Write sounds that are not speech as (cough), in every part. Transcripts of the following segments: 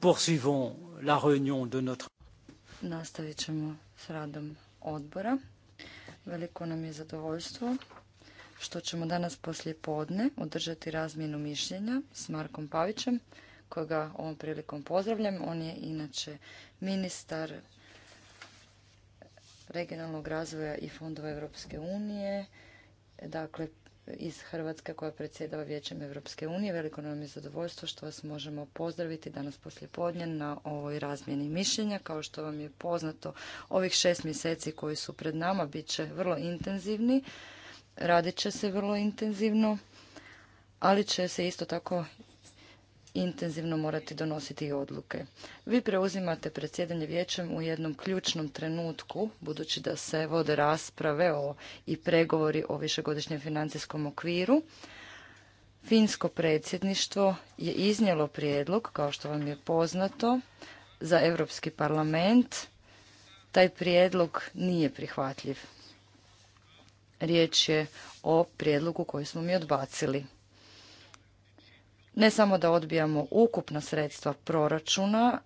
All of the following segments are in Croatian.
poursuivons la réunion Nastavit ćemo s radom odbora. Veliko nam je zadovoljstvo što ćemo danas poslije podne održati razmjenu mišljenja s Markom Pavićem, kojega ovom prilikom pozdravljam. On je inače ministar regionalnog razvoja i fondova Europske unije, dakle iz Hrvatske koja predsjedava Vijećem Europske unije. Veliko nam je zadovoljstvo što vas možemo pozdraviti danas poslijepodne na ovoj razmjeni mišljenja. Kao što vam je poznato, ovih šest mjeseci koji su pred nama bit će vrlo intenzivni, radit će se vrlo intenzivno, ali će se isto tako intenzivno morati donositi i odluke. Vi preuzimate predsjedanje vijećem u jednom ključnom trenutku, budući da se vode rasprave o, i pregovori o višegodišnjem financijskom okviru. Finsko predsjedništvo je iznijelo prijedlog, kao što vam je poznato, za Europski parlament. Taj prijedlog nije prihvatljiv. Riječ je o prijedlogu koji smo mi odbacili ne samo da odbijamo ukupna sredstva proračuna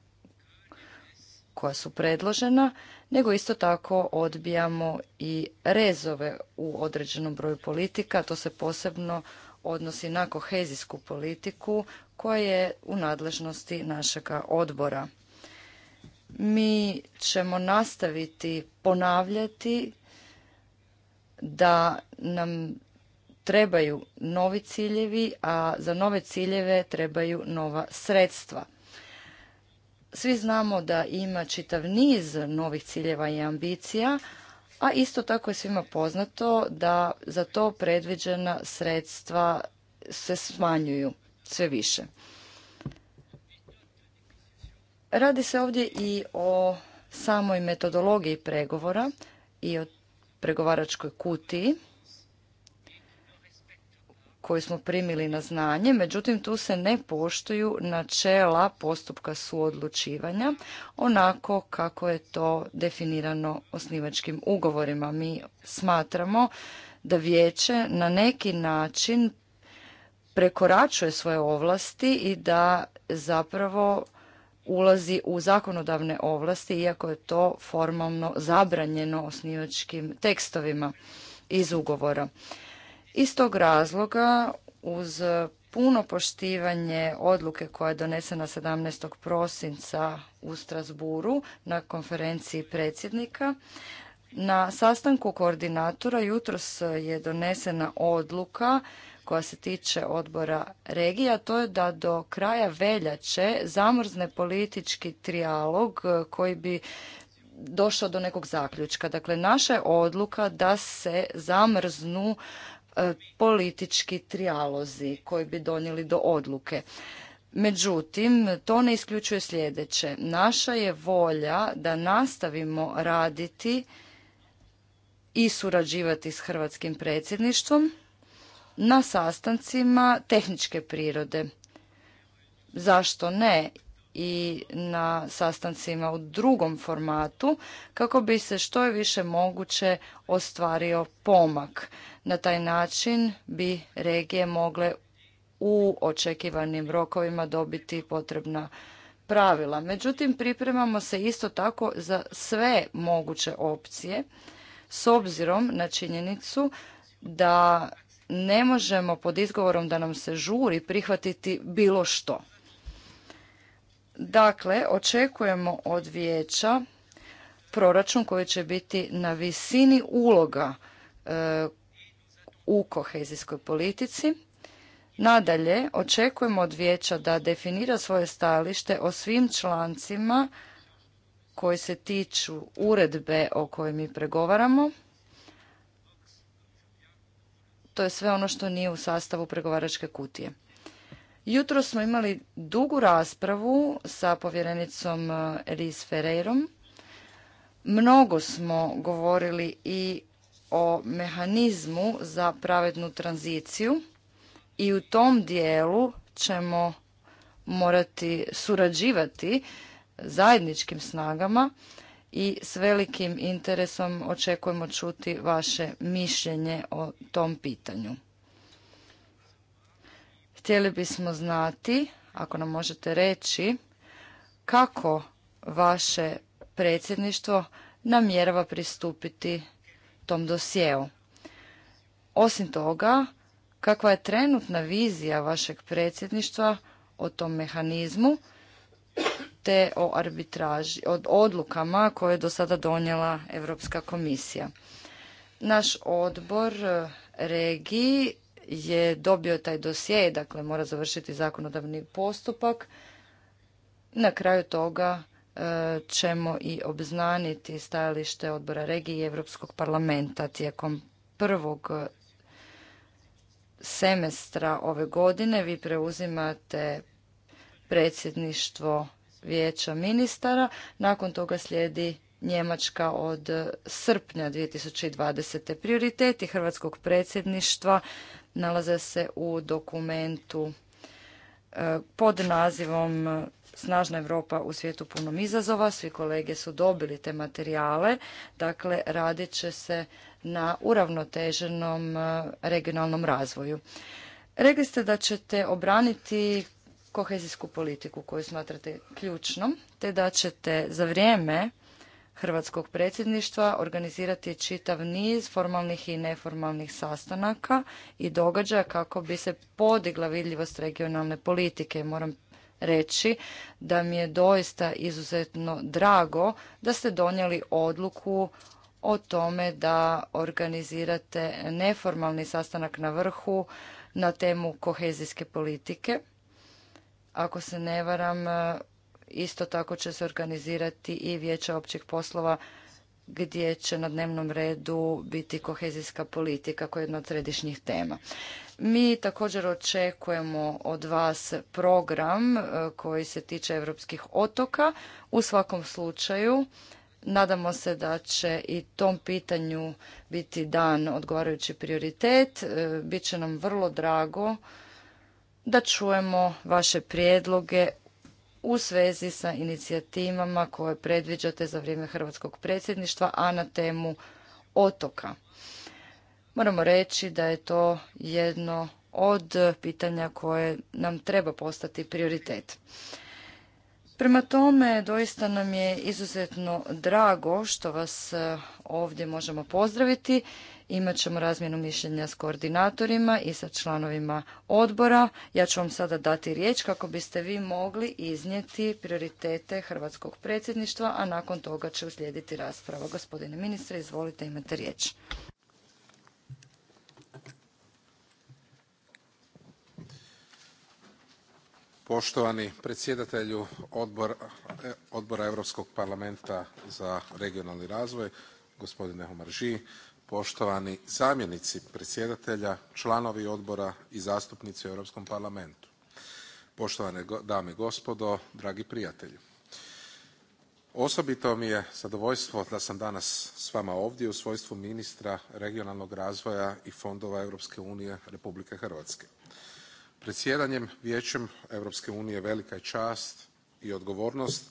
koja su predložena, nego isto tako odbijamo i rezove u određenom broju politika. To se posebno odnosi na kohezijsku politiku koja je u nadležnosti našega odbora. Mi ćemo nastaviti ponavljati da nam trebaju novi ciljevi, a za nove ciljeve trebaju nova sredstva. Svi znamo da ima čitav niz novih ciljeva i ambicija, a isto tako je svima poznato da za to predviđena sredstva se smanjuju sve više. Radi se ovdje i o samoj metodologiji pregovora i o pregovaračkoj kutiji koju smo primili na znanje, međutim tu se ne poštuju načela postupka suodlučivanja onako kako je to definirano osnivačkim ugovorima. Mi smatramo da vijeće na neki način prekoračuje svoje ovlasti i da zapravo ulazi u zakonodavne ovlasti iako je to formalno zabranjeno osnivačkim tekstovima iz ugovora. Iz tog razloga uz puno poštivanje odluke koja je donesena 17. prosinca u Strasburu na konferenciji predsjednika. Na sastanku koordinatora jutros je donesena odluka koja se tiče odbora regija, to je da do kraja veljače zamrzne politički trijalog koji bi došao do nekog zaključka. Dakle, naša je odluka da se zamrznu E, politički trijalozi koji bi donijeli do odluke. Međutim, to ne isključuje sljedeće. Naša je volja da nastavimo raditi i surađivati s hrvatskim predsjedništvom na sastancima tehničke prirode. Zašto ne? i na sastancima u drugom formatu kako bi se što je više moguće ostvario pomak. Na taj način bi regije mogle u očekivanim rokovima dobiti potrebna pravila. Međutim, pripremamo se isto tako za sve moguće opcije s obzirom na činjenicu da ne možemo pod izgovorom da nam se žuri prihvatiti bilo što. Dakle, očekujemo od vijeća proračun koji će biti na visini uloga e, u kohezijskoj politici. Nadalje, očekujemo od vijeća da definira svoje stajalište o svim člancima koji se tiču uredbe o kojoj mi pregovaramo. To je sve ono što nije u sastavu pregovaračke kutije. Jutro smo imali dugu raspravu sa povjerenicom e, Elis Ferreirom. Mnogo smo govorili i o mehanizmu za pravednu tranziciju i u tom dijelu ćemo morati surađivati zajedničkim snagama i s velikim interesom očekujemo čuti vaše mišljenje o tom pitanju. Htjeli bismo znati, ako nam možete reći, kako vaše predsjedništvo namjerava pristupiti tom dosjeu. Osim toga, kakva je trenutna vizija vašeg predsjedništva o tom mehanizmu te o arbitraži, od odlukama koje je do sada donijela Europska komisija. Naš odbor eh, regiji je dobio taj dosje, dakle mora završiti zakonodavni postupak. Na kraju toga e, ćemo i obznaniti stajalište odbora regije i Europskog parlamenta tijekom prvog semestra ove godine. Vi preuzimate predsjedništvo vijeća ministara. Nakon toga slijedi Njemačka od srpnja 2020. Prioriteti hrvatskog predsjedništva nalaze se u dokumentu e, pod nazivom Snažna Europa u svijetu punom izazova. Svi kolege su dobili te materijale. Dakle, radit će se na uravnoteženom e, regionalnom razvoju. Rekli ste da ćete obraniti kohezijsku politiku koju smatrate ključnom, te da ćete za vrijeme hrvatskog predsjedništva organizirati čitav niz formalnih i neformalnih sastanaka i događaja kako bi se podigla vidljivost regionalne politike. Moram reći da mi je doista izuzetno drago da ste donijeli odluku o tome da organizirate neformalni sastanak na vrhu na temu kohezijske politike. Ako se ne varam, Isto tako će se organizirati i vijeće općih poslova gdje će na dnevnom redu biti kohezijska politika koja je jedna od središnjih tema. Mi također očekujemo od vas program e, koji se tiče europskih otoka. U svakom slučaju nadamo se da će i tom pitanju biti dan odgovarajući prioritet. E, Biće nam vrlo drago da čujemo vaše prijedloge u svezi sa inicijativama koje predviđate za vrijeme hrvatskog predsjedništva, a na temu otoka. Moramo reći da je to jedno od pitanja koje nam treba postati prioritet. Prema tome, doista nam je izuzetno drago što vas eh, ovdje možemo pozdraviti imat ćemo razmjenu mišljenja s koordinatorima i sa članovima odbora. Ja ću vam sada dati riječ kako biste vi mogli iznijeti prioritete Hrvatskog predsjedništva, a nakon toga će uslijediti rasprava. Gospodine ministre, izvolite, imate riječ. Poštovani predsjedatelju e, odbora Europskog parlamenta za regionalni razvoj, gospodine Omarži, poštovani zamjenici predsjedatelja, članovi odbora i zastupnici u Europskom parlamentu, poštovane dame i gospodo, dragi prijatelji. Osobito mi je zadovoljstvo da sam danas s vama ovdje u svojstvu ministra regionalnog razvoja i fondova Europske unije Republike Hrvatske. Predsjedanjem Vijećem Europske unije velika je čast i odgovornost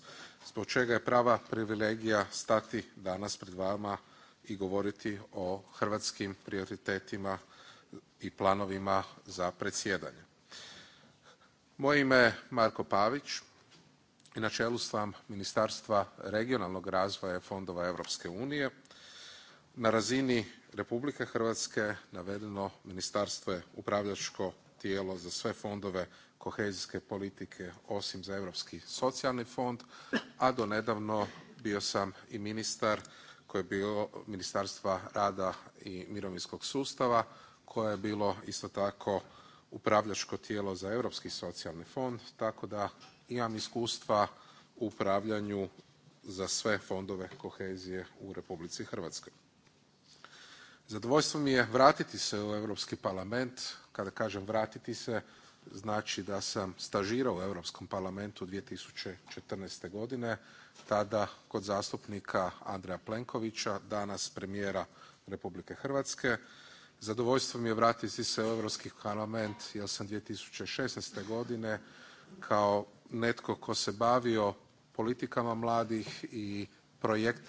zbog čega je prava privilegija stati danas pred vama i govoriti o hrvatskim prioritetima i planovima za predsjedanje. Moje ime je Marko Pavić i na čelu sam Ministarstva regionalnog razvoja i fondova Europske unije. Na razini Republike Hrvatske navedeno ministarstvo je upravljačko tijelo za sve fondove kohezijske politike osim za Europski socijalni fond, a do nedavno bio sam i ministar koje je bilo Ministarstva rada i mirovinskog sustava koje je bilo isto tako upravljačko tijelo za Europski socijalni fond, tako da imam iskustva u upravljanju za sve fondove kohezije u Republici Hrvatskoj. Zadovoljstvo mi je vratiti se u Europski parlament, kada kažem vratiti se znači da sam stažirao u Europskom parlamentu 2014. godine tada kod zastupnika Andreja Plenkovića, danas premijera Republike Hrvatske. Zadovoljstvo mi je vratiti se u Europski parlament jer sam 2016. godine kao netko ko se bavio politikama mladih i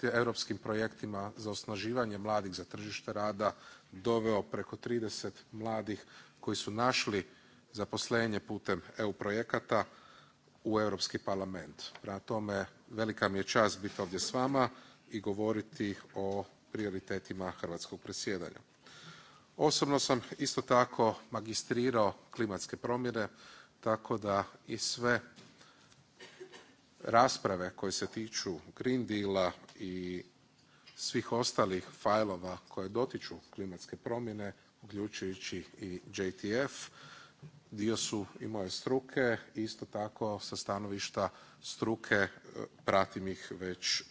europskim projektima za osnaživanje mladih za tržište rada doveo preko 30 mladih koji su našli zaposlenje putem EU projekata u Europski parlament. Prema tome, velika mi je čast biti ovdje s vama i govoriti o prioritetima hrvatskog predsjedanja. Osobno sam isto tako magistrirao klimatske promjene tako da i sve rasprave koje se tiču Green Deala i svih ostalih fajlova koje dotiču klimatske promjene uključujući i JTF dio su i moje struke i isto tako sa stanovišta struke e, pratim ih već e,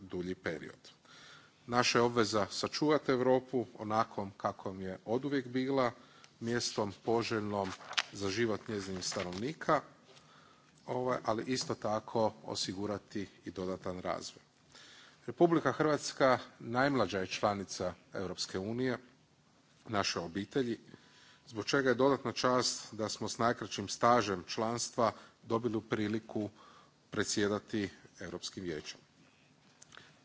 dulji period. Naša je obveza sačuvati Europu onakvom kakvom je oduvijek bila, mjestom poželjnom za život njezinih stanovnika, ovaj, ali isto tako osigurati i dodatan razvoj. Republika Hrvatska najmlađa je članica Europske unije, naše obitelji zbog čega je dodatna čast da smo s najkraćim stažem članstva dobili priliku predsjedati Europskim vijećem.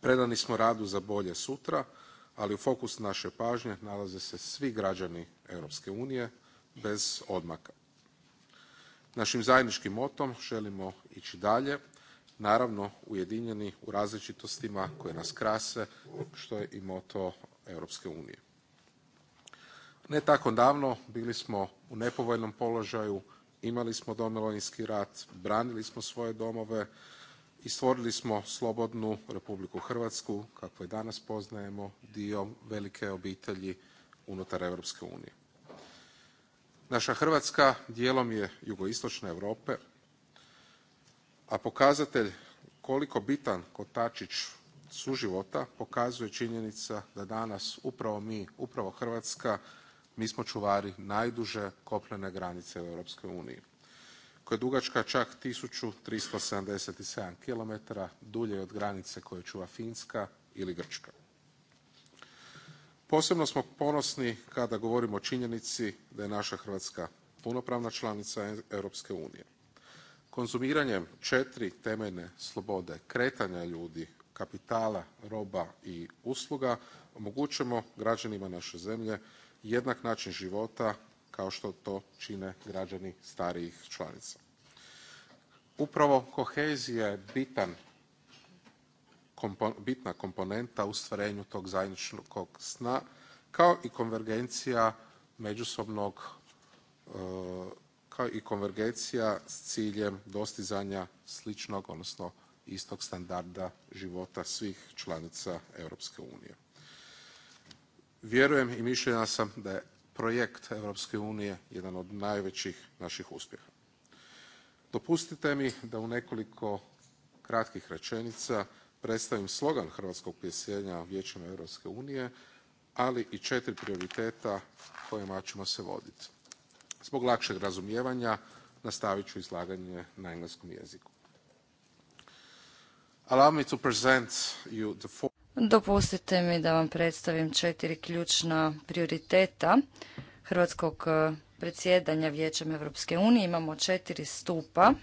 Predani smo radu za bolje sutra, ali u fokus naše pažnje nalaze se svi građani Europske unije bez odmaka. Našim zajedničkim motom želimo ići dalje, naravno ujedinjeni u različitostima koje nas krase, što je i moto Europske unije. Ne tako davno bili smo u nepovoljnom položaju, imali smo Domovinski rat, branili smo svoje domove i stvorili smo slobodnu Republiku Hrvatsku kakvu i danas poznajemo, dio velike obitelji unutar Europske unije. Naša Hrvatska dijelom je jugoistočne Europe, a pokazatelj koliko bitan kotačić suživota pokazuje činjenica da danas upravo mi, upravo Hrvatska mi smo čuvari najduže kopnene granice u EU koja je dugačka čak 1377 km, dulje od granice koju čuva Finska ili Grčka. Posebno smo ponosni kada govorimo o činjenici da je naša Hrvatska punopravna članica Europske unije. Konzumiranjem četiri temeljne slobode kretanja ljudi, kapitala, roba i usluga omogućujemo građanima naše zemlje jednak način života kao što to čine građani starijih članica. Upravo kohezija je bitan, bitna komponenta u stvarenju tog zajedničkog sna kao i konvergencija međusobnog e, kao i konvergencija s ciljem dostizanja sličnog odnosno istog standarda života svih članica Europske unije vjerujem i mišljenja sam da je projekt Europske unije jedan od najvećih naših uspjeha. Dopustite mi da u nekoliko kratkih rečenica predstavim slogan hrvatskog predsjedanja Vijećem Europske unije, ali i četiri prioriteta kojima ćemo se voditi. Zbog lakšeg razumijevanja nastavit ću izlaganje na engleskom jeziku. Allow me to present you the Dopustite mi da vam predstavim četiri ključna prioriteta hrvatskog e, predsjedanja Vijećem Europske unije. Imamo četiri stupa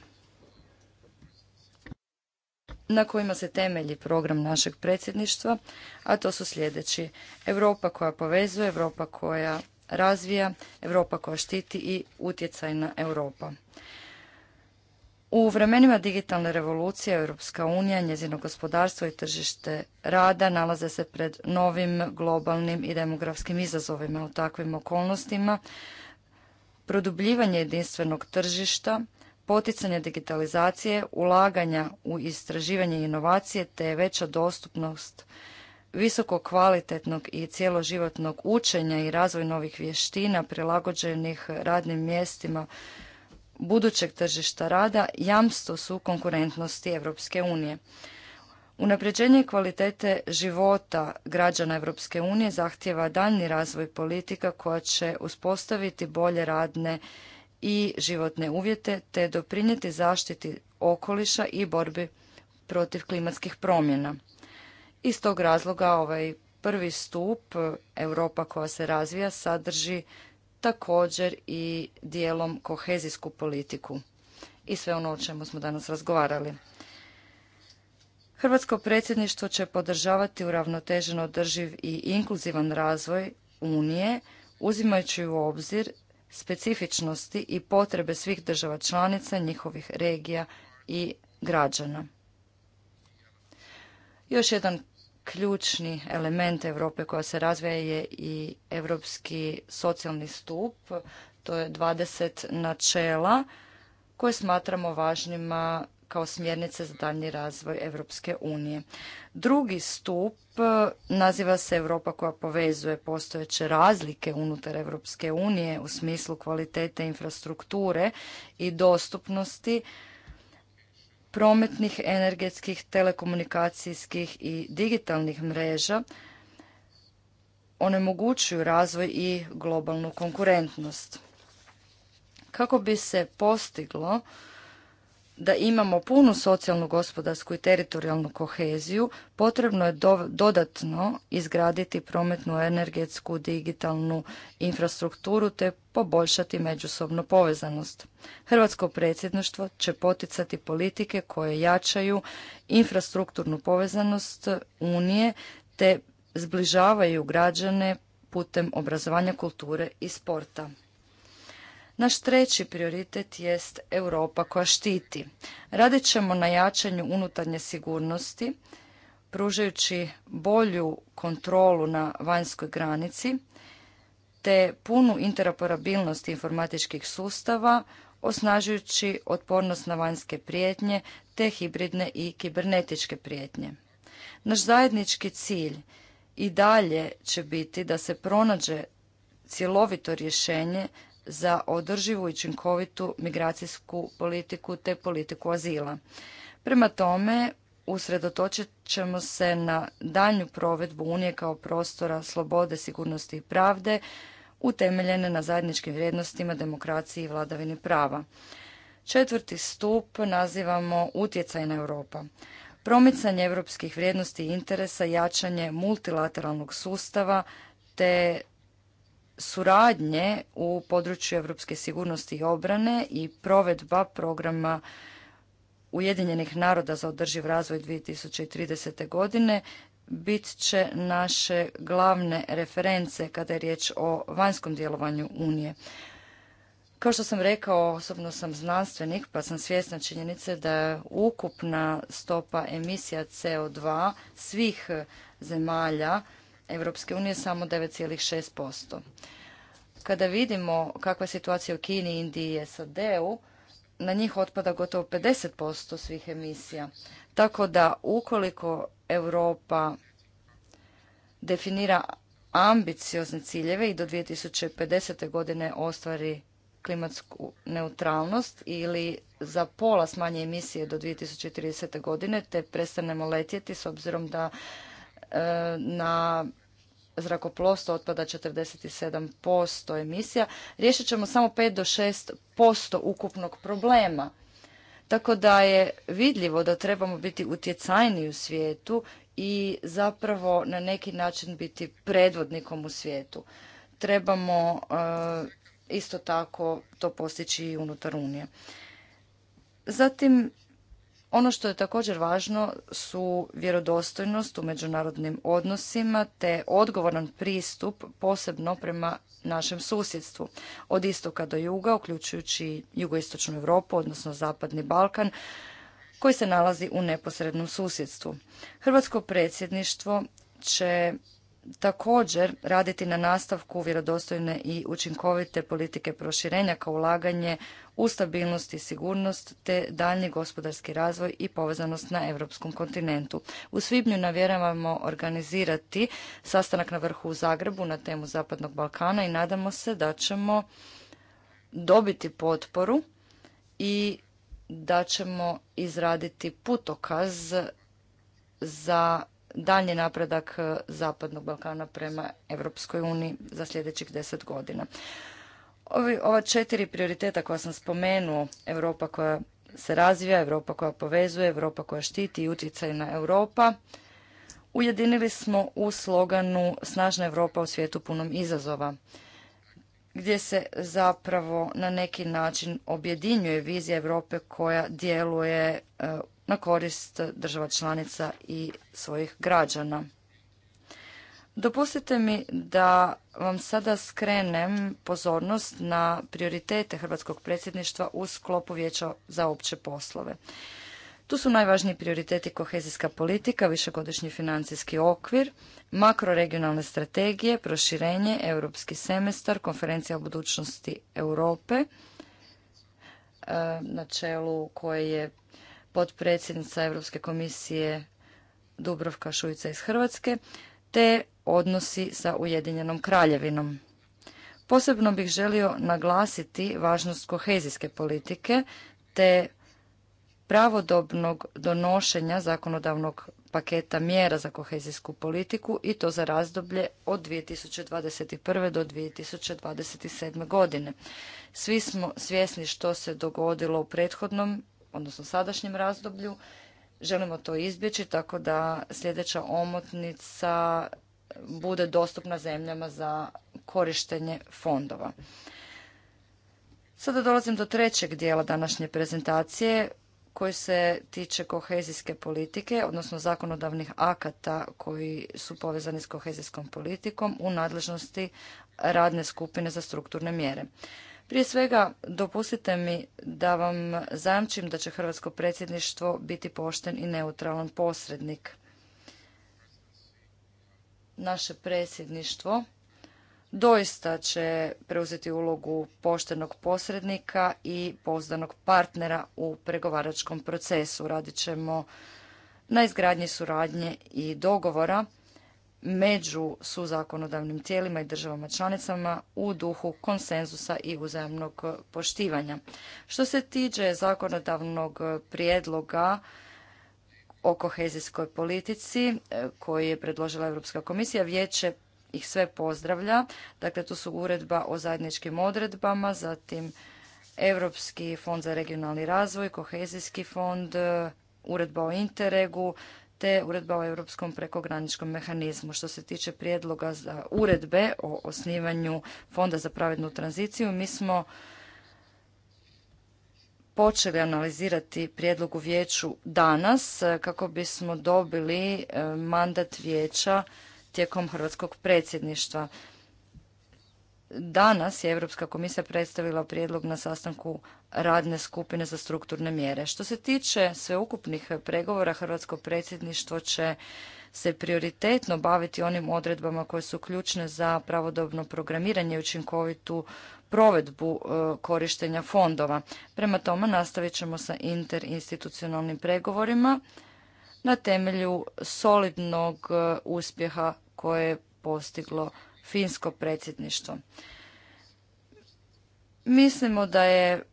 na kojima se temelji program našeg predsjedništva, a to su sljedeći. Europa koja povezuje, Europa koja razvija, Europa koja štiti i utjecajna Europa. U vremenima digitalne revolucije Europska unija, njezino gospodarstvo i tržište rada nalaze se pred novim globalnim i demografskim izazovima. U takvim okolnostima produbljivanje jedinstvenog tržišta, poticanje digitalizacije, ulaganja u istraživanje i inovacije te veća dostupnost visoko kvalitetnog i cjeloživotnog učenja i razvoj novih vještina prilagođenih radnim mjestima budućeg tržišta rada jamstvo su konkurentnosti Europske unije. Unapređenje kvalitete života građana Europske unije zahtjeva daljni razvoj politika koja će uspostaviti bolje radne i životne uvjete te doprinijeti zaštiti okoliša i borbi protiv klimatskih promjena. Iz tog razloga ovaj prvi stup Europa koja se razvija sadrži također i dijelom kohezijsku politiku i sve ono o čemu smo danas razgovarali. Hrvatsko predsjedništvo će podržavati uravnotežen održiv i inkluzivan razvoj Unije, uzimajući u obzir specifičnosti i potrebe svih država članica, njihovih regija i građana. Još jedan ključni element Europe koja se razvija je i europski socijalni stup. To je 20 načela koje smatramo važnjima kao smjernice za daljnji razvoj Europske unije. Drugi stup e, naziva se Europa koja povezuje postojeće razlike unutar Europske unije u smislu kvalitete infrastrukture i dostupnosti prometnih, energetskih, telekomunikacijskih i digitalnih mreža onemogućuju razvoj i globalnu konkurentnost. Kako bi se postiglo da imamo punu socijalnu, gospodarsku i teritorijalnu koheziju, potrebno je dodatno izgraditi prometnu, energetsku, digitalnu infrastrukturu te poboljšati međusobnu povezanost. Hrvatsko predsjedništvo će poticati politike koje jačaju infrastrukturnu povezanost Unije te zbližavaju građane putem obrazovanja, kulture i sporta. Naš treći prioritet jest Europa koja štiti. Radit ćemo na jačanju unutarnje sigurnosti, pružajući bolju kontrolu na vanjskoj granici, te punu interoperabilnost informatičkih sustava, osnažujući otpornost na vanjske prijetnje, te hibridne i kibernetičke prijetnje. Naš zajednički cilj i dalje će biti da se pronađe cjelovito rješenje za održivu i učinkovitu migracijsku politiku te politiku azila. Prema tome, usredotočit ćemo se na daljnju provedbu Unije kao prostora slobode, sigurnosti i pravde, utemeljene na zajedničkim vrijednostima, demokraciji i vladavini prava. Četvrti stup nazivamo utjecajna Europa. Promicanje europskih vrijednosti i interesa, jačanje multilateralnog sustava te suradnje u području europske sigurnosti i obrane i provedba programa Ujedinjenih naroda za održiv razvoj 2030. godine bit će naše glavne reference kada je riječ o vanjskom djelovanju Unije. Kao što sam rekao, osobno sam znanstvenik pa sam svjesna činjenice da je ukupna stopa emisija CO2 svih zemalja Europske unije samo 9,6%. Kada vidimo kakva je situacija u Kini, Indiji i SAD-u, na njih otpada gotovo 50% svih emisija. Tako da ukoliko Europa definira ambiciozne ciljeve i do 2050. godine ostvari klimatsku neutralnost ili za pola smanje emisije do 2030. godine te prestanemo letjeti s obzirom da E, na zrakoplovstvo otpada 47% emisija, riješit ćemo samo 5 do 6% ukupnog problema. Tako da je vidljivo da trebamo biti utjecajni u svijetu i zapravo na neki način biti predvodnikom u svijetu. Trebamo e, isto tako to postići i unutar Unije. Zatim ono što je također važno su vjerodostojnost u međunarodnim odnosima te odgovoran pristup posebno prema našem susjedstvu od istoka do juga uključujući jugoistočnu Europu odnosno zapadni Balkan koji se nalazi u neposrednom susjedstvu. Hrvatsko predsjedništvo će također raditi na nastavku vjerodostojne i učinkovite politike proširenja kao ulaganje u stabilnost i sigurnost te daljnji gospodarski razvoj i povezanost na europskom kontinentu. U svibnju navjeravamo organizirati sastanak na vrhu u Zagrebu na temu Zapadnog Balkana i nadamo se da ćemo dobiti potporu i da ćemo izraditi putokaz za daljnji napredak e, Zapadnog Balkana prema Europskoj uniji za sljedećih deset godina. Ovi, ova četiri prioriteta koja sam spomenuo, Europa koja se razvija, Europa koja povezuje, Europa koja štiti i na Europa, ujedinili smo u sloganu Snažna Europa u svijetu punom izazova gdje se zapravo na neki način objedinjuje vizija Europe koja djeluje e, na korist država članica i svojih građana. Dopustite mi da vam sada skrenem pozornost na prioritete Hrvatskog predsjedništva u sklopu Vijeća za opće poslove. Tu su najvažniji prioriteti kohezijska politika, višegodišnji financijski okvir, makroregionalne strategije, proširenje, europski semestar, konferencija o budućnosti Europe, e, na čelu koje je potpredsjednica Europske komisije Dubrovka Šuica iz Hrvatske, te odnosi sa Ujedinjenom kraljevinom. Posebno bih želio naglasiti važnost kohezijske politike te pravodobnog donošenja zakonodavnog paketa mjera za kohezijsku politiku i to za razdoblje od 2021. do 2027. godine. Svi smo svjesni što se dogodilo u prethodnom odnosno sadašnjem razdoblju. Želimo to izbjeći tako da sljedeća omotnica bude dostupna zemljama za korištenje fondova. Sada dolazim do trećeg dijela današnje prezentacije koji se tiče kohezijske politike, odnosno zakonodavnih akata koji su povezani s kohezijskom politikom u nadležnosti radne skupine za strukturne mjere. Prije svega, dopustite mi da vam zamčim da će Hrvatsko predsjedništvo biti pošten i neutralan posrednik. Naše predsjedništvo doista će preuzeti ulogu poštenog posrednika i pozdanog partnera u pregovaračkom procesu. Radit ćemo na izgradnji suradnje i dogovora među suzakonodavnim tijelima i državama članicama u duhu konsenzusa i uzajamnog poštivanja. Što se tiče zakonodavnog prijedloga o kohezijskoj politici e, koji je predložila Europska komisija, vijeće ih sve pozdravlja. Dakle, tu su uredba o zajedničkim odredbama, zatim Europski fond za regionalni razvoj, kohezijski fond, e, uredba o interegu, te uredba o europskom prekograničkom mehanizmu. Što se tiče prijedloga za uredbe o osnivanju Fonda za pravednu tranziciju, mi smo počeli analizirati prijedlog u vijeću danas e, kako bismo dobili e, mandat vijeća tijekom hrvatskog predsjedništva. Danas je Europska komisija predstavila prijedlog na sastanku radne skupine za strukturne mjere. Što se tiče sveukupnih pregovora, Hrvatsko predsjedništvo će se prioritetno baviti onim odredbama koje su ključne za pravodobno programiranje i učinkovitu provedbu e, korištenja fondova. Prema tome nastavit ćemo sa interinstitucionalnim pregovorima na temelju solidnog e, uspjeha koje je postiglo finsko predsjedništvo. Mislimo da je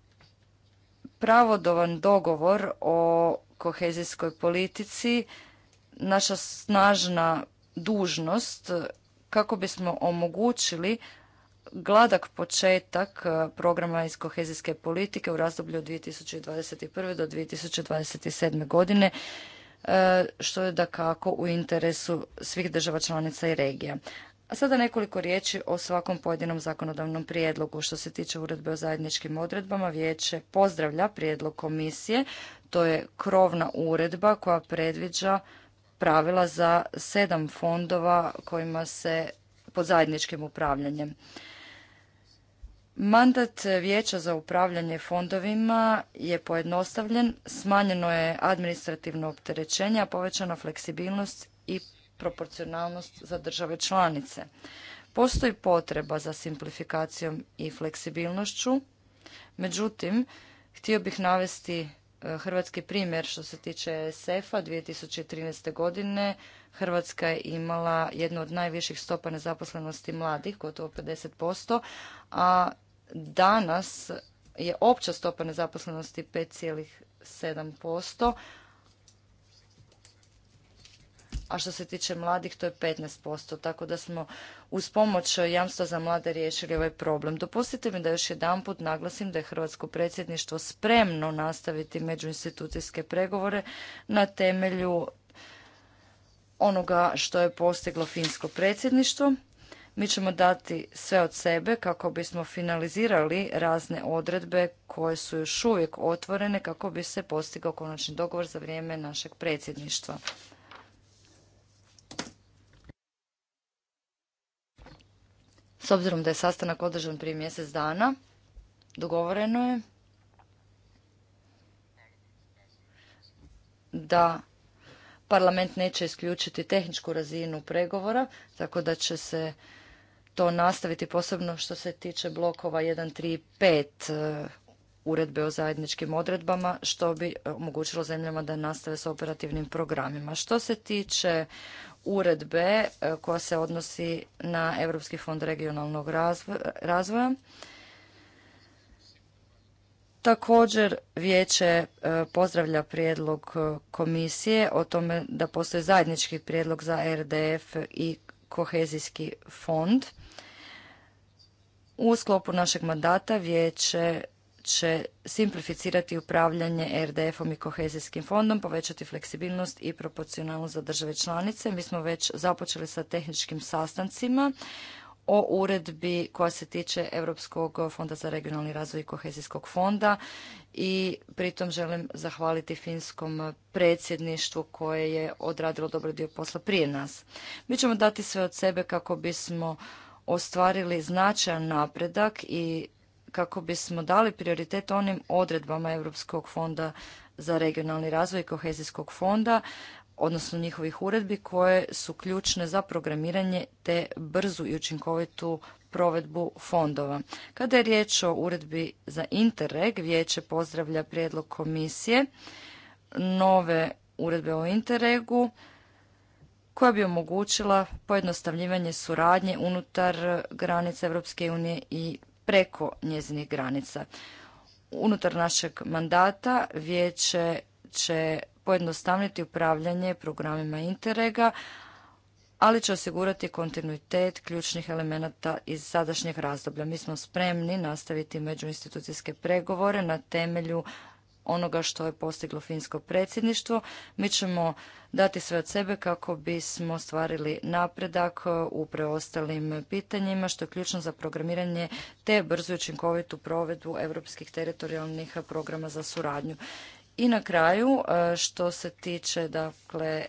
pravodovan dogovor o kohezijskoj politici naša snažna dužnost kako bismo omogućili gladak početak e, programa iz kohezijske politike u razdoblju od 2021. do 2027. godine, e, što je da kako u interesu svih država članica i regija. A sada nekoliko riječi o svakom pojedinom zakonodavnom prijedlogu. Što se tiče uredbe o zajedničkim odredbama, vijeće pozdravlja prijedlog komisije. To je krovna uredba koja predviđa pravila za sedam fondova kojima se pod zajedničkim upravljanjem. Mandat Vijeća za upravljanje fondovima je pojednostavljen, smanjeno je administrativno opterećenje, a povećana fleksibilnost i proporcionalnost za države članice. Postoji potreba za simplifikacijom i fleksibilnošću, međutim, htio bih navesti e, hrvatski primjer što se tiče e SF-a 2013. godine. Hrvatska je imala jednu od najviših stopa nezaposlenosti mladih, gotovo 50%, a danas je opća stopa nezaposlenosti 5,7%, a što se tiče mladih to je 15%, tako da smo uz pomoć e, jamstva za mlade riješili ovaj problem. Dopustite mi da još jedanput naglasim da je Hrvatsko predsjedništvo spremno nastaviti međuinstitucijske pregovore na temelju onoga što je postiglo finsko predsjedništvo. Mi ćemo dati sve od sebe kako bismo finalizirali razne odredbe koje su još uvijek otvorene kako bi se postigao konačni dogovor za vrijeme našeg predsjedništva. S obzirom da je sastanak održan prije mjesec dana, dogovoreno je da parlament neće isključiti tehničku razinu pregovora, tako da će se to nastaviti posebno što se tiče blokova 1.3.5 e, uredbe o zajedničkim odredbama, što bi omogućilo zemljama da nastave s operativnim programima. Što se tiče uredbe e, koja se odnosi na Europski fond regionalnog razvoja. Također vijeće e, pozdravlja prijedlog komisije o tome da postoji zajednički prijedlog za RDF i kohezijski fond. U sklopu našeg mandata vijeće će simplificirati upravljanje RDF-om i kohezijskim fondom, povećati fleksibilnost i proporcionalnost za države članice. Mi smo već započeli sa tehničkim sastancima o uredbi koja se tiče Europskog fonda za regionalni razvoj i kohezijskog fonda i pritom želim zahvaliti finskom predsjedništvu koje je odradilo dobar dio posla prije nas. Mi ćemo dati sve od sebe kako bismo ostvarili značajan napredak i kako bismo dali prioritet onim odredbama Europskog fonda za regionalni razvoj i kohezijskog fonda, odnosno njihovih uredbi koje su ključne za programiranje te brzu i učinkovitu provedbu fondova. Kada je riječ o uredbi za Interreg, vijeće pozdravlja prijedlog komisije nove uredbe o Interregu koja bi omogućila pojednostavljivanje suradnje unutar granica Europske unije i preko njezinih granica. Unutar našeg mandata vijeće će pojednostavniti upravljanje programima Interrega, ali će osigurati kontinuitet ključnih elemenata iz sadašnjeg razdoblja. Mi smo spremni nastaviti međuinstitucijske pregovore na temelju onoga što je postiglo finsko predsjedništvo. Mi ćemo dati sve od sebe kako bismo stvarili napredak u preostalim pitanjima što je ključno za programiranje te brzu i učinkovitu provedbu europskih teritorijalnih programa za suradnju. I na kraju e, što se tiče dakle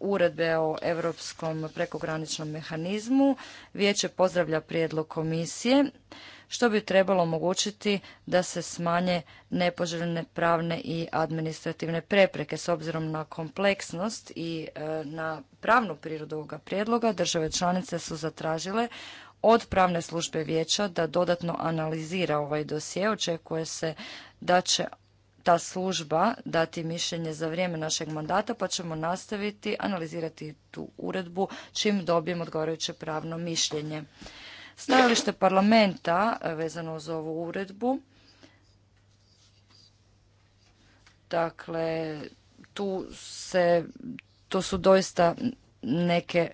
uredbe o europskom prekograničnom mehanizmu, vijeće pozdravlja prijedlog komisije što bi trebalo omogućiti da se smanje nepoželjne pravne i administrativne prepreke. S obzirom na kompleksnost i e, na pravnu prirodu ovoga prijedloga, države članice su zatražile od pravne službe vijeća da dodatno analizira ovaj dosje. Očekuje se da će ta služba dati mišljenje za vrijeme našeg mandata, pa ćemo nastaviti analizirati tu uredbu čim dobijemo odgovarajuće pravno mišljenje. Stajalište parlamenta e, vezano uz ovu uredbu, dakle, tu se, to su doista neke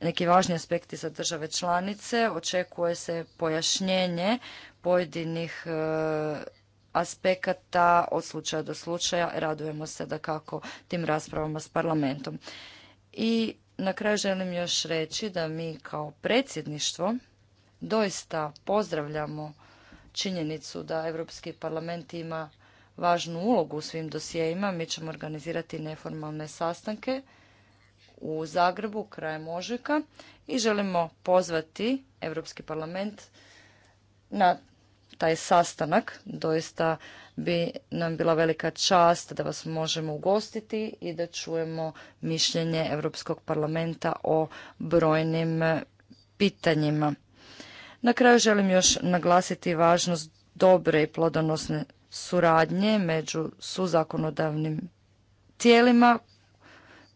neki važni aspekti za države članice. Očekuje se pojašnjenje pojedinih e, aspekata od slučaja do slučaja. Radujemo se da kako tim raspravama s parlamentom. I na kraju želim još reći da mi kao predsjedništvo doista pozdravljamo činjenicu da Europski parlament ima važnu ulogu u svim dosjejima. Mi ćemo organizirati neformalne sastanke u Zagrebu krajem ožujka i želimo pozvati Europski parlament na taj sastanak. Doista bi nam bila velika čast da vas možemo ugostiti i da čujemo mišljenje Europskog parlamenta o brojnim pitanjima. Na kraju želim još naglasiti važnost dobre i plodonosne suradnje među suzakonodavnim tijelima,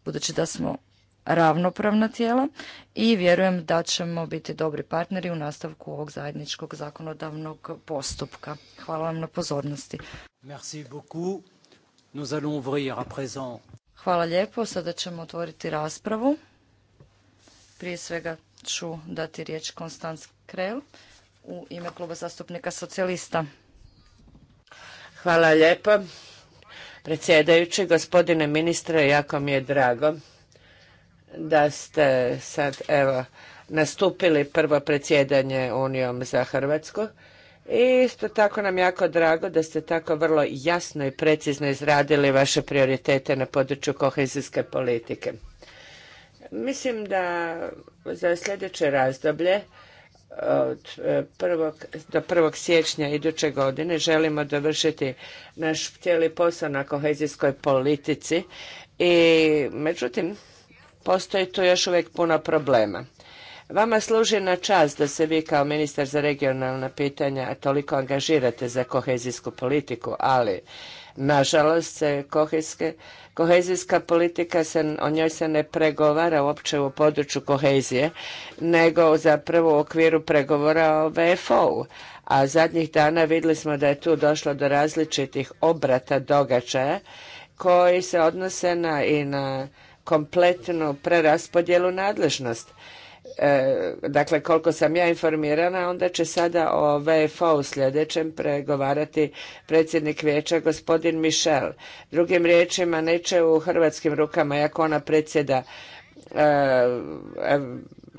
budući da smo ravnopravna tijela i vjerujem da ćemo biti dobri partneri u nastavku ovog zajedničkog zakonodavnog postupka. Hvala vam na pozornosti. Merci beaucoup. Nous Hvala lijepo. Sada ćemo otvoriti raspravu. Prije svega ću dati riječ Konstanc Krel u ime kluba zastupnika socijalista. Hvala lijepo. Predsjedajući, gospodine ministre, jako mi je drago da ste sad, evo, nastupili prvo predsjedanje Unijom za Hrvatsku. I isto tako nam jako drago da ste tako vrlo jasno i precizno izradili vaše prioritete na području kohezijske politike. Mislim da za sljedeće razdoblje od e, prvog, do 1. siječnja iduće godine želimo dovršiti naš cijeli posao na kohezijskoj politici i međutim postoji tu još uvijek puno problema. Vama služi na čast da se vi kao ministar za regionalna pitanja toliko angažirate za kohezijsku politiku, ali Nažalost, kohezijska politika, se, o njoj se ne pregovara uopće u području kohezije, nego zapravo u okviru pregovora o VFO-u. A zadnjih dana vidjeli smo da je tu došlo do različitih obrata događaja koji se odnose na, i na kompletnu preraspodjelu nadležnosti. E, dakle koliko sam ja informirana onda će sada o VFO u sljedećem pregovarati predsjednik vijeća gospodin Michel. Drugim riječima neće u hrvatskim rukama, jako ona predsjeda e,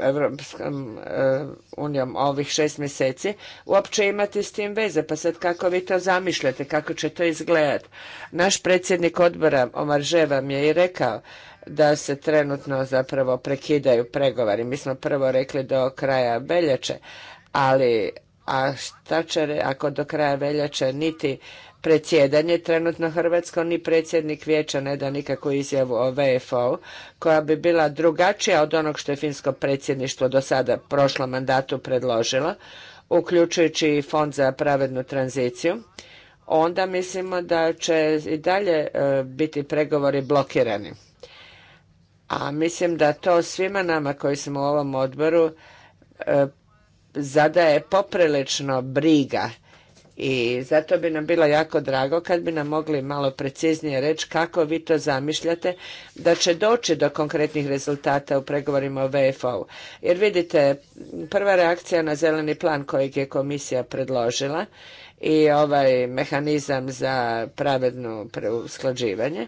Evropskom e, unijom ovih šest mjeseci, uopće imati s tim veze. Pa sad kako vi to zamišljate, kako će to izgledati? Naš predsjednik odbora Omarževa mi je i rekao da se trenutno zapravo prekidaju pregovori. Mi smo prvo rekli do kraja veljače, ali a šta će ako do kraja veljače niti predsjedanje trenutno Hrvatsko, ni predsjednik vijeća ne da nikakvu izjavu o VFO, koja bi bila drugačija od onog što je finsko predsjedništvo do sada prošlo mandatu predložilo, uključujući i fond za pravednu tranziciju, onda mislimo da će i dalje e, biti pregovori blokirani. A mislim da to svima nama koji smo u ovom odboru e, zadaje poprilično briga i zato bi nam bilo jako drago kad bi nam mogli malo preciznije reći kako vi to zamišljate da će doći do konkretnih rezultata u pregovorima o VFO-u. Jer vidite, prva reakcija na zeleni plan kojeg je komisija predložila i ovaj mehanizam za pravedno usklađivanje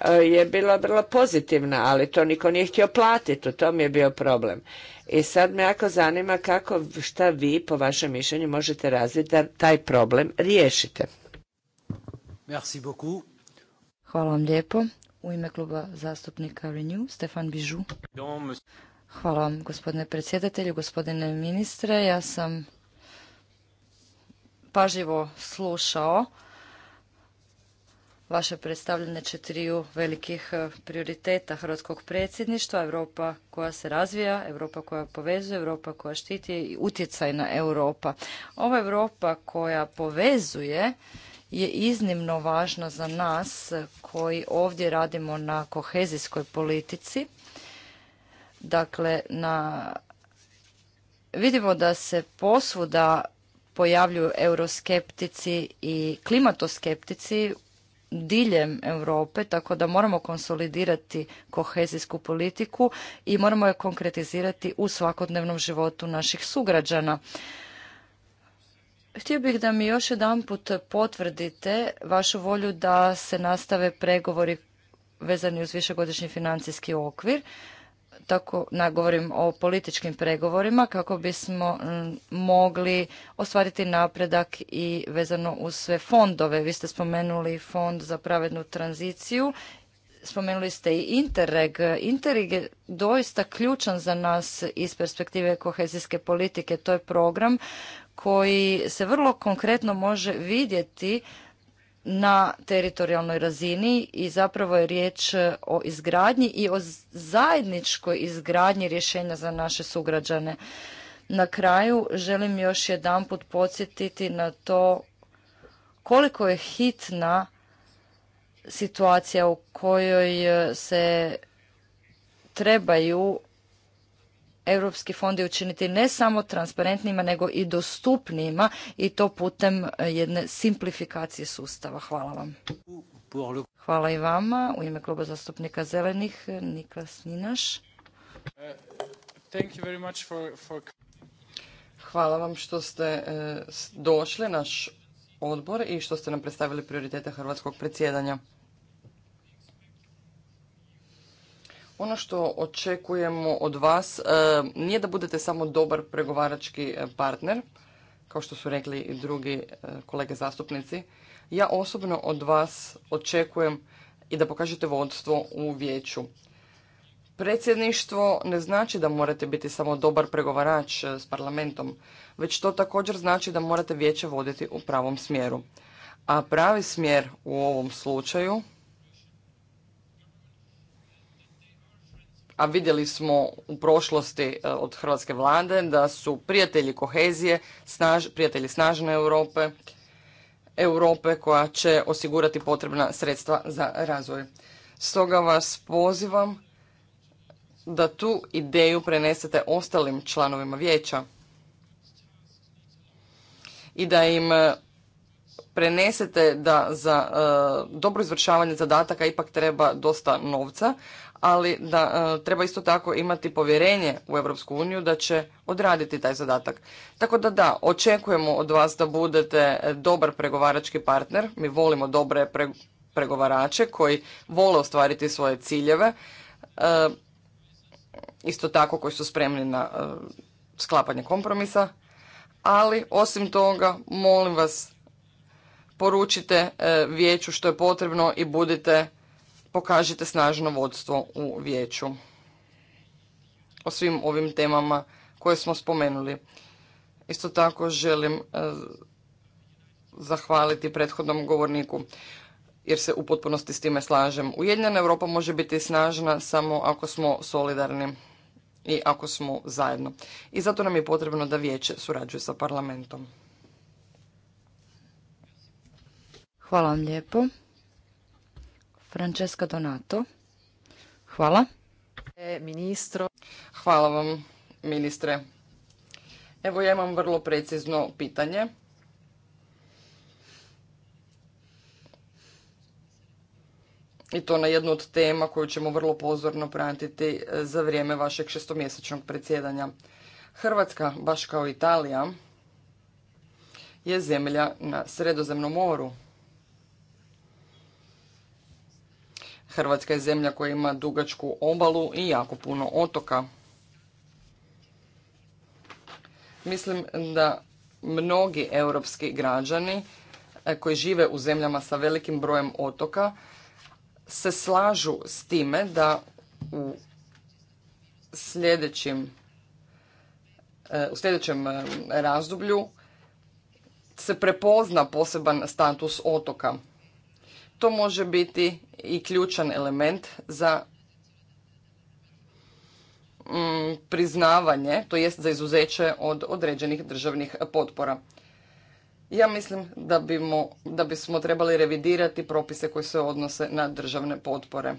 Eh, je bila vrlo pozitivna, ali to niko nije htio platiti, u tom je bio problem. I sad me jako zanima kako, šta vi po vašem mišljenju možete razviti da taj problem riješite. Merci beaucoup. Hvala vam lijepo. U ime kluba zastupnika Renew, Stefan Bižu. Hvala vam gospodine predsjedatelju, gospodine ministre. Ja sam pažljivo slušao vaše predstavljanje četiriju velikih e, prioriteta hrvatskog predsjedništva, Europa koja se razvija, Europa koja povezuje, Europa koja štiti i utjecajna Europa. Ova Europa koja povezuje je iznimno važna za nas koji ovdje radimo na kohezijskoj politici. Dakle, na... vidimo da se posvuda pojavljuju euroskeptici i klimatoskeptici diljem Europe, tako da moramo konsolidirati kohezijsku politiku i moramo je konkretizirati u svakodnevnom životu naših sugrađana. Htio bih da mi još jedanput potvrdite vašu volju da se nastave pregovori vezani uz višegodišnji financijski okvir tako govorim o političkim pregovorima kako bismo mogli ostvariti napredak i vezano uz sve fondove. Vi ste spomenuli fond za pravednu tranziciju, spomenuli ste i Interreg. Interreg je doista ključan za nas iz perspektive kohezijske politike. To je program koji se vrlo konkretno može vidjeti na teritorijalnoj razini i zapravo je riječ o izgradnji i o zajedničkoj izgradnji rješenja za naše sugrađane. Na kraju želim još jedanput podsjetiti na to koliko je hitna situacija u kojoj se trebaju europski fondovi učiniti ne samo transparentnijima nego i dostupnijima i to putem e, jedne simplifikacije sustava. Hvala vam. Hvala i vama. U ime kluba zastupnika Zelenih, Niklas Ninaš. Hvala vam što ste e, došli, naš odbor, i što ste nam predstavili prioritete hrvatskog predsjedanja. Ono što očekujemo od vas e, nije da budete samo dobar pregovarački e, partner, kao što su rekli i drugi e, kolege zastupnici. Ja osobno od vas očekujem i da pokažete vodstvo u vijeću. Predsjedništvo ne znači da morate biti samo dobar pregovarač s parlamentom, već to također znači da morate vijeće voditi u pravom smjeru. A pravi smjer u ovom slučaju a vidjeli smo u prošlosti e, od hrvatske vlade da su prijatelji kohezije, snaž, prijatelji snažne Europe, Europe koja će osigurati potrebna sredstva za razvoj. Stoga vas pozivam da tu ideju prenesete ostalim članovima vijeća i da im e, prenesete da za e, dobro izvršavanje zadataka ipak treba dosta novca, ali da e, treba isto tako imati povjerenje u Europsku uniju da će odraditi taj zadatak. Tako da da, očekujemo od vas da budete e, dobar pregovarački partner. Mi volimo dobre pregovarače koji vole ostvariti svoje ciljeve. E, isto tako koji su spremni na sklapanje kompromisa. Ali osim toga, molim vas, poručite vijeću što je potrebno i budite pokažite snažno vodstvo u vijeću o svim ovim temama koje smo spomenuli. Isto tako želim e, zahvaliti prethodnom govorniku jer se u potpunosti s time slažem. Ujedinjena Europa može biti snažna samo ako smo solidarni i ako smo zajedno. I zato nam je potrebno da vijeće surađuje sa parlamentom. Hvala vam lijepo. Francesca Donato. Hvala. E, ministro. Hvala vam, ministre. Evo ja imam vrlo precizno pitanje. I to na jednu od tema koju ćemo vrlo pozorno pratiti e, za vrijeme vašeg šestomjesečnog predsjedanja. Hrvatska, baš kao Italija, je zemlja na Sredozemnom moru. Hrvatska je zemlja koja ima dugačku obalu i jako puno otoka. Mislim da mnogi europski građani e, koji žive u zemljama sa velikim brojem otoka se slažu s time da u e, u sljedećem e, razdoblju se prepozna poseban status otoka to može biti i ključan element za mm, priznavanje, to jest za izuzeće od određenih državnih potpora. Ja mislim da, da bismo trebali revidirati propise koji se odnose na državne potpore.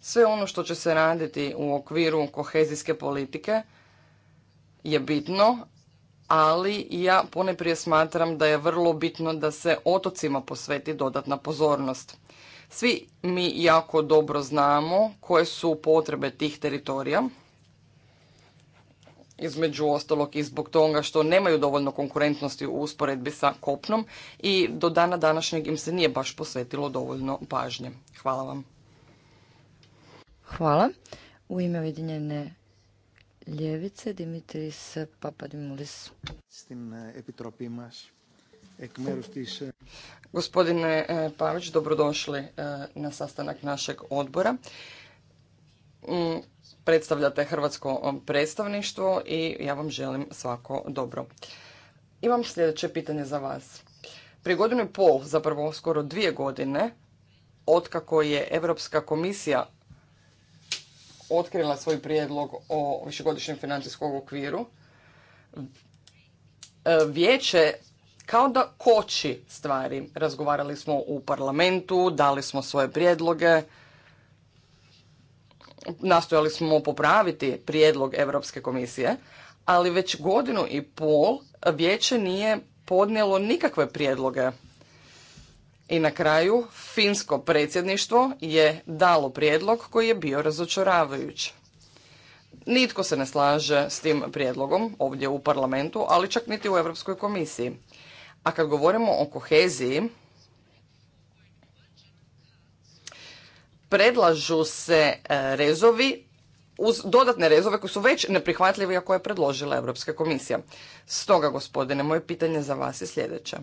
Sve ono što će se raditi u okviru kohezijske politike je bitno, ali ja poneprije smatram da je vrlo bitno da se otocima posveti dodatna pozornost. Svi mi jako dobro znamo koje su potrebe tih teritorija, između ostalog i zbog toga što nemaju dovoljno konkurentnosti u usporedbi sa kopnom i do dana današnjeg im se nije baš posvetilo dovoljno pažnje. Hvala vam. Hvala. U ime Ujedinjene Ljevice, Dimitris Papadimulis. Gospodine Pavić, dobrodošli na sastanak našeg odbora. Mm, predstavljate Hrvatsko predstavništvo i ja vam želim svako dobro. Imam sljedeće pitanje za vas. Prije godinu i pol, zapravo skoro dvije godine, otkako je Europska komisija otkrila svoj prijedlog o višegodišnjem financijskom okviru, e, vijeće kao da koči stvari. Razgovarali smo u parlamentu, dali smo svoje prijedloge, nastojali smo popraviti prijedlog Europske komisije, ali već godinu i pol vijeće nije podnijelo nikakve prijedloge i na kraju, finsko predsjedništvo je dalo prijedlog koji je bio razočaravajući. Nitko se ne slaže s tim prijedlogom ovdje u parlamentu, ali čak niti u Europskoj komisiji. A kad govorimo o koheziji, predlažu se e, rezovi uz dodatne rezove koji su već neprihvatljivi, a koje je predložila Europska komisija. Stoga, gospodine, moje pitanje za vas je sljedeće.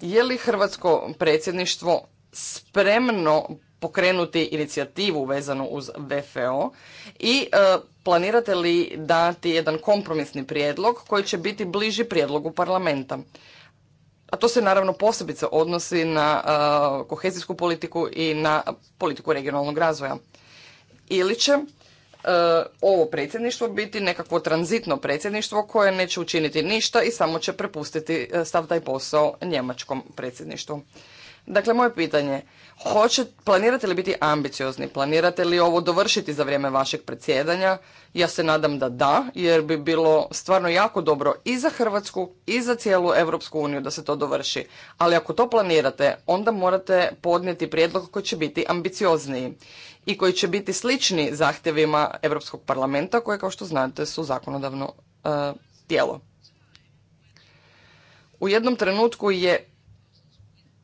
je li hrvatsko predsjedništvo spremno pokrenuti inicijativu vezanu uz VFO i e, planirate li dati jedan kompromisni prijedlog koji će biti bliži prijedlogu parlamenta? A to se naravno posebice odnosi na e, kohezijsku politiku i na politiku regionalnog razvoja. Ili će E, ovo predsjedništvo biti nekakvo tranzitno predsjedništvo koje neće učiniti ništa i samo će prepustiti e, sav taj posao njemačkom predsjedništvu. Dakle, moje pitanje, hoće, planirate li biti ambiciozni? Planirate li ovo dovršiti za vrijeme vašeg predsjedanja? Ja se nadam da da, jer bi bilo stvarno jako dobro i za Hrvatsku i za cijelu Europsku uniju da se to dovrši. Ali ako to planirate, onda morate podnijeti prijedlog koji će biti ambiciozniji i koji će biti slični zahtjevima Europskog parlamenta koje, kao što znate, su zakonodavno e, tijelo. U jednom trenutku je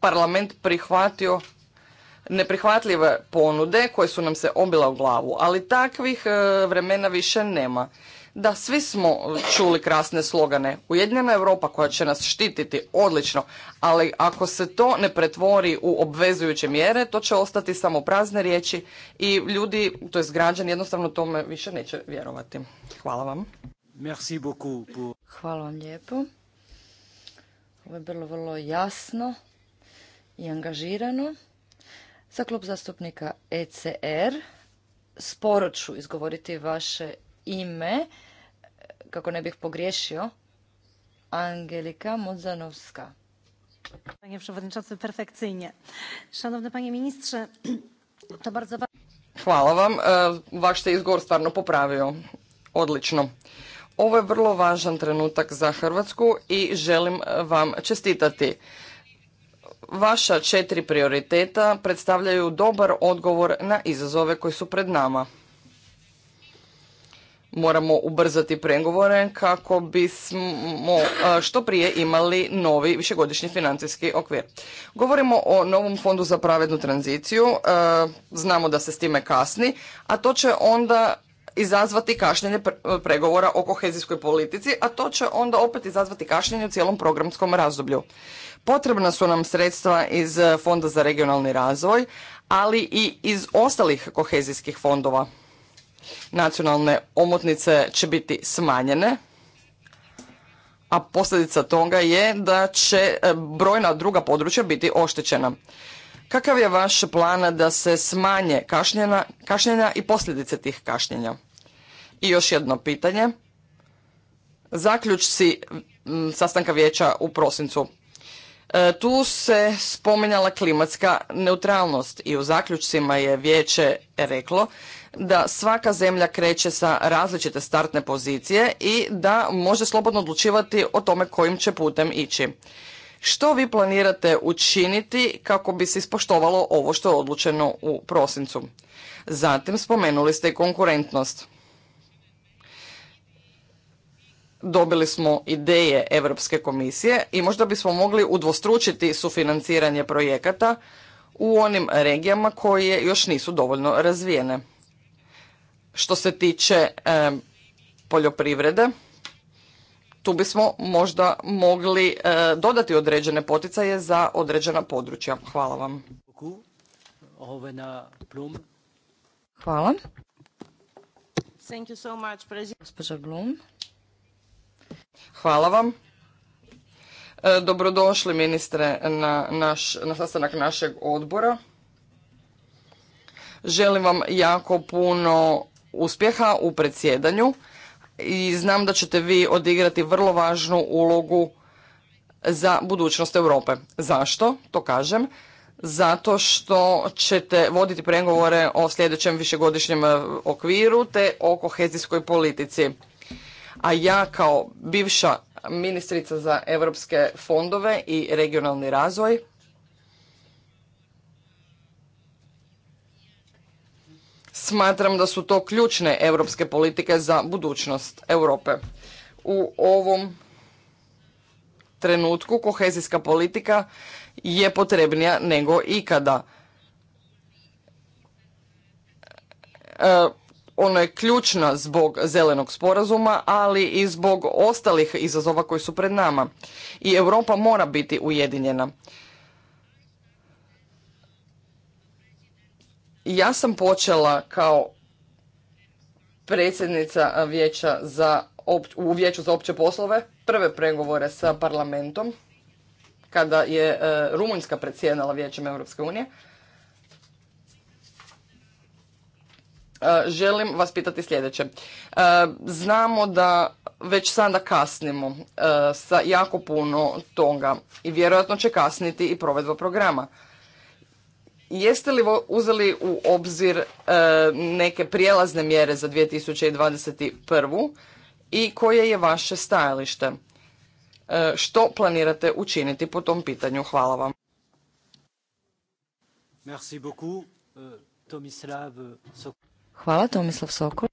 parlament prihvatio neprihvatljive ponude koje su nam se obila u glavu, ali takvih e, vremena više nema. Da, svi smo čuli krasne slogane. Ujedinjena Europa koja će nas štititi, odlično, ali ako se to ne pretvori u obvezujuće mjere, to će ostati samo prazne riječi i ljudi, to je građani, jednostavno tome više neće vjerovati. Hvala vam. Hvala vam lijepo. Ovo je bilo vrlo jasno i angažirano. Za klub zastupnika ECR sporo ću izgovoriti vaše ime, kako ne bih pogriješio. Angelika Modzanovska. Panie przewodniczący, perfekcyjnie. to bardzo... Hvala vam. E, vaš se izgovor stvarno popravio. Odlično. Ovo je vrlo važan trenutak za Hrvatsku i želim vam čestitati. Vaša četiri prioriteta predstavljaju dobar odgovor na izazove koji su pred nama. Moramo ubrzati pregovore kako bismo što prije imali novi višegodišnji financijski okvir. Govorimo o novom fondu za pravednu tranziciju, znamo da se s time kasni, a to će onda izazvati kašnjenje pregovora o kohezijskoj politici, a to će onda opet izazvati kašnjenje u cijelom programskom razdoblju. Potrebna su nam sredstva iz eh, Fonda za regionalni razvoj, ali i iz ostalih kohezijskih fondova. Nacionalne omotnice će biti smanjene, a posljedica toga je da će eh, brojna druga područja biti oštećena. Kakav je vaš plan da se smanje kašnjenja i posljedice tih kašnjenja? I još jedno pitanje. Zaključci mm, sastanka vijeća u prosincu. E, tu se spominjala klimatska neutralnost i u zaključcima je vijeće reklo da svaka zemlja kreće sa različite startne pozicije i da može slobodno odlučivati o tome kojim će putem ići. Što vi planirate učiniti kako bi se ispoštovalo ovo što je odlučeno u prosincu? Zatim spomenuli ste i konkurentnost. dobili smo ideje Europske komisije i možda bismo mogli udvostručiti sufinanciranje projekata u onim regijama koje još nisu dovoljno razvijene. Što se tiče poljoprivrede, tu bismo možda mogli e, dodati određene poticaje za određena područja. Hvala vam. Hvala. Thank you so much, Blum. Hvala vam. E, dobrodošli ministre na, naš, na sastanak našeg odbora. Želim vam jako puno uspjeha u predsjedanju i znam da ćete vi odigrati vrlo važnu ulogu za budućnost Europe. Zašto? To kažem. Zato što ćete voditi pregovore o sljedećem višegodišnjem e, okviru te o kohezijskoj politici a ja kao bivša ministrica za europske fondove i regionalni razvoj Smatram da su to ključne europske politike za budućnost Europe. U ovom trenutku kohezijska politika je potrebnija nego ikada. E, ono je ključna zbog zelenog sporazuma, ali i zbog ostalih izazova koji su pred nama. I Europa mora biti ujedinjena. Ja sam počela kao predsjednica vijeća za u vijeću za opće poslove prve pregovore sa parlamentom kada je e, Rumunjska predsjedala vijećem Europske unije. E, želim vas pitati sljedeće. E, znamo da već sada kasnimo e, sa jako puno toga i vjerojatno će kasniti i provedba programa. Jeste li uzeli u obzir neke prijelazne mjere za 2021. i koje je vaše stajalište? Što planirate učiniti po tom pitanju? Hvala vam. Merci beaucoup, euh, Tomislav Hvala, Tomislav Sokol.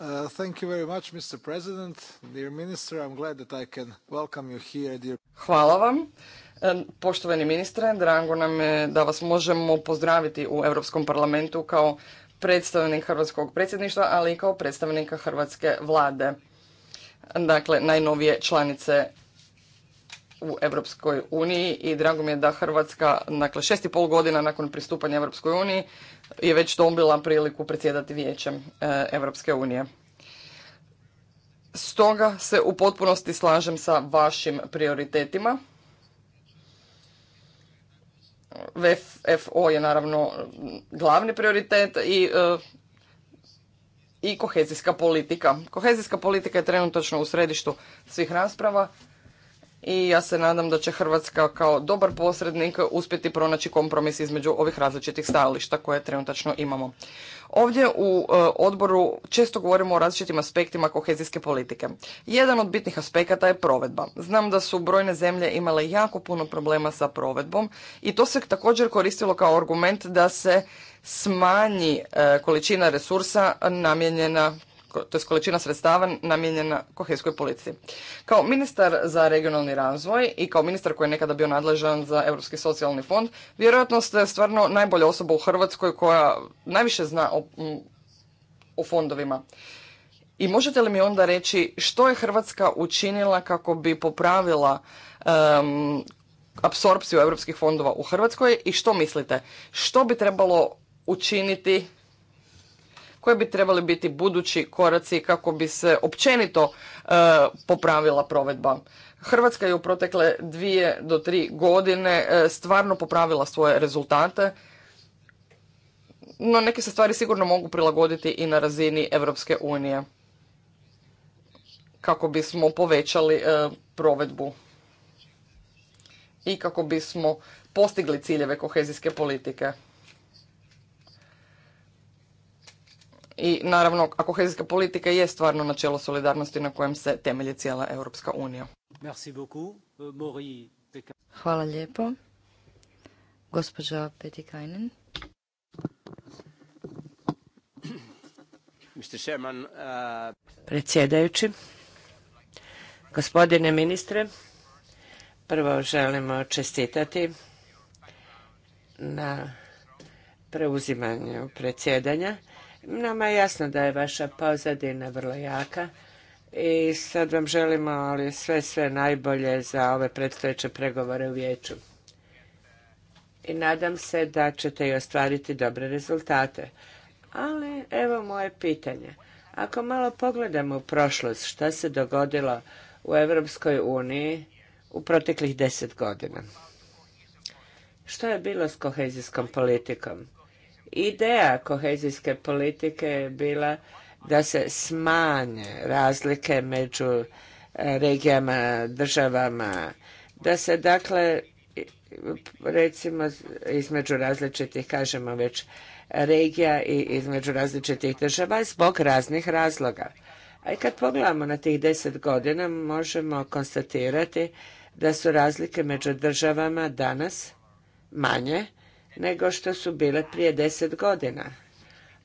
Uh, Hvala vam. Um, poštovani ministre, drago nam je da vas možemo pozdraviti u Europskom parlamentu kao predstavnik Hrvatskog predsjedništva, ali i kao predstavnika Hrvatske vlade. Dakle, najnovije članice u Europskoj uniji i drago mi je da Hrvatska, dakle šest i pol godina nakon pristupanja Europskoj uniji je već dobila priliku predsjedati vijećem Europske unije. Stoga se u potpunosti slažem sa vašim prioritetima. VFO je naravno glavni prioritet i e, i kohezijska politika. Kohezijska politika je trenutno u središtu svih rasprava i ja se nadam da će Hrvatska kao dobar posrednik uspjeti pronaći kompromis između ovih različitih stajališta koje trenutačno imamo. Ovdje u e, odboru često govorimo o različitim aspektima kohezijske politike. Jedan od bitnih aspekata je provedba. Znam da su brojne zemlje imale jako puno problema sa provedbom i to se također koristilo kao argument da se smanji e, količina resursa namijenjena to je količina sredstava namijenjena kohezijskoj politici. Kao ministar za regionalni razvoj i kao ministar koji je nekada bio nadležan za Europski socijalni fond, vjerojatno ste stvarno najbolja osoba u Hrvatskoj koja najviše zna o, fondovima. I možete li mi onda reći što je Hrvatska učinila kako bi popravila um, apsorpciju europskih fondova u Hrvatskoj i što mislite? Što bi trebalo učiniti koje bi trebali biti budući koraci kako bi se općenito e, popravila provedba. Hrvatska je u protekle dvije do tri godine e, stvarno popravila svoje rezultate, no neke se stvari sigurno mogu prilagoditi i na razini Europske unije kako bismo povećali e, provedbu i kako bismo postigli ciljeve kohezijske politike. I naravno, a kohezijska politika je stvarno načelo solidarnosti na kojem se temelji cijela Europska unija. Euh, Hvala lijepo. Gospođa Kajnen uh, Predsjedajući, gospodine ministre, prvo želimo čestitati na preuzimanju predsjedanja Nama je jasno da je vaša pozadina vrlo jaka i sad vam želimo ali sve, sve najbolje za ove predstojeće pregovore u vijeću. I nadam se da ćete i ostvariti dobre rezultate. Ali evo moje pitanje. Ako malo pogledamo u prošlost šta se dogodilo u Europskoj uniji u proteklih deset godina. Što je bilo s kohezijskom politikom? Ideja kohezijske politike je bila da se smanje razlike među e, regijama, državama, da se dakle recimo između različitih, kažemo već, regija i između različitih država zbog raznih razloga. A i kad pogledamo na tih deset godina možemo konstatirati da su razlike među državama danas manje nego što su bile prije deset godina.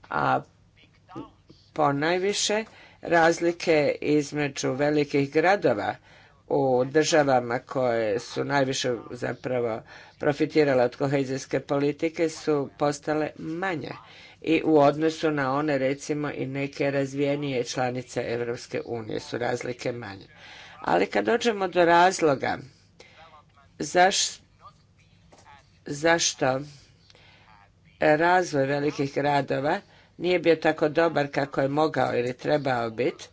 A ponajviše razlike između velikih gradova u državama koje su najviše zapravo profitirale od kohezijske politike su postale manje i u odnosu na one recimo i neke razvijenije članice Europske unije su razlike manje. Ali kad dođemo do razloga zaš, zašto razvoj velikih gradova nije bio tako dobar kako je mogao ili trebao biti,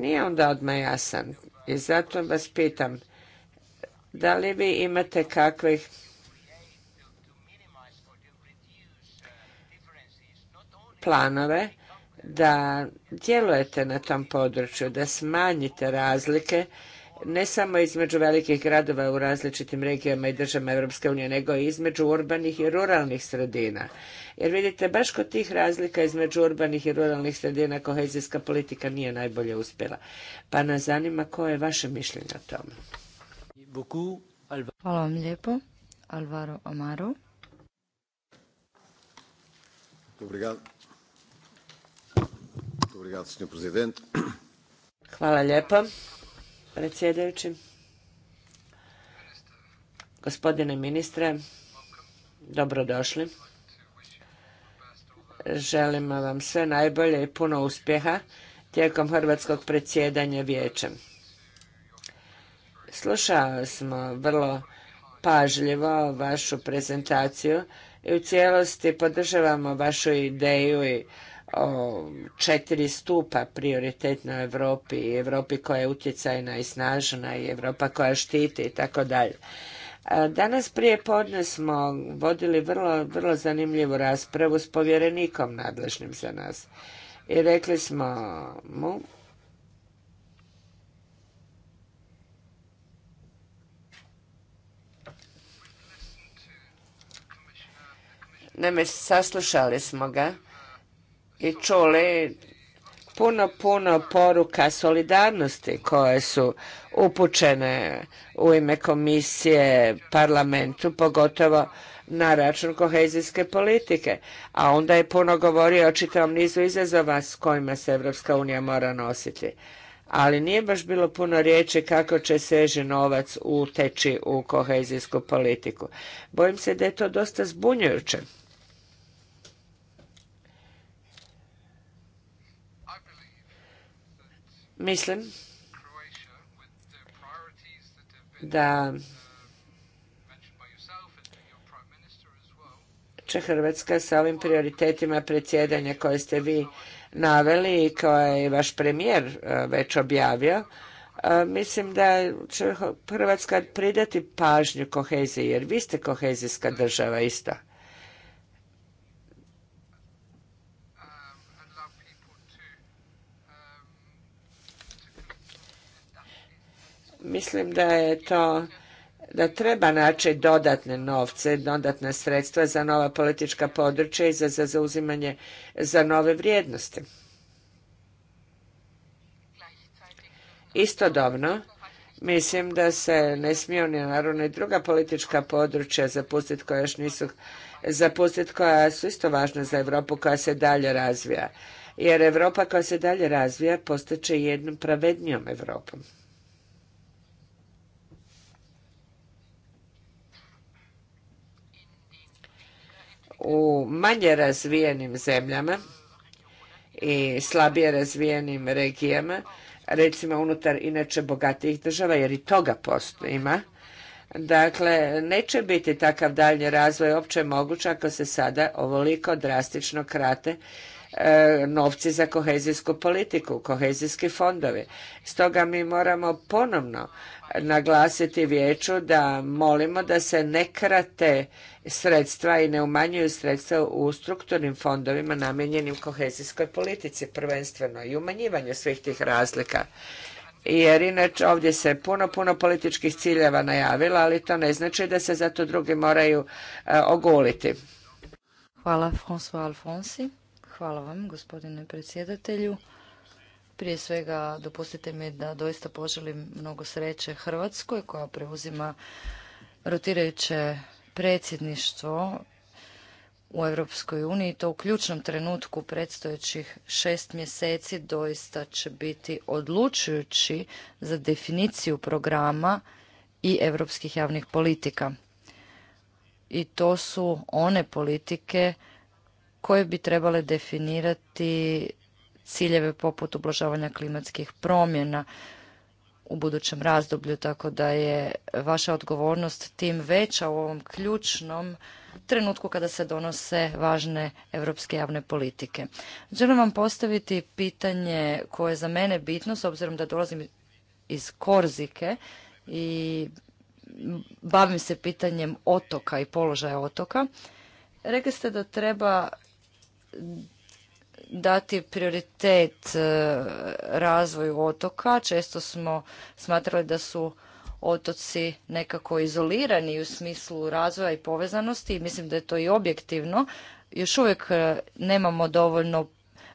nije onda odmah jasan. I zato vas pitam, da li vi imate kakvih planove da djelujete na tom području, da smanjite razlike ne samo između velikih gradova u različitim regijama i državama Europske unije, nego i između urbanih i ruralnih sredina. Jer vidite, baš kod tih razlika između urbanih i ruralnih sredina kohezijska politika nije najbolje uspjela. Pa nas zanima koje je vaše mišljenje o tome. Hvala vam lijepo. Alvaro Amaro. Hvala lijepo predsjedajući. Gospodine ministre, dobrodošli. Želimo vam sve najbolje i puno uspjeha tijekom hrvatskog predsjedanja vijećem. Slušao smo vrlo pažljivo vašu prezentaciju i u cijelosti podržavamo vašu ideju i o četiri stupa prioritetnoj Europi i Europi koja je utjecajna i snažna i Europa koja štiti i tako dalje. Danas prije podne smo vodili vrlo, vrlo zanimljivu raspravu s povjerenikom nadležnim za nas. I rekli smo mu Naime, saslušali smo ga i čuli puno, puno poruka solidarnosti koje su upućene u ime komisije parlamentu, pogotovo na račun kohezijske politike. A onda je puno govorio o čitavom nizu izazova s kojima se Evropska unija mora nositi. Ali nije baš bilo puno riječi kako će seži novac uteći u kohezijsku politiku. Bojim se da je to dosta zbunjujuće. Mislim da će Hrvatska sa ovim prioritetima predsjedanja koje ste vi naveli i koje je vaš premijer e, već objavio, e, mislim da će Hrvatska pridati pažnju koheziji, jer vi ste kohezijska država isto. Mislim da je to da treba naći dodatne novce, dodatna sredstva za nova politička područja i za, za zauzimanje za nove vrijednosti. Istodobno, mislim da se ne smiju ni naravno i druga politička područja zapustiti koja još nisu zapustiti koja su isto važna za Europu koja se dalje razvija. Jer Europa koja se dalje razvija postaće jednom pravednijom Europom. u manje razvijenim zemljama i slabije razvijenim regijama, recimo unutar inače bogatijih država, jer i toga postoji, ima, Dakle, neće biti takav daljnji razvoj opće moguć ako se sada ovoliko drastično krate e, novci za kohezijsku politiku, kohezijski fondovi. Stoga mi moramo ponovno naglasiti vijeću da molimo da se ne krate sredstva i ne umanjuju sredstva u strukturnim fondovima namijenjenim kohezijskoj politici prvenstveno i umanjivanju svih tih razlika. Jer inače ovdje se puno, puno političkih ciljeva najavilo, ali to ne znači da se zato drugi moraju e, oguliti. Hvala François Alfonsi. Hvala vam gospodine predsjedatelju. Prije svega dopustite mi da doista poželim mnogo sreće Hrvatskoj koja preuzima rotirajuće predsjedništvo u Europskoj uniji. To u ključnom trenutku predstojećih šest mjeseci doista će biti odlučujući za definiciju programa i europskih javnih politika. I to su one politike koje bi trebale definirati ciljeve poput ublažavanja klimatskih promjena u budućem razdoblju, tako da je vaša odgovornost tim veća u ovom ključnom trenutku kada se donose važne europske javne politike. Želim vam postaviti pitanje koje je za mene bitno, s obzirom da dolazim iz Korzike i bavim se pitanjem otoka i položaja otoka. Rekli ste da treba dati prioritet e, razvoju otoka. Često smo smatrali da su otoci nekako izolirani u smislu razvoja i povezanosti i mislim da je to i objektivno. Još uvijek e, nemamo dovoljno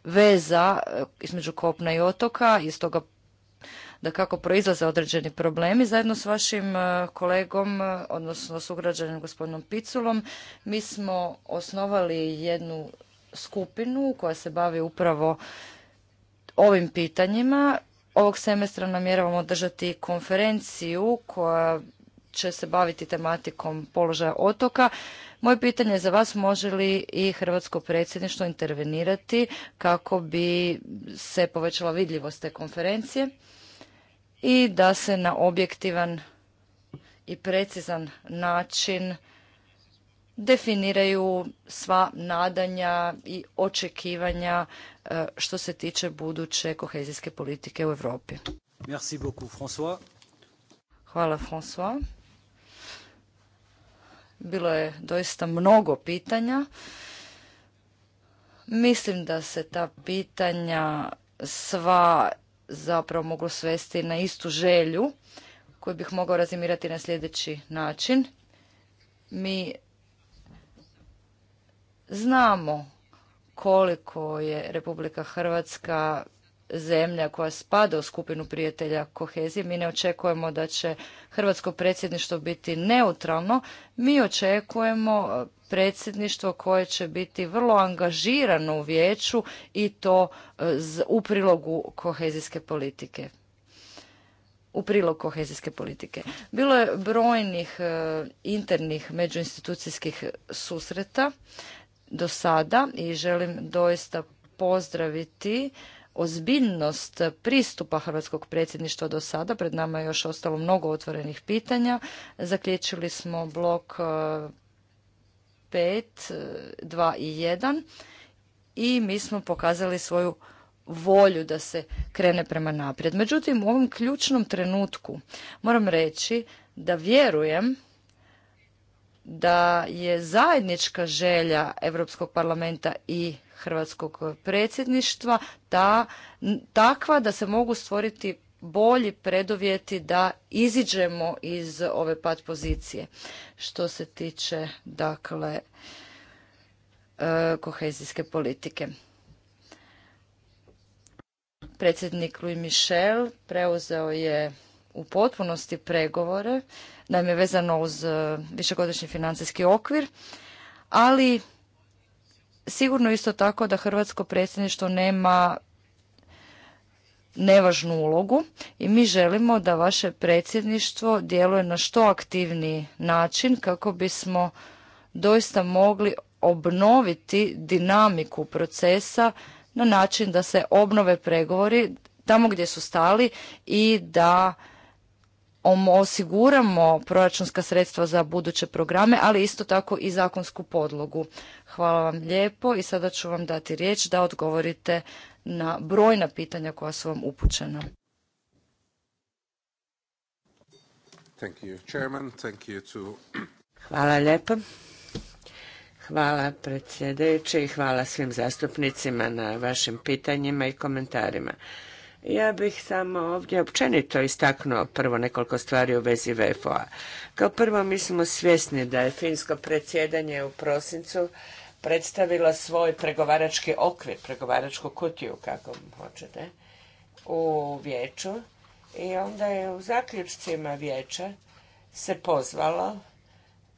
veza e, između kopna i otoka, iz toga da kako proizlaze određeni problemi. Zajedno s vašim kolegom, odnosno sugrađanim gospodinom Piculom, mi smo osnovali jednu skupinu koja se bavi upravo ovim pitanjima. Ovog semestra namjeravamo održati konferenciju koja će se baviti tematikom položaja otoka. Moje pitanje je za vas može li i Hrvatsko predsjedništvo intervenirati kako bi se povećala vidljivost te konferencije i da se na objektivan i precizan način definiraju sva nadanja i očekivanja e, što se tiče buduće kohezijske politike u Europi. Merci beaucoup, François. Hvala François. Bilo je doista mnogo pitanja. Mislim da se ta pitanja sva zapravo mogu svesti na istu želju koju bih mogao razimirati na sljedeći način. Mi Znamo koliko je Republika Hrvatska zemlja koja spada u skupinu prijatelja kohezije. Mi ne očekujemo da će hrvatsko predsjedništvo biti neutralno. Mi očekujemo predsjedništvo koje će biti vrlo angažirano u vijeću i to e, u prilogu kohezijske politike. U prilog kohezijske politike. Bilo je brojnih e, internih međuinstitucijskih susreta do sada i želim doista pozdraviti ozbiljnost pristupa hrvatskog predsjedništva do sada. Pred nama je još ostalo mnogo otvorenih pitanja. Zaključili smo blok 5, e, 2 e, i 1 i mi smo pokazali svoju volju da se krene prema naprijed. Međutim, u ovom ključnom trenutku moram reći da vjerujem da je zajednička želja Europskog parlamenta i Hrvatskog predsjedništva ta, takva da se mogu stvoriti bolji preduvjeti da iziđemo iz ove pat pozicije. Što se tiče dakle e, kohezijske politike. Predsjednik Louis Michel preuzeo je u potpunosti pregovore, je vezano uz e, višegodišnji financijski okvir, ali sigurno isto tako da Hrvatsko predsjedništvo nema nevažnu ulogu i mi želimo da vaše predsjedništvo djeluje na što aktivniji način kako bismo doista mogli obnoviti dinamiku procesa na način da se obnove pregovori tamo gdje su stali i da osiguramo proračunska sredstva za buduće programe, ali isto tako i zakonsku podlogu. Hvala vam lijepo i sada ću vam dati riječ da odgovorite na brojna pitanja koja su vam upućena. Thank Hvala lijepo. Hvala predsjedajući i hvala svim zastupnicima na vašim pitanjima i komentarima. Ja bih samo ovdje općenito istaknuo prvo nekoliko stvari u vezi VFO-a. Kao prvo mi smo svjesni da je finsko predsjedanje u prosincu predstavilo svoj pregovarački okvir, pregovaračku kutiju kako hoćete, u vijeću i onda je u zaključcima vijeća se pozvalo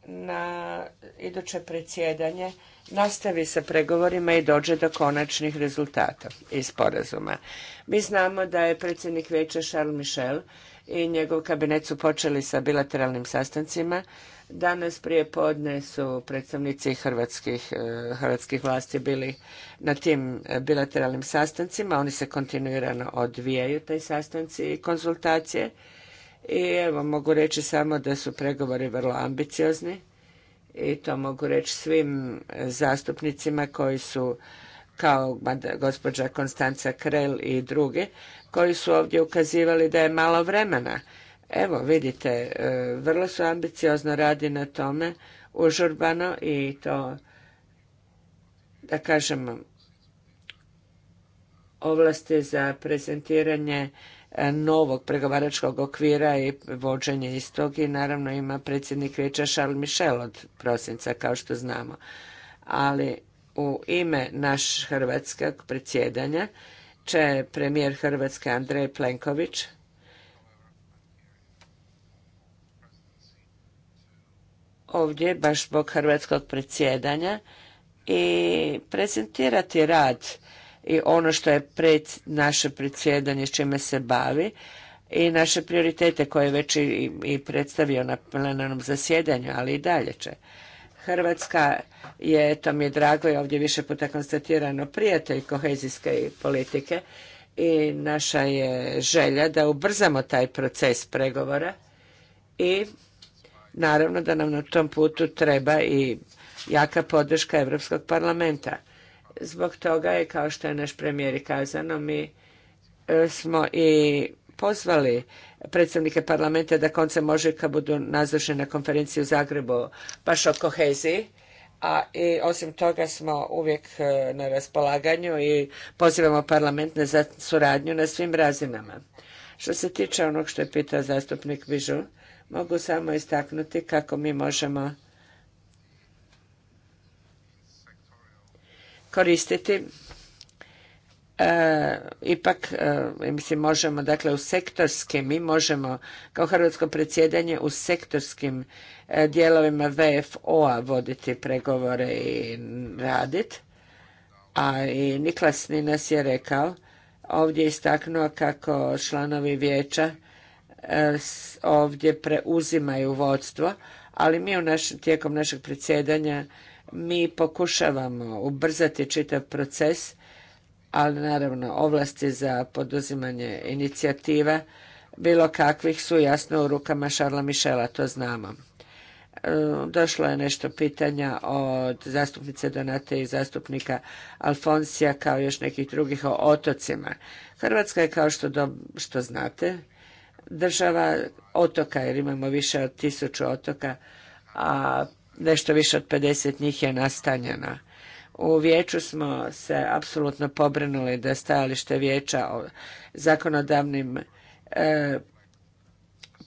na iduće predsjedanje nastavi sa pregovorima i dođe do konačnih rezultata i sporazuma. Mi znamo da je predsjednik vijeća Charles Michel i njegov kabinet su počeli sa bilateralnim sastancima. Danas prije podne su predstavnici hrvatskih, eh, hrvatskih vlasti bili na tim eh, bilateralnim sastancima. Oni se kontinuirano odvijaju, taj sastanci i konzultacije. I evo, mogu reći samo da su pregovori vrlo ambiciozni i to mogu reći svim zastupnicima koji su kao gospođa Konstanca Krel i drugi, koji su ovdje ukazivali da je malo vremena. Evo, vidite, e, vrlo su ambiciozno radi na tome, užurbano i to, da kažem, ovlasti za prezentiranje novog pregovaračkog okvira i vođenje istog i naravno ima predsjednik vijeća Charles Michel od prosinca kao što znamo. Ali u ime naš hrvatskog predsjedanja će premijer Hrvatske Andrej Plenković ovdje baš zbog hrvatskog predsjedanja i prezentirati rad i ono što je pred naše predsjedanje s čime se bavi i naše prioritete koje je već i, i predstavio na plenarnom zasjedanju, ali i dalje će. Hrvatska je, to mi je drago i ovdje više puta konstatirano, prijatelj kohezijske politike i naša je želja da ubrzamo taj proces pregovora i naravno da nam na tom putu treba i jaka podrška Europskog parlamenta. Zbog toga je, kao što je naš premijer i kazano, mi e, smo i pozvali predstavnike parlamenta da konce može budu nazočni na konferenciji u Zagrebu baš o koheziji. A i osim toga smo uvijek e, na raspolaganju i pozivamo parlament na suradnju na svim razinama. Što se tiče onog što je pitao zastupnik Vižu, mogu samo istaknuti kako mi možemo koristiti E, ipak e, mislim možemo dakle u sektorskim mi možemo kao hrvatsko predsjedanje u sektorskim e, dijelovima VFO-a voditi pregovore i raditi. A i Niklas nas je rekao, ovdje istaknuo kako članovi vijeća e, ovdje preuzimaju vodstvo, ali mi u tijekom našeg predsjedanja mi pokušavamo ubrzati čitav proces, ali naravno ovlasti za poduzimanje inicijativa bilo kakvih su jasno u rukama Šarla Mišela, to znamo. E, došlo je nešto pitanja od zastupnice Donate i zastupnika Alfonsija kao još nekih drugih o otocima. Hrvatska je kao što, do, što znate država otoka jer imamo više od tisuću otoka, a nešto više od 50 njih je nastanjeno. U vijeću smo se apsolutno pobrinuli da stajalište vijeća o zakonodavnim e,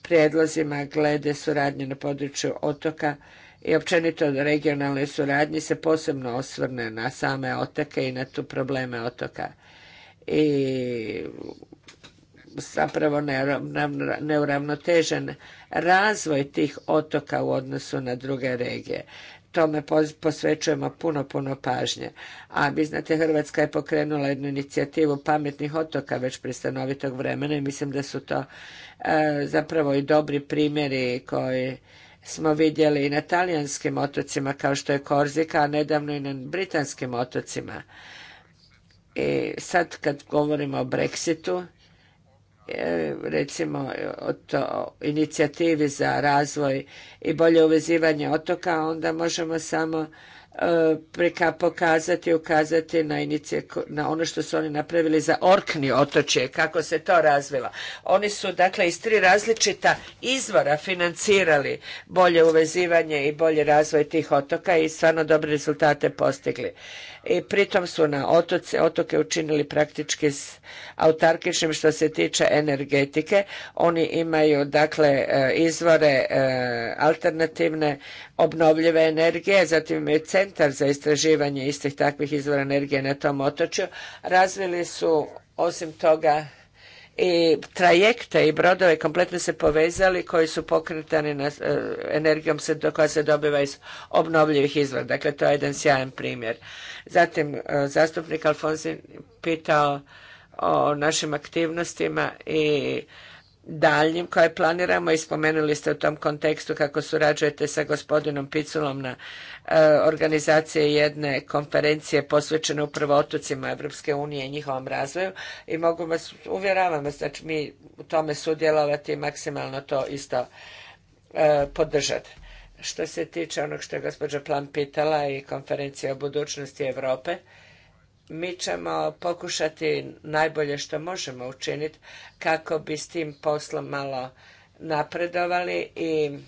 prijedlozima glede suradnje na području otoka i općenito regionalne suradnje se posebno osvrne na same otoke i na tu probleme otoka. I zapravo neuravnotežen razvoj tih otoka u odnosu na druge regije. Tome posvećujemo puno, puno pažnje. A vi znate, Hrvatska je pokrenula jednu inicijativu pametnih otoka već prije stanovitog vremena i mislim da su to e, zapravo i dobri primjeri koji smo vidjeli i na talijanskim otocima kao što je Korzika, a nedavno i na britanskim otocima. I sad kad govorimo o Brexitu, E, recimo to, inicijativi za razvoj i bolje uvezivanje otoka, onda možemo samo E, pokazati, ukazati na, inicije, na ono što su oni napravili za Orkni otočje, kako se to razvilo. Oni su dakle iz tri različita izvora financirali bolje uvezivanje i bolji razvoj tih otoka i stvarno dobre rezultate postigli. I pritom su na otoce, otoke učinili praktički s autarkičnim što se tiče energetike. Oni imaju dakle e, izvore e, alternativne obnovljive energije, zatim imaju centar za istraživanje istih takvih izvora energije na tom otočju. Razvili su osim toga i trajekte i brodove kompletno se povezali koji su pokretani na, e, energijom se, koja se dobiva iz obnovljivih izvora. Dakle, to je jedan sjajan primjer. Zatim, e, zastupnik Alfonsi pitao o našim aktivnostima i daljnjim koje planiramo i spomenuli ste u tom kontekstu kako surađujete sa gospodinom Piculom na e, organizaciji jedne konferencije posvećene upravo otocima Evropske unije i njihovom razvoju i mogu vas, uvjeravam vas da će mi u tome sudjelovati i maksimalno to isto e, podržati. Što se tiče onog što je gospođa Plan pitala i konferencija o budućnosti Europe, mi ćemo pokušati najbolje što možemo učiniti kako bi s tim poslom malo napredovali i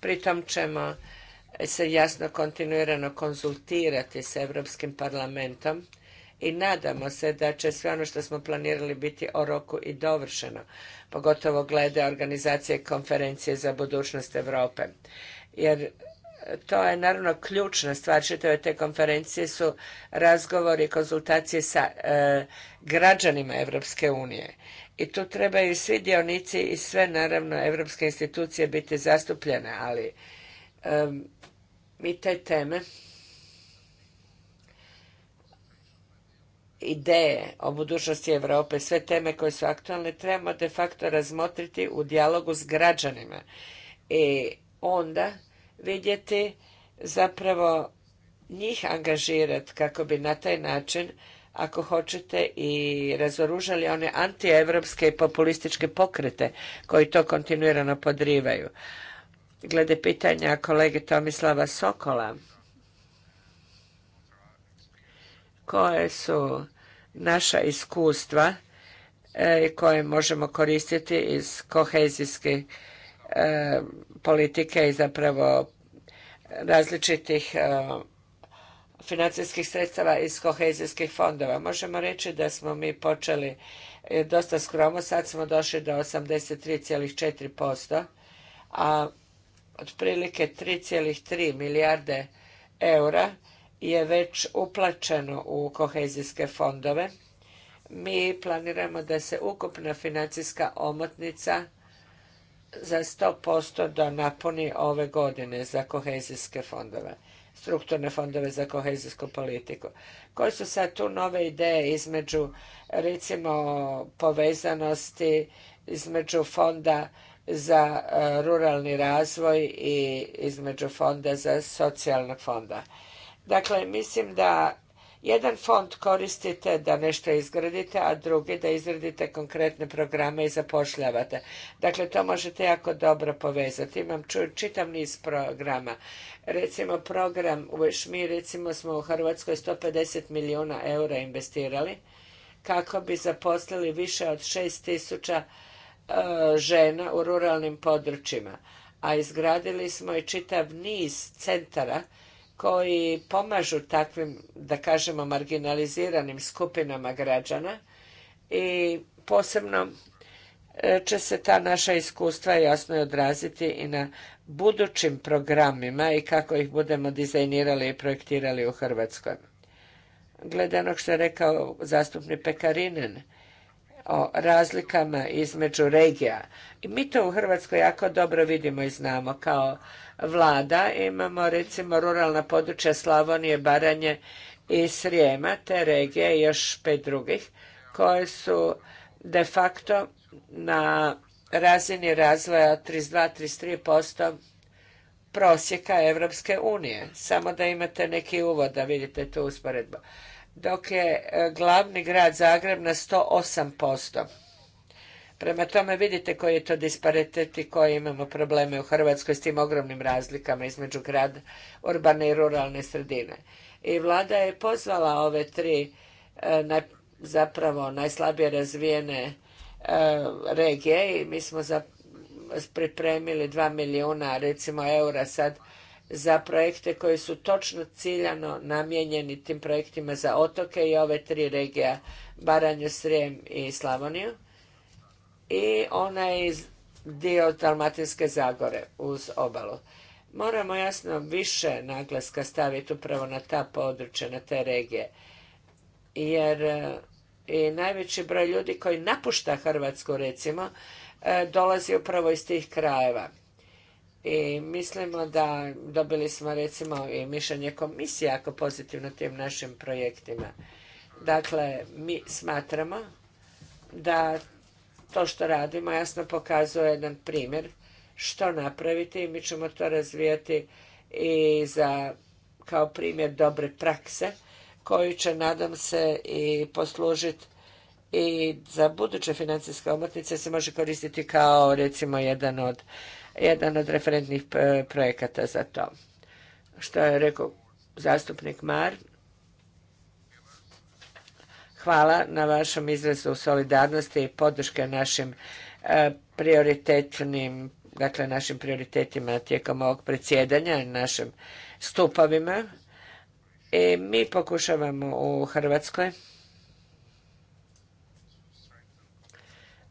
pritom ćemo se jasno kontinuirano konzultirati s Europskim parlamentom i nadamo se da će sve ono što smo planirali biti o roku i dovršeno, pogotovo glede organizacije konferencije za budućnost Europe. Jer to je naravno ključna stvar čitave te konferencije su razgovori i konzultacije sa e, građanima Europske unije. I tu trebaju svi dionici i sve naravno europske institucije biti zastupljene, ali mi te teme ideje o budućnosti Europe, sve teme koje su aktualne, trebamo de facto razmotriti u dijalogu s građanima. I onda vidjeti, zapravo njih angažirati kako bi na taj način, ako hoćete, i razoružali one antievropske i populističke pokrete koji to kontinuirano podrivaju. Glede pitanja kolege Tomislava Sokola, koje su naša iskustva e, koje možemo koristiti iz kohezijskih politike i zapravo različitih e, financijskih sredstava iz kohezijskih fondova. Možemo reći da smo mi počeli e, dosta skromno, sad smo došli do 83,4%, a otprilike 3,3 milijarde eura je već uplaćeno u kohezijske fondove. Mi planiramo da se ukupna financijska omotnica za 100% da napuni ove godine za kohezijske fondove, strukturne fondove za kohezijsku politiku. Koje su sad tu nove ideje između, recimo, povezanosti između fonda za e, ruralni razvoj i između fonda za socijalnog fonda. Dakle, mislim da jedan fond koristite da nešto izgradite, a drugi da izradite konkretne programe i zapošljavate. Dakle, to možete jako dobro povezati. Imam čitav niz programa. Recimo, program, mi recimo smo u Hrvatskoj 150 milijuna eura investirali kako bi zaposlili više od 6 tisuća e, žena u ruralnim područjima. A izgradili smo i čitav niz centara koji pomažu takvim, da kažemo, marginaliziranim skupinama građana i posebno e, će se ta naša iskustva jasno odraziti i na budućim programima i kako ih budemo dizajnirali i projektirali u Hrvatskoj. Gledano onog što je rekao zastupnik Pekarinen, o razlikama između regija. I mi to u Hrvatskoj jako dobro vidimo i znamo. Kao vlada imamo recimo ruralna područja Slavonije, Baranje i Srijema, te regije i još pet drugih koje su de facto na razini razvoja 32-33% prosjeka europske unije. Samo da imate neki uvod da vidite tu usporedbu dok je e, glavni grad Zagreb na 108%. Prema tome vidite koji je to disparitet i koji imamo probleme u Hrvatskoj s tim ogromnim razlikama između grad, urbane i ruralne sredine. I vlada je pozvala ove tri e, zapravo najslabije razvijene e, regije i mi smo pripremili 2 milijuna recimo eura sad za projekte koji su točno ciljano namijenjeni tim projektima za otoke i ove tri regija Baranju, Srijem i Slavoniju i onaj dio Dalmatinske zagore uz obalu. Moramo jasno više naglaska staviti upravo na ta područja, na te regije. Jer e, i najveći broj ljudi koji napušta Hrvatsku recimo e, dolazi upravo iz tih krajeva i mislimo da dobili smo recimo i mišljenje komisije jako pozitivno tim našim projektima. Dakle, mi smatramo da to što radimo jasno pokazuje jedan primjer što napraviti i mi ćemo to razvijati i za, kao primjer dobre prakse koju će, nadam se, i poslužiti i za buduće financijske omotnice se može koristiti kao recimo jedan od jedan od referentnih e, projekata za to. Što je rekao zastupnik Mar, hvala na vašem izrazu solidarnosti i podrške našim e, prioritetnim, dakle našim prioritetima tijekom ovog predsjedanja, našim stupovima. I mi pokušavamo u Hrvatskoj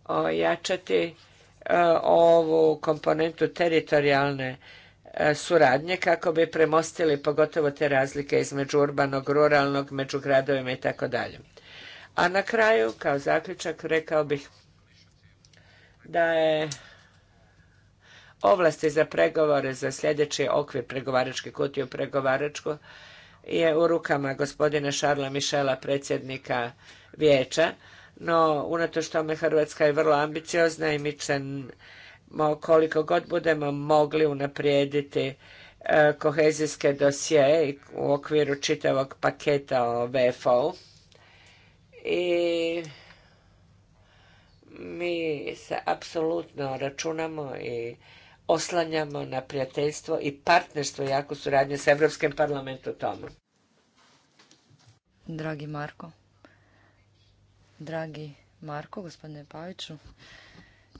ojačati E, ovu komponentu teritorijalne e, suradnje kako bi premostili pogotovo te razlike između urbanog, ruralnog, među gradovima i tako dalje. A na kraju, kao zaključak, rekao bih da je ovlasti za pregovore za sljedeći okvir pregovaračke kutije u pregovaračku je u rukama gospodina Šarla Mišela, predsjednika vijeća no unatoč tome Hrvatska je vrlo ambiciozna i mi ćemo koliko god budemo mogli unaprijediti e, kohezijske dosije u okviru čitavog paketa o vfo I mi se apsolutno računamo i oslanjamo na prijateljstvo i partnerstvo i jako suradnje s Europskim parlamentom u tomu. Dragi Marko, dragi Marko, gospodine Paviću.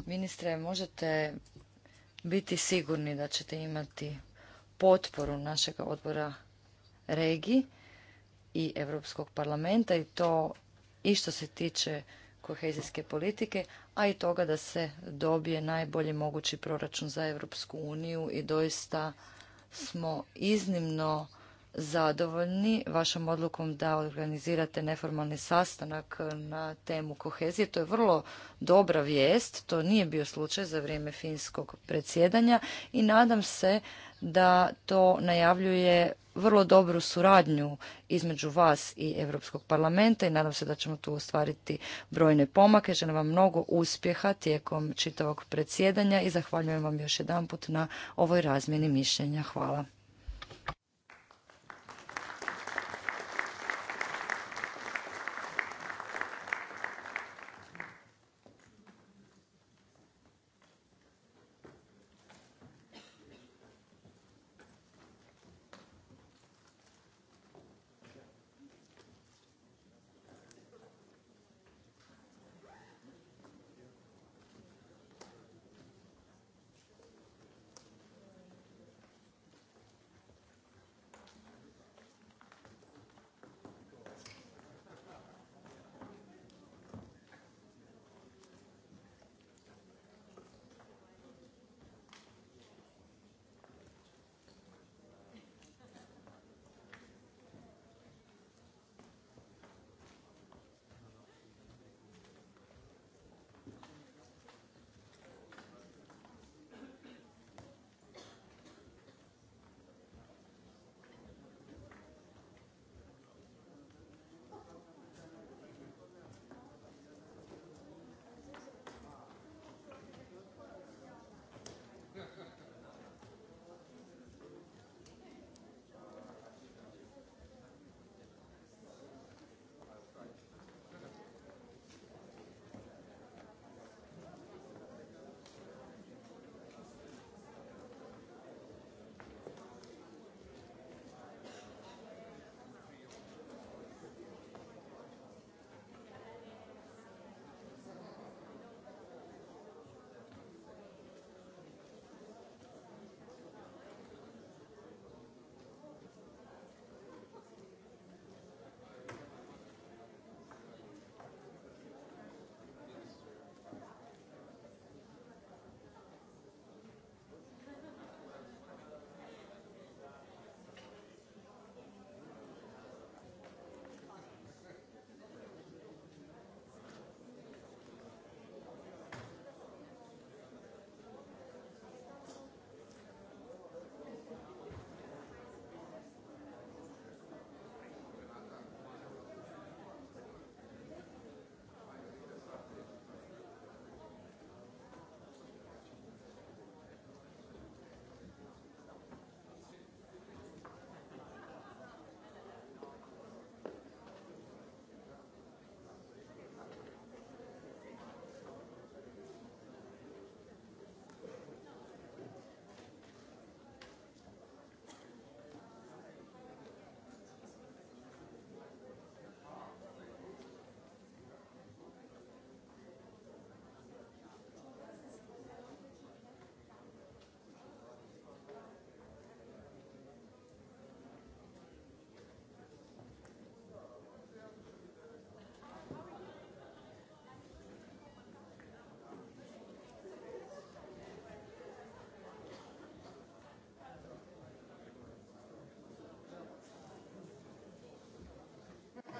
Ministre, možete biti sigurni da ćete imati potporu našeg odbora regiji i Europskog parlamenta i to i što se tiče kohezijske politike, a i toga da se dobije najbolji mogući proračun za Europsku uniju i doista smo iznimno zadovoljni vašom odlukom da organizirate neformalni sastanak na temu kohezije. To je vrlo dobra vijest, to nije bio slučaj za vrijeme finskog predsjedanja i nadam se da to najavljuje vrlo dobru suradnju između vas i Europskog parlamenta i nadam se da ćemo tu ostvariti brojne pomake. Želim vam mnogo uspjeha tijekom čitavog predsjedanja i zahvaljujem vam još jedanput na ovoj razmjeni mišljenja. Hvala.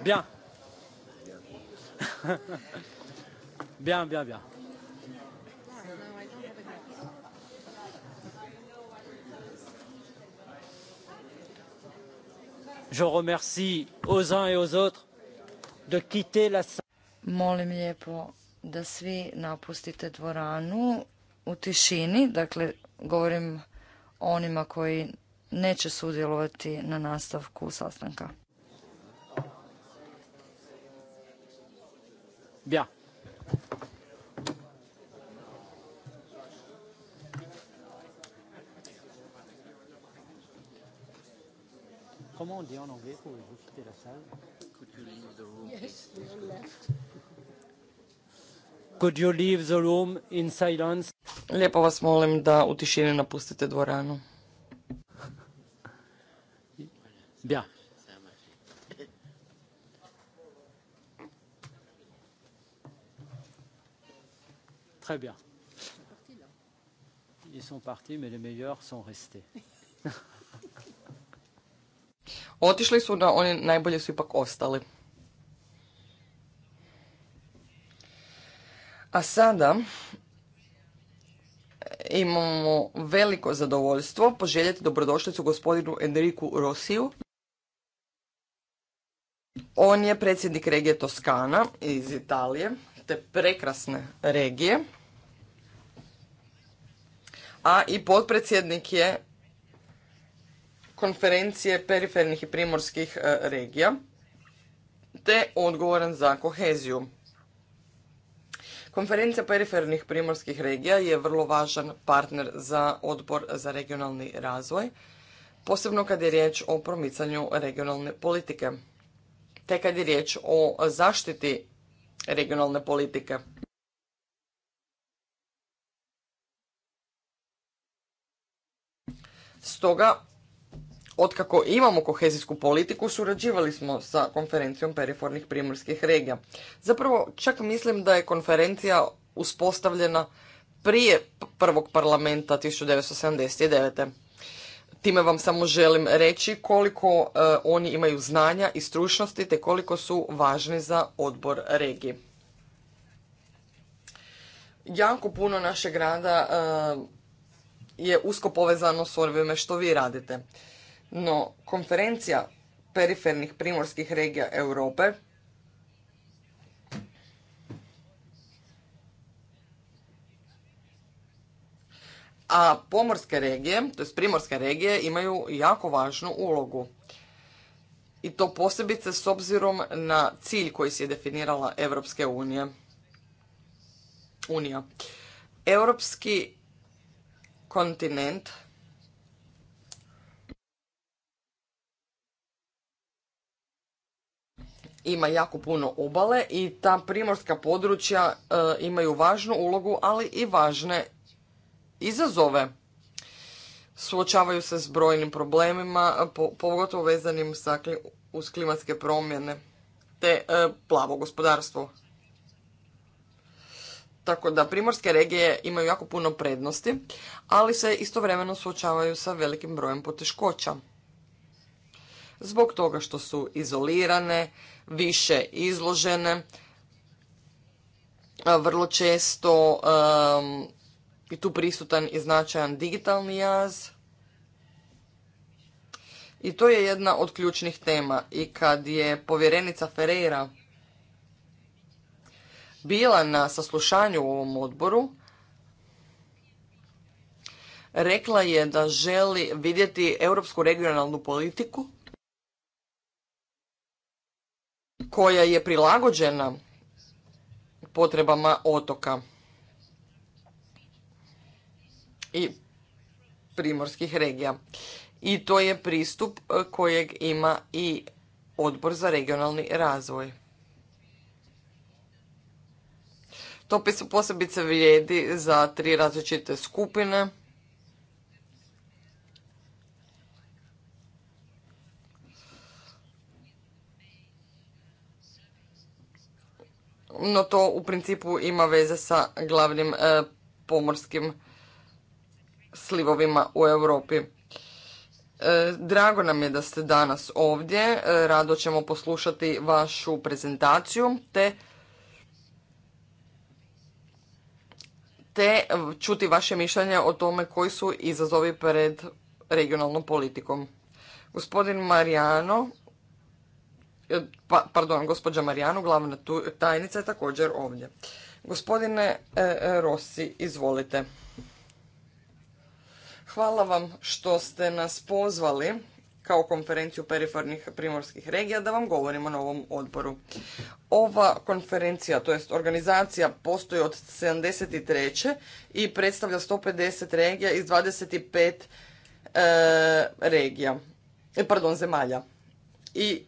Bien. bien, bien, bien. Je remercie aux uns et aux autres de quitter la Molim lijepo da svi napustite dvoranu u tišini, dakle govorim onima koji neće sudjelovati na nastavku sastanka. Bien. Comment on dit en anglais pour vous quitter la salle Could you leave the room? Yes, we all left. Could you leave the room in silence? Lijepo vas molim da u tišini napustite dvoranu. Bien. Très bien. Ils sont partis, mais les meilleurs sont restés. (laughs) Otišli su, da oni najbolje su ipak ostali. A sada imamo veliko zadovoljstvo poželjeti dobrodošlicu gospodinu Enriku Rosiju. On je predsjednik regije Toskana iz Italije, te prekrasne regije a i potpredsjednik je konferencije perifernih i primorskih e, regija, te odgovoran za koheziju. Konferencija perifernih primorskih regija je vrlo važan partner za odbor za regionalni razvoj, posebno kad je riječ o promicanju regionalne politike, te kad je riječ o zaštiti regionalne politike. Stoga, otkako imamo kohezijsku politiku, surađivali smo sa konferencijom perifornih primorskih regija. Zapravo, čak mislim da je konferencija uspostavljena prije prvog parlamenta 1979. Time vam samo želim reći koliko e, oni imaju znanja i stručnosti te koliko su važni za odbor regiji. Jako puno našeg rada e, je usko povezano s ovime što vi radite. No, konferencija perifernih primorskih regija Europe a pomorske regije, to je primorske regije, imaju jako važnu ulogu. I to posebice s obzirom na cilj koji se je definirala Europske unije. Unija. Europski kontinent ima jako puno obale i ta primorska područja e, imaju važnu ulogu, ali i važne izazove. Suočavaju se s brojnim problemima, pogotovo vezanim sa, dakle, uz klimatske promjene te e, plavo gospodarstvo. Tako da primorske regije imaju jako puno prednosti, ali se istovremeno suočavaju sa velikim brojem poteškoća. Zbog toga što su izolirane, više izložene, vrlo često je tu prisutan i značajan digitalni jaz. I to je jedna od ključnih tema. I kad je povjerenica Ferreira bila na saslušanju u ovom odboru rekla je da želi vidjeti europsku regionalnu politiku koja je prilagođena potrebama otoka i primorskih regija. I to je pristup kojeg ima i odbor za regionalni razvoj. To posebice vrijedi za tri različite skupine. No to u principu ima veze sa glavnim e, pomorskim slivovima u Europi. E, drago nam je da ste danas ovdje. E, rado ćemo poslušati vašu prezentaciju te te eh, čuti vaše mišljenje o tome koji su izazovi pred regionalnom politikom. Gospodin Marijano, eh, pa, pardon, gospođa Marijano, glavna tajnica je također ovdje. Gospodine eh, Rossi, izvolite. Hvala vam što ste nas pozvali kao konferenciju perifernih primorskih regija da vam govorimo na ovom odboru. Ova konferencija, to jest organizacija, postoji od 73. i predstavlja 150 regija iz 25 e, regija, e, pardon, zemalja. I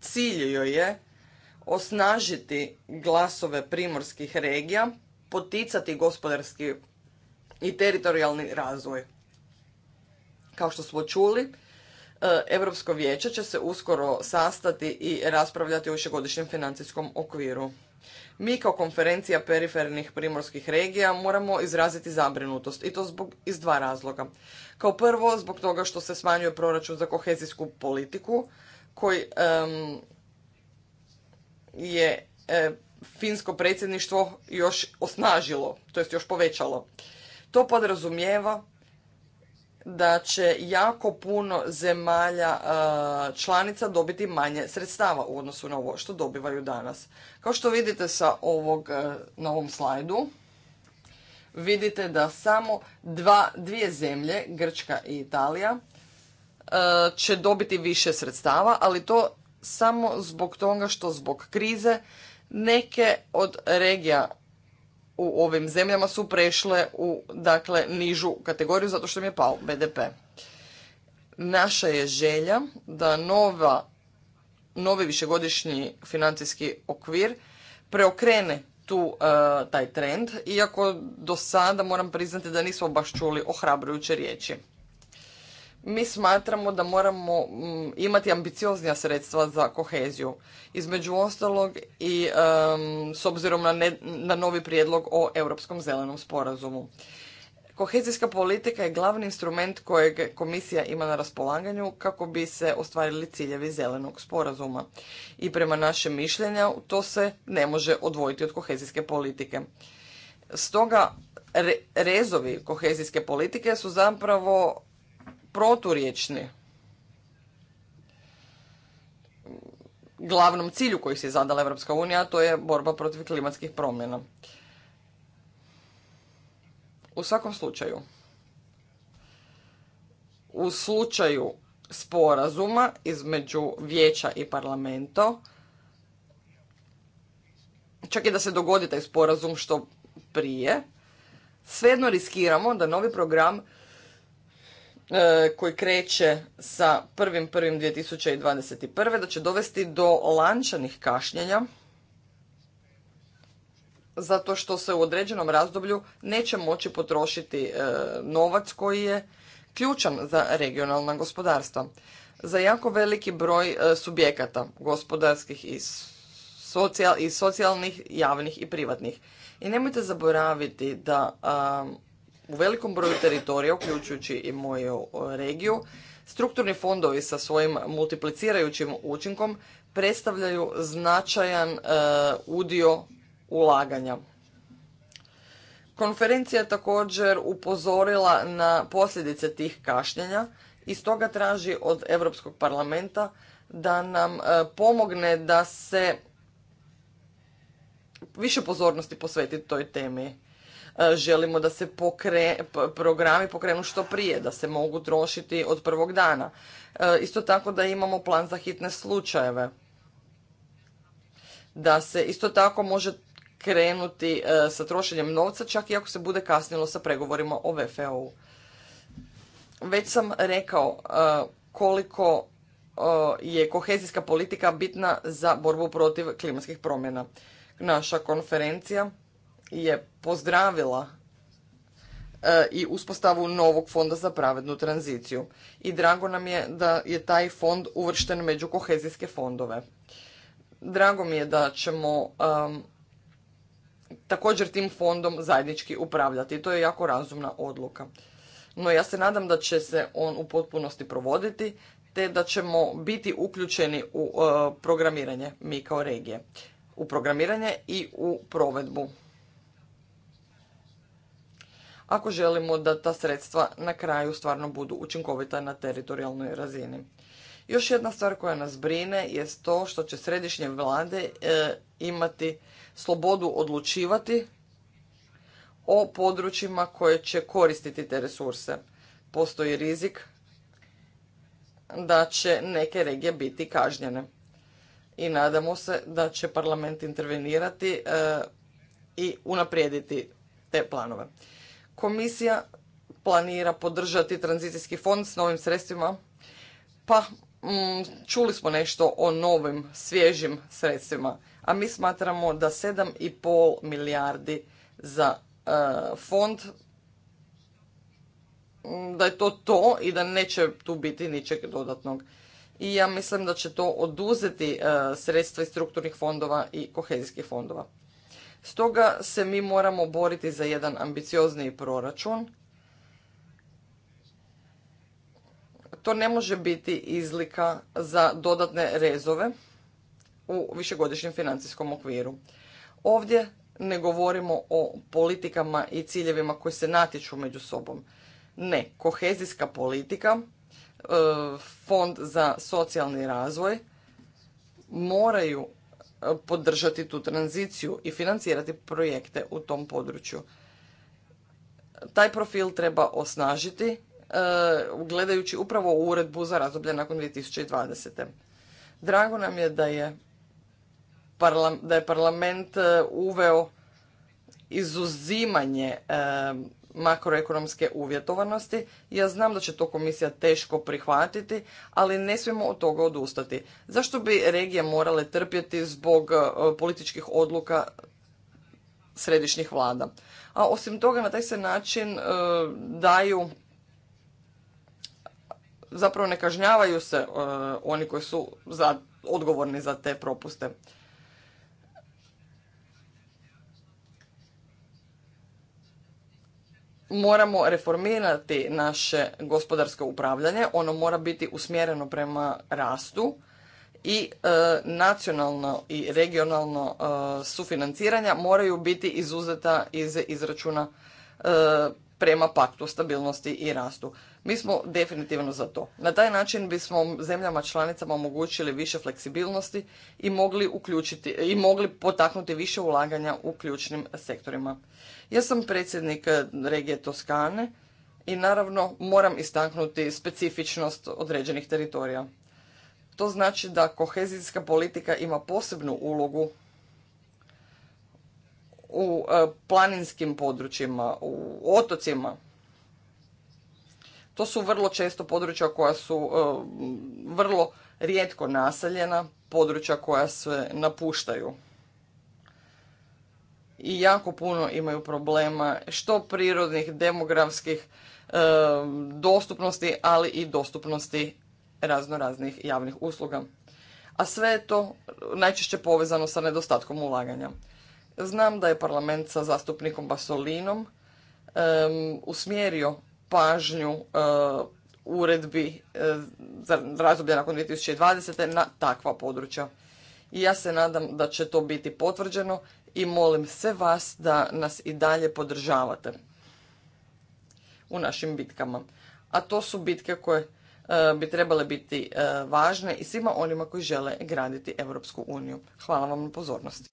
cilj joj je osnažiti glasove primorskih regija, poticati gospodarski i teritorijalni razvoj. Kao što smo čuli, E, Europsko vijeće će se uskoro sastati i raspravljati o višegodišnjem financijskom okviru. Mi kao konferencija perifernih primorskih regija moramo izraziti zabrinutost i to zbog, iz dva razloga. Kao prvo, zbog toga što se smanjuje proračun za kohezijsku politiku koji je e, finsko predsjedništvo još osnažilo, to jest još povećalo. To podrazumijeva da će jako puno zemalja članica dobiti manje sredstava u odnosu na ovo što dobivaju danas. Kao što vidite sa ovog, na ovom slajdu, vidite da samo dva, dvije zemlje, Grčka i Italija, će dobiti više sredstava, ali to samo zbog toga što zbog krize neke od regija u ovim zemljama su prešle u dakle nižu kategoriju zato što im je pao BDP. Naša je želja da nova, novi višegodišnji financijski okvir preokrene tu e, taj trend, iako do sada moram priznati da nismo baš čuli ohrabrujuće riječi mi smatramo da moramo mm, imati ambicioznija sredstva za koheziju. Između ostalog i s obzirom na, na novi prijedlog o Europskom zelenom sporazumu. Kohezijska politika je glavni instrument kojeg komisija ima na raspolaganju kako bi se ostvarili ciljevi zelenog sporazuma. I prema našem mišljenju to se ne može odvojiti od kohezijske politike. Stoga rezovi kohezijske politike su zapravo proturječni glavnom cilju koji se zadala Evropska unija, to je borba protiv klimatskih promjena. U svakom slučaju, u slučaju sporazuma između vijeća i parlamenta, čak i da se dogodi taj sporazum što prije, svejedno riskiramo da novi program E, koji kreće sa 1.1.2021. da će dovesti do lančanih kašnjenja zato što se u određenom razdoblju neće moći potrošiti e, novac koji je ključan za regionalna gospodarstva. Za jako veliki broj e, subjekata, gospodarskih i, socijalnih, javnih i privatnih. I nemojte zaboraviti da u velikom broju teritorija, uključujući i moju e, regiju, strukturni fondovi sa svojim multiplicirajućim učinkom predstavljaju značajan e, udio ulaganja. Konferencija je također upozorila na posljedice tih kašnjenja i stoga traži od Europskog parlamenta da nam e, pomogne da se više pozornosti posveti toj temi. E, želimo da se pokre, programi pokrenu što prije, da se mogu trošiti od prvog dana. E, isto tako da imamo plan za hitne slučajeve. Da se isto tako može krenuti e, sa trošenjem novca, čak i ako se bude kasnilo sa pregovorima o VFO-u. Već sam rekao koliko je kohezijska politika bitna za borbu protiv klimatskih promjena. Naša konferencija je pozdravila e, i uspostavu novog fonda za pravednu tranziciju. I drago nam je da je taj fond uvršten među kohezijske fondove. Drago mi je da ćemo također tim fondom zajednički upravljati. To je jako razumna odluka. No ja se nadam da će se on u potpunosti provoditi te da ćemo biti uključeni u e, programiranje mi kao regije. U programiranje i u provedbu ako želimo da ta sredstva na kraju stvarno budu učinkovita na teritorijalnoj razini. Još jedna stvar koja nas brine je to što će središnje vlade e, imati slobodu odlučivati o područjima koje će koristiti te resurse. Postoji rizik da će neke regije biti kažnjene. I nadamo se da će parlament intervenirati e, i unaprijediti te planove. Komisija planira podržati tranzicijski fond s novim sredstvima, pa mm, čuli smo nešto o novim, svježim sredstvima, a mi smatramo da 7,5 milijardi za e, fond, mm, da je to to i da neće tu biti ničeg dodatnog. I ja mislim da će to oduzeti e, sredstva iz strukturnih fondova i kohezijskih fondova. Stoga se mi moramo boriti za jedan ambiciozniji proračun. To ne može biti izlika za dodatne rezove u višegodišnjem financijskom okviru. Ovdje ne govorimo o politikama i ciljevima koji se natječu među sobom. Ne, kohezijska politika, e, fond za socijalni razvoj moraju podržati tu tranziciju i financirati projekte u tom području. Taj profil treba osnažiti e, gledajući upravo u uredbu za razdoblje nakon 2020. Drago nam je da je da je parlament e, uveo izuzimanje e, makroekonomske uvjetovanosti. Ja znam da će to komisija teško prihvatiti, ali ne smijemo od toga odustati. Zašto bi regije morale trpjeti zbog e, političkih odluka središnjih vlada? A osim toga, na taj se način e, daju zapravo ne kažnjavaju se e, oni koji su odgovorni za te propuste. moramo reformirati naše gospodarsko upravljanje, ono mora biti usmjereno prema rastu i e, nacionalno i regionalno e, sufinanciranja moraju biti izuzeta iz izračuna e, prema paktu stabilnosti i rastu. Mi smo definitivno za to. Na taj način bismo zemljama članicama omogućili više fleksibilnosti i mogli uključiti i mogli potaknuti više ulaganja u ključnim sektorima. Ja sam predsjednik eh, regije Toskane i naravno moram istaknuti specifičnost određenih teritorija. To znači da kohezijska politika ima posebnu ulogu u eh, planinskim područjima, u otocima. To su vrlo često područja koja su eh, vrlo rijetko naseljena, područja koja se napuštaju i jako puno imaju problema što prirodnih, demografskih, e, dostupnosti, ali i dostupnosti razno raznih javnih usluga. A sve je to najčešće povezano sa nedostatkom ulaganja. Znam da je parlament sa zastupnikom Basolinom e, usmjerio pažnju e, uredbi e, za razdoblje nakon 2020. na takva područja. I ja se nadam da će to biti potvrđeno i molim sve vas da nas i dalje podržavate u našim bitkama. A to su bitke koje e, bi trebale biti e, važne i svima onima koji žele graditi Europsku uniju. Hvala vam na pozornosti.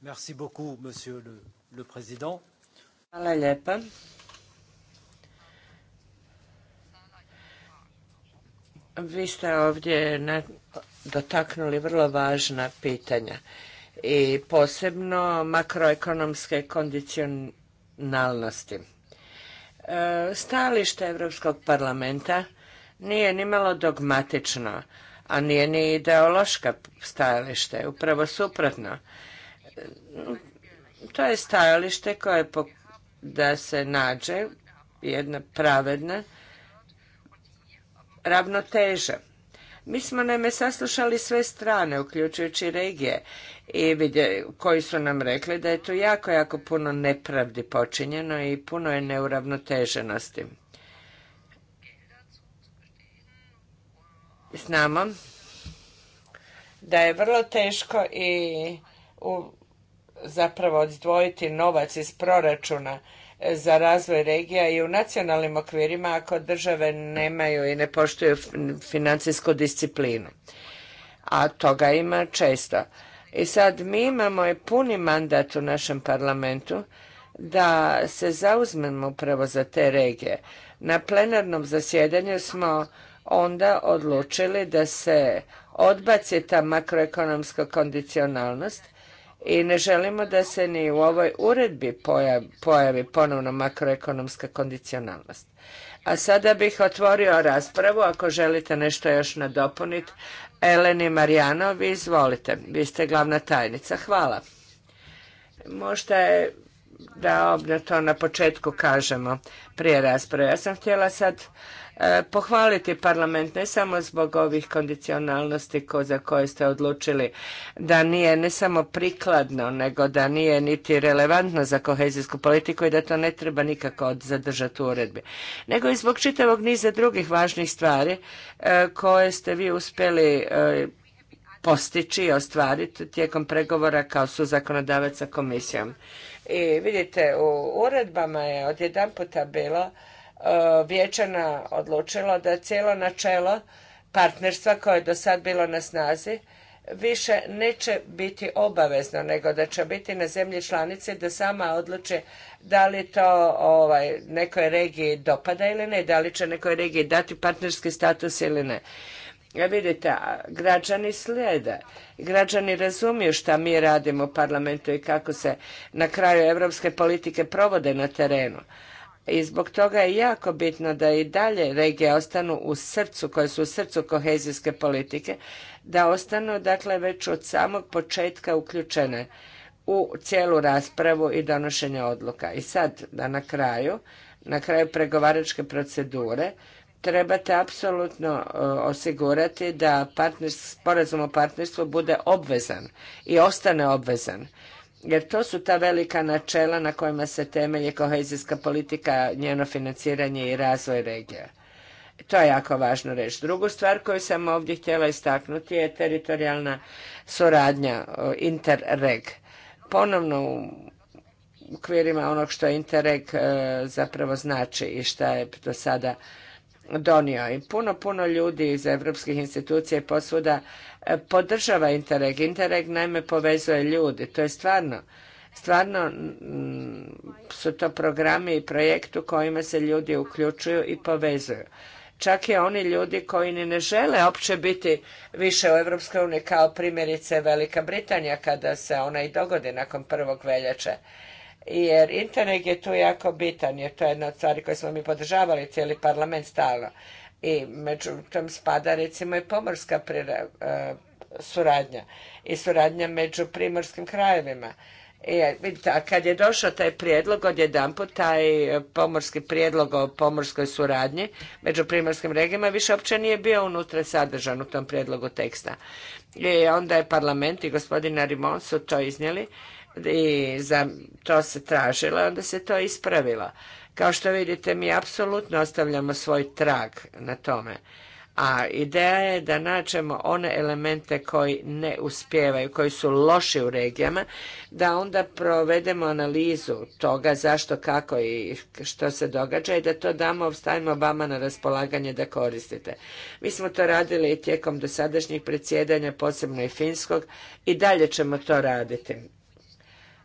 Merci beaucoup, monsieur Hvala lijepa. Vi ste ovdje dotaknuli vrlo važna pitanja i posebno makroekonomske kondicionalnosti. E, stajalište Europskog parlamenta nije ni malo dogmatično, a nije ni ideološka stajalište, upravo suprotno. E, to je stajalište koje da se nađe jedna pravedna ravnoteža mi smo naime saslušali sve strane, uključujući regije, i vidje, koji su nam rekli da je tu jako, jako puno nepravdi počinjeno i puno je neuravnoteženosti. Znamo da je vrlo teško i zapravo odzdvojiti novac iz proračuna za razvoj regija i u nacionalnim okvirima ako države nemaju i ne poštuju financijsku disciplinu. A toga ima često. I sad mi imamo i puni mandat u našem parlamentu da se zauzmemo upravo za te regije. Na plenarnom zasjedanju smo onda odlučili da se odbaci ta makroekonomska kondicionalnost i ne želimo da se ni u ovoj uredbi pojavi, ponovno makroekonomska kondicionalnost. A sada bih otvorio raspravu, ako želite nešto još nadopuniti. Eleni Marijano, izvolite, vi ste glavna tajnica. Hvala. Možda je da, to na početku kažemo prije rasprave. Ja sam htjela sad e, pohvaliti parlament ne samo zbog ovih kondicionalnosti za koje ste odlučili da nije ne samo prikladno nego da nije niti relevantno za kohezijsku politiku i da to ne treba nikako zadržati u uredbi. Nego i zbog čitavog niza drugih važnih stvari e, koje ste vi uspjeli e, postići i ostvariti tijekom pregovora kao su zakonodavac sa komisijom. I vidite, u uredbama je odjedan puta bilo e, vječana odlučilo da cijelo načelo partnerstva koje je do sad bilo na snazi više neće biti obavezno, nego da će biti na zemlji članici da sama odluče da li to ovaj, nekoj regiji dopada ili ne, da li će nekoj regiji dati partnerski status ili ne. Ja vidite, građani slijede, građani razumiju šta mi radimo u parlamentu i kako se na kraju evropske politike provode na terenu. I zbog toga je jako bitno da i dalje regije ostanu u srcu, koje su u srcu kohezijske politike, da ostanu dakle već od samog početka uključene u cijelu raspravu i donošenje odluka. I sad, da na kraju, na kraju pregovaračke procedure, trebate apsolutno e, osigurati da sporazum o partnerstvu bude obvezan i ostane obvezan. Jer to su ta velika načela na kojima se temelje kohezijska politika, njeno financiranje i razvoj regija. To je jako važno reći. Drugu stvar koju sam ovdje htjela istaknuti je teritorijalna suradnja, e, interreg. Ponovno u okvirima onog što interreg e, zapravo znači i šta je do sada donio i puno, puno ljudi iz evropskih institucija i posvuda e, podržava Interreg. Interreg naime povezuje ljudi. To je stvarno, stvarno su to programi i projekti u kojima se ljudi uključuju i povezuju. Čak i oni ljudi koji ni ne žele opće biti više u Evropskoj uniji kao primjerice Velika Britanija kada se ona i dogodi nakon prvog veljače jer Interreg je tu jako bitan, jer to je jedna od stvari koje smo mi podržavali cijeli parlament stalno. I tom spada recimo i pomorska e, suradnja i suradnja među primorskim krajevima. E, a kad je došao taj prijedlog, odjedanput taj pomorski prijedlog o pomorskoj suradnji među primorskim regijama više uopće nije bio unutra sadržan u tom prijedlogu teksta. I onda je parlament i gospodina Rimon su to iznijeli i za to se tražilo, onda se to ispravilo. Kao što vidite, mi apsolutno ostavljamo svoj trag na tome. A ideja je da nađemo one elemente koji ne uspijevaju, koji su loši u regijama, da onda provedemo analizu toga zašto, kako i što se događa i da to damo, stavimo vama na raspolaganje da koristite. Mi smo to radili i tijekom dosadašnjih predsjedanja, posebno i finskog, i dalje ćemo to raditi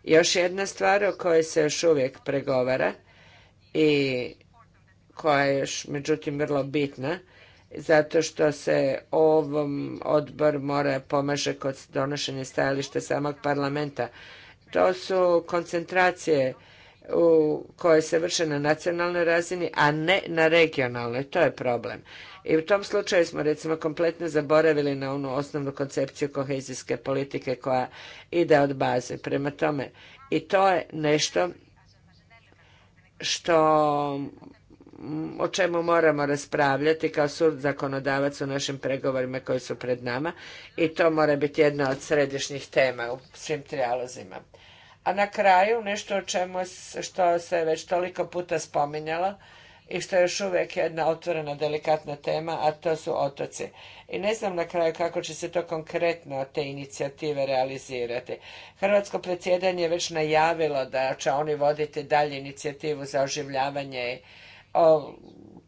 još jedna stvar o kojoj se još uvijek pregovara i koja je još međutim vrlo bitna, zato što se ovom odbor mora pomaže kod donošenja stajališta samog parlamenta. To su koncentracije u, koje se vrše na nacionalnoj razini, a ne na regionalnoj. To je problem. I u tom slučaju smo recimo kompletno zaboravili na onu osnovnu koncepciju kohezijske politike koja ide od baze. Prema tome, i to je nešto što mm, o čemu moramo raspravljati kao sud zakonodavac u našim pregovorima koji su pred nama i to mora biti jedna od središnjih tema u svim trijalozima. A na kraju nešto o čemu što se već toliko puta spominjalo i što je još uvijek jedna otvorena delikatna tema, a to su otoci. I ne znam na kraju kako će se to konkretno te inicijative realizirati. Hrvatsko predsjedanje je već najavilo da će oni voditi dalje inicijativu za oživljavanje i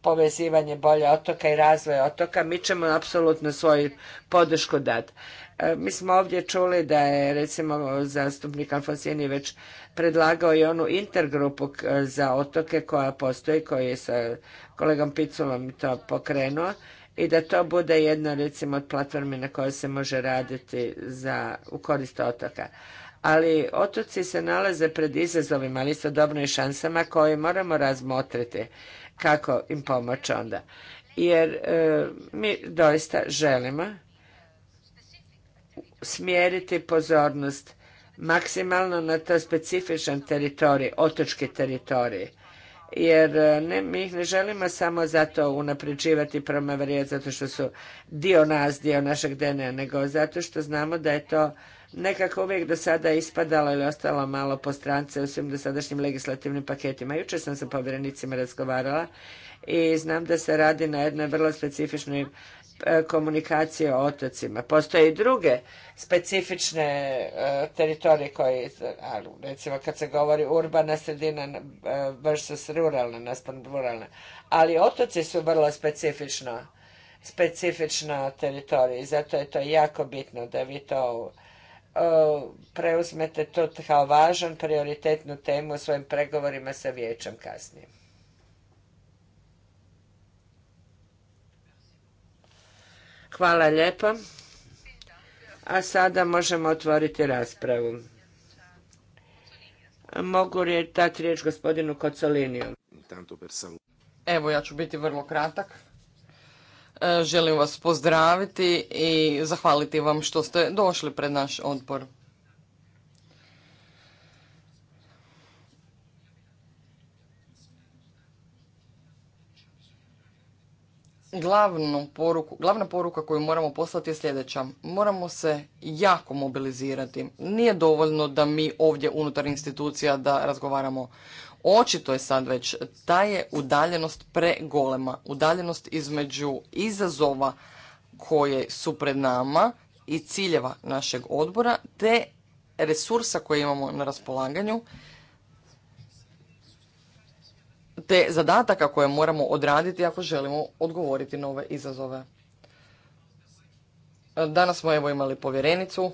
povezivanje bolje otoka i razvoj otoka. Mi ćemo apsolutno svoju podršku dati. E, mi smo ovdje čuli da je recimo zastupnik Alfonsini već predlagao i onu intergrupu e, za otoke koja postoji, koji je sa kolegom Piculom to pokrenuo i da to bude jedna recimo od platformi na kojoj se može raditi za, u korist otoka. Ali otoci se nalaze pred izazovima, ali istodobno i šansama koje moramo razmotriti kako im pomoći onda. Jer e, mi doista želimo smjeriti pozornost maksimalno na to specifičan teritorij, otočki teritorij. Jer e, ne, mi ih ne želimo samo zato unapređivati promaverijat zato što su dio nas, dio našeg DNA, nego zato što znamo da je to nekako uvijek do sada ispadalo ili ostalo malo po strance u svim dosadašnjim legislativnim paketima. Jučer sam sa povjerenicima razgovarala i znam da se radi na jednoj vrlo specifičnoj E, komunikacije o otocima. Postoje i druge specifične e, teritorije koje, ali recimo kad se govori urbana sredina e, versus ruralna, naspon ruralna, ali otoci su vrlo specifično, specifična teritorija i zato je to jako bitno da vi to preuzmete to kao važan prioritetnu temu u svojim pregovorima sa vijećem kasnije. Hvala lijepo. A sada možemo otvoriti raspravu. Mogu je dati riječ gospodinu Kocoliniju? Evo, ja ću biti vrlo kratak. E, želim vas pozdraviti i zahvaliti vam što ste došli pred naš odbor. glavnu poruku, glavna poruka koju moramo poslati je sljedeća. Moramo se jako mobilizirati. Nije dovoljno da mi ovdje unutar institucija da razgovaramo. Očito je sad već, ta je udaljenost golema, Udaljenost između izazova koje su pred nama i ciljeva našeg odbora te resursa koje imamo na raspolaganju te zadataka koje moramo odraditi ako želimo odgovoriti na ove izazove. Danas smo evo imali povjerenicu,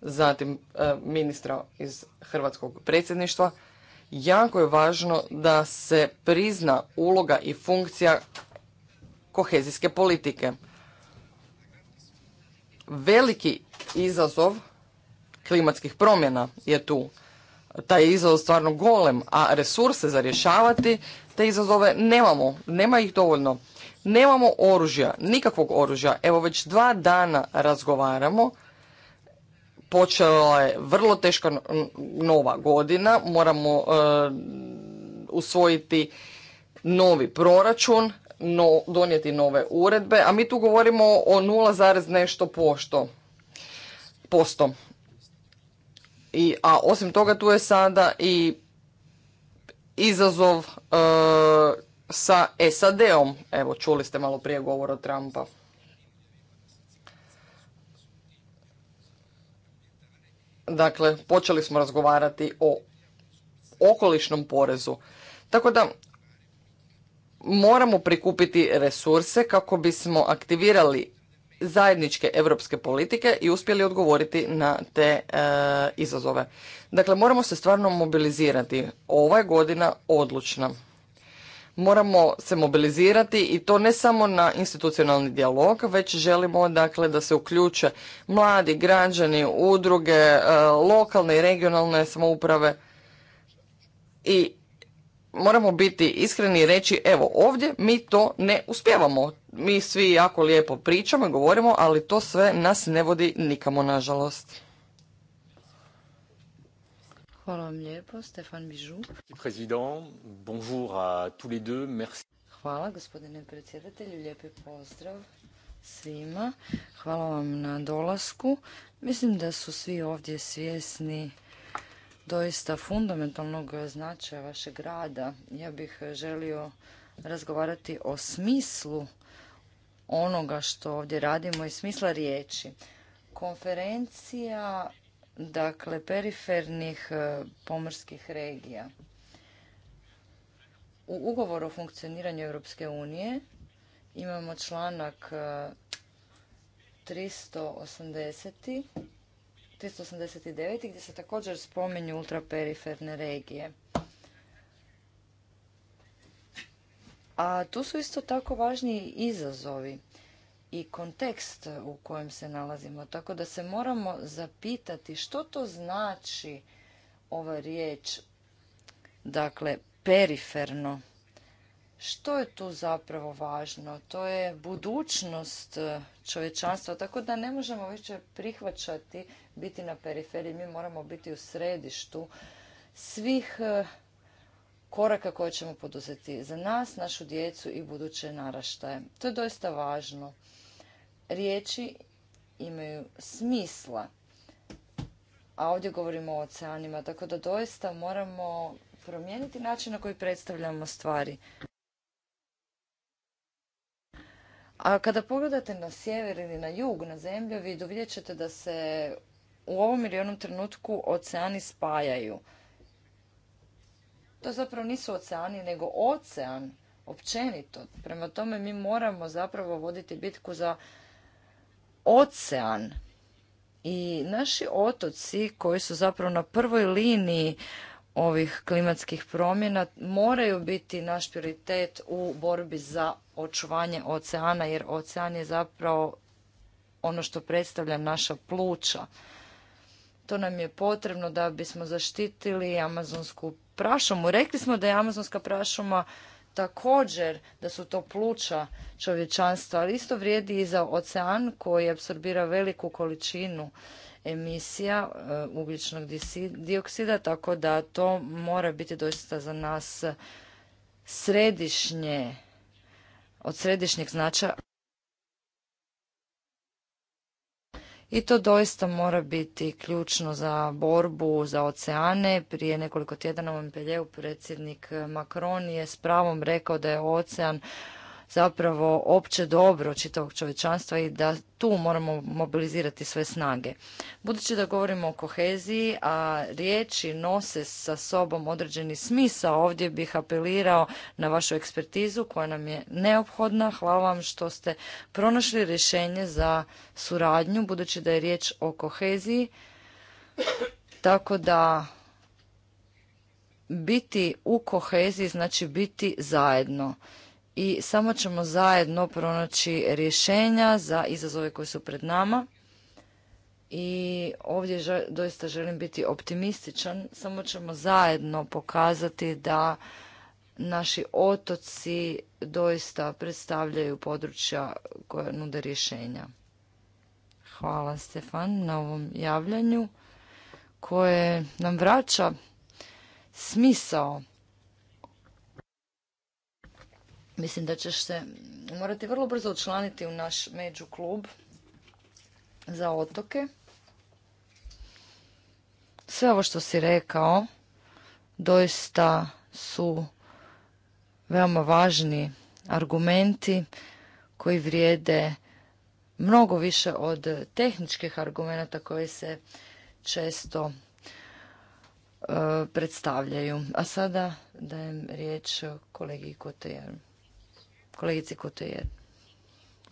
zatim e, ministra iz Hrvatskog predsjedništva. Jako je važno da se prizna uloga i funkcija kohezijske politike. Veliki izazov klimatskih promjena je tu taj je izazov stvarno golem, a resurse za rješavati te izazove nemamo, nema ih dovoljno. Nemamo oružja, nikakvog oružja. Evo već dva dana razgovaramo, počela je vrlo teška nova godina, moramo e, usvojiti novi proračun, donijeti nove uredbe, a mi tu govorimo o 0, nešto pošto. Posto. I, a osim toga tu je sada i izazov e, sa SAD-om. Evo, čuli ste malo prije govor od Trumpa. Dakle, počeli smo razgovarati o okolišnom porezu. Tako da moramo prikupiti resurse kako bismo aktivirali zajedničke europske politike i uspjeli odgovoriti na te e, izazove. Dakle, moramo se stvarno mobilizirati. Ova je godina odlučna. Moramo se mobilizirati i to ne samo na institucionalni dijalog, već želimo dakle da se uključe mladi, građani, udruge, e, lokalne i regionalne samouprave i moramo biti iskreni i reći evo ovdje mi to ne uspjevamo. Mi svi jako lijepo pričamo i govorimo, ali to sve nas ne vodi nikamo nažalost. Hvala vam lijepo, Stefan Bižu. Hvala gospodine predsjedatelju, lijepi pozdrav svima. Hvala vam na dolasku. Mislim da su svi ovdje svjesni doista fundamentalnog značaja vašeg rada. Ja bih želio razgovarati o smislu onoga što ovdje radimo i smisla riječi. Konferencija dakle perifernih e, pomorskih regija. U ugovoru o funkcioniranju Europske unije imamo članak 380 e, 389. gdje se također spominju ultraperiferne regije. A tu su isto tako važni izazovi i kontekst u kojem se nalazimo. Tako da se moramo zapitati što to znači ova riječ, dakle, periferno. Što je tu zapravo važno? To je budućnost eh, čovječanstva, tako da ne možemo više prihvaćati biti na periferiji. Mi moramo biti u središtu svih eh, koraka koje ćemo poduzeti za nas, našu djecu i buduće naraštaje. To je doista važno. Riječi imaju smisla, a ovdje govorimo o oceanima, tako da doista moramo promijeniti način na koji predstavljamo stvari. A kada pogledate na sjever ili na jug, na vi vidjet ćete da se u ovom ili onom trenutku oceani spajaju. To zapravo nisu oceani, nego ocean općenito. Prema tome mi moramo zapravo voditi bitku za ocean. I naši otoci koji su zapravo na prvoj liniji ovih klimatskih promjena moraju biti naš prioritet u borbi za očuvanje oceana jer ocean je zapravo ono što predstavlja naša pluća. To nam je potrebno da bismo zaštitili amazonsku prašumu. Rekli smo da je amazonska prašuma također da su to pluća čovječanstva, ali isto vrijedi i za ocean koji apsorbira veliku količinu emisija e, ugljičnog dioksida, tako da to mora biti doista za nas središnje, od središnjeg značaja. I to doista mora biti ključno za borbu za oceane. Prije nekoliko tjedana u Mpeljevu predsjednik Macron je s pravom rekao da je ocean zapravo opće dobro čitavog čovečanstva i da tu moramo mobilizirati sve snage. Budući da govorimo o koheziji, a riječi nose sa sobom određeni smisao, ovdje bih apelirao na vašu ekspertizu koja nam je neophodna. Hvala vam što ste pronašli rješenje za suradnju, budući da je riječ o koheziji. Tako da biti u koheziji znači biti zajedno i samo ćemo zajedno pronaći rješenja za izazove koji su pred nama. I ovdje doista želim biti optimističan, samo ćemo zajedno pokazati da naši otoci doista predstavljaju područja koja nude rješenja. Hvala Stefan na ovom javljanju koje nam vraća smisao Mislim da ćeš se morati vrlo brzo učlaniti u naš klub za otoke. Sve ovo što si rekao doista su veoma važni argumenti koji vrijede mnogo više od tehničkih argumenata koji se često e, predstavljaju. A sada dajem riječ kolegi Kotejeru kolegici kolege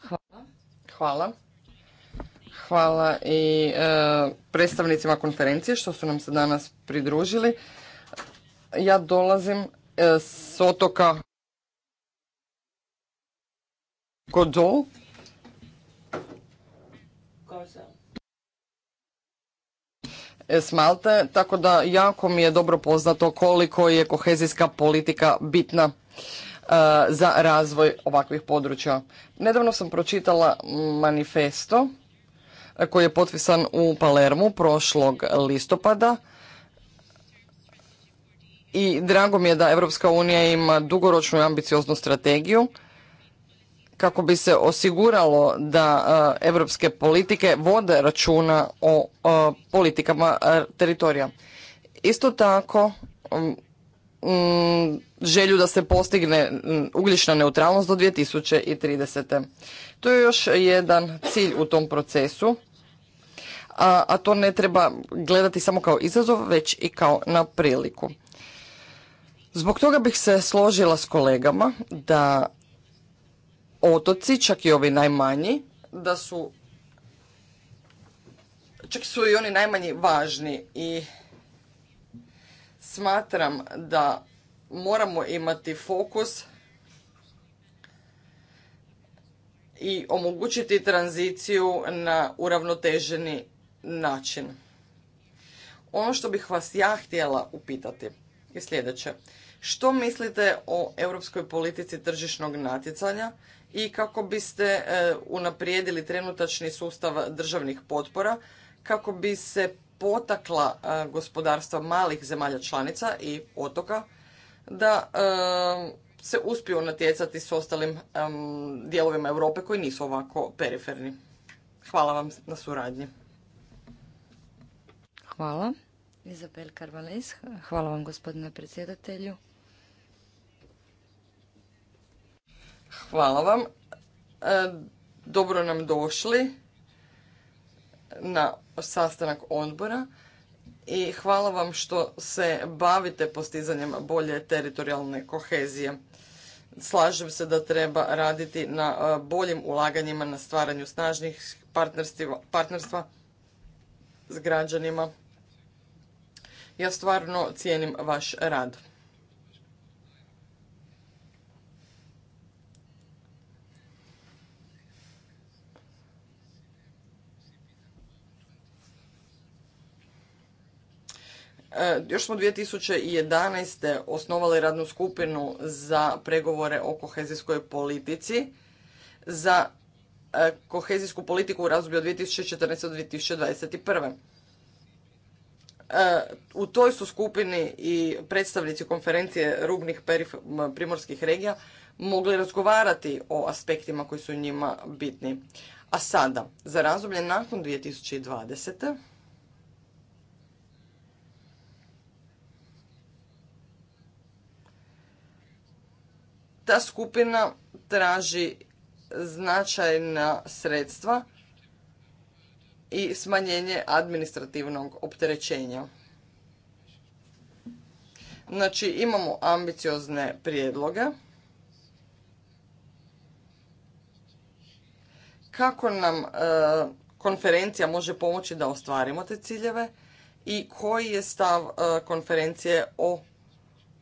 Hvala. Hvala. Hvala i e, predstavnicima konferencije što su nam se danas pridružili. Ja dolazim e, s otoka Kodol, e, S Malte, tako da jako mi je dobro poznato koliko je kohezijska politika bitna E, za razvoj ovakvih područja. Nedavno sam pročitala manifesto e, koji je potpisan u Palermu prošlog listopada i drago mi je da Europska unija ima dugoročnu i ambicioznu strategiju kako bi se osiguralo da europske politike vode računa o e, politikama teritorija. Isto tako Mm, želju da se postigne mm, ugljična neutralnost do 2030. To je još jedan cilj u tom procesu, a, a to ne treba gledati samo kao izazov, već i kao na priliku. Zbog toga bih se složila s kolegama da otoci, čak i ovi najmanji, da su, čak su i oni najmanji važni i smatram da moramo imati fokus i omogućiti tranziciju na uravnoteženi način. Ono što bih vas ja htjela upitati je sljedeće. Što mislite o europskoj politici tržišnog natjecanja i kako biste e, unaprijedili trenutačni sustav državnih potpora kako bi se potakla e, gospodarstva malih zemalja članica i otoka da e, se uspiju natjecati s ostalim e, dijelovima Europe koji nisu ovako periferni. Hvala vam na suradnji. Hvala. Izabel Karvales. Hvala vam gospodine predsjedatelju. Hvala vam. Dobro nam došli na sastanak odbora i hvala vam što se bavite postizanjem bolje teritorijalne kohezije. Slažem se da treba raditi na e, boljim ulaganjima, na stvaranju snažnih partnerstva s građanima. Ja stvarno cijenim vaš rad. E, još smo 2011. osnovali radnu skupinu za pregovore o kohezijskoj politici za e, kohezijsku politiku u razdoblju od 2014. do 2021. E, u toj su skupini i predstavnici konferencije rubnih primorskih regija mogli razgovarati o aspektima koji su njima bitni. A sada, za razdoblje nakon 2020. Ta skupina traži značajna sredstva i smanjenje administrativnog opterećenja. Znači imamo ambiciozne prijedloge. Kako nam e, konferencija može pomoći da ostvarimo te ciljeve i koji je stav e, konferencije o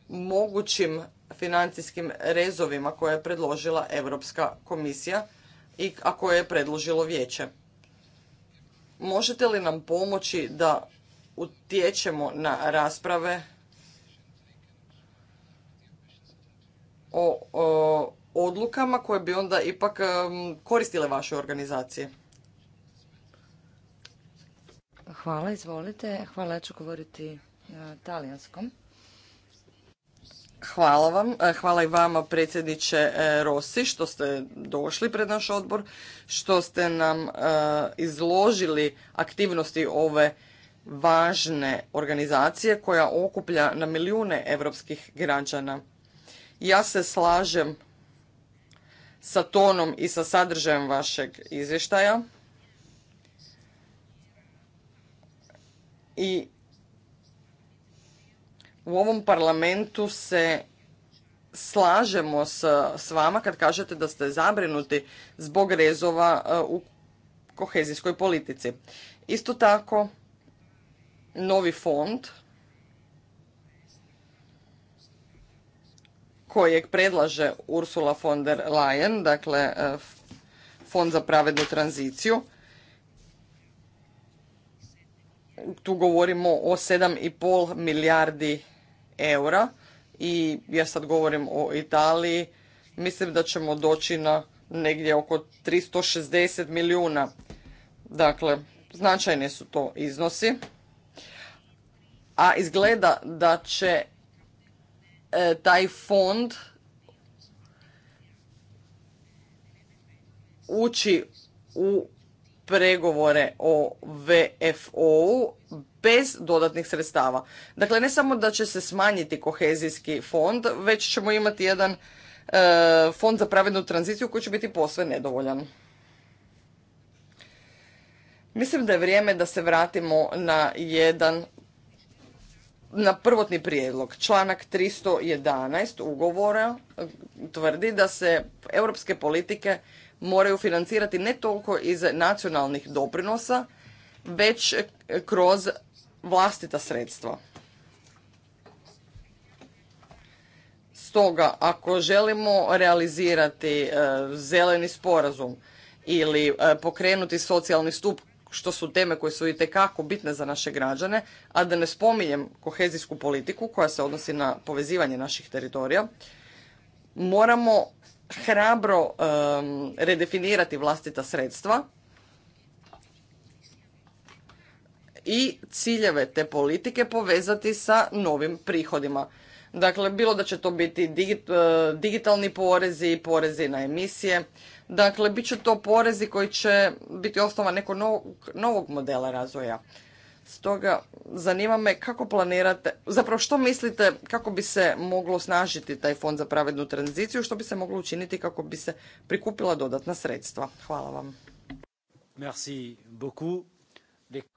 mogućim financijskim rezovima koje je predložila Europska komisija i a koje je predložilo vijeće. Možete li nam pomoći da utječemo na rasprave o, o odlukama koje bi onda ipak koristile vaše organizacije? Hvala, izvolite. Hvala, ja ću govoriti e, talijanskom. Hvala vam. E, hvala i vama predsjedniče e, Rosi što ste došli pred naš odbor, što ste nam e, izložili aktivnosti ove važne organizacije koja okuplja na milijune europskih građana. Ja se slažem sa tonom i sa sadržajem vašeg izvještaja i u ovom parlamentu se slažemo s, s vama kad kažete da ste zabrinuti zbog rezova e, u kohezijskoj politici. Isto tako, novi fond kojeg predlaže Ursula von der Leyen, dakle e, Fond za pravednu tranziciju. Tu govorimo o 7,5 milijardi eura i ja sad govorim o Italiji, mislim da ćemo doći na negdje oko 360 milijuna. Dakle, značajni su to iznosi. A izgleda da će e, taj fond ući u pregovore o VFO-u bez dodatnih sredstava. Dakle, ne samo da će se smanjiti kohezijski fond, već ćemo imati jedan e, fond za pravednu tranziciju koji će biti posve nedovoljan. Mislim da je vrijeme da se vratimo na jedan na prvotni prijedlog. Članak 311 ugovora e, tvrdi da se europske politike moraju financirati ne toliko iz nacionalnih doprinosa, već kroz vlastita sredstva. Stoga, ako želimo realizirati e, zeleni sporazum ili e, pokrenuti socijalni stup, što su teme koje su i tekako bitne za naše građane, a da ne spominjem kohezijsku politiku koja se odnosi na povezivanje naših teritorija, moramo hrabro e, redefinirati vlastita sredstva i ciljeve te politike povezati sa novim prihodima. Dakle, bilo da će to biti e, digitalni porezi, porezi na emisije. Dakle, bit će to porezi koji će biti osnova nekog novog, modela razvoja. Stoga zanima me kako planirate, zapravo što mislite kako bi se moglo snažiti taj fond za pravednu tranziciju, što bi se moglo učiniti kako bi se prikupila dodatna sredstva. Hvala vam. Merci beaucoup.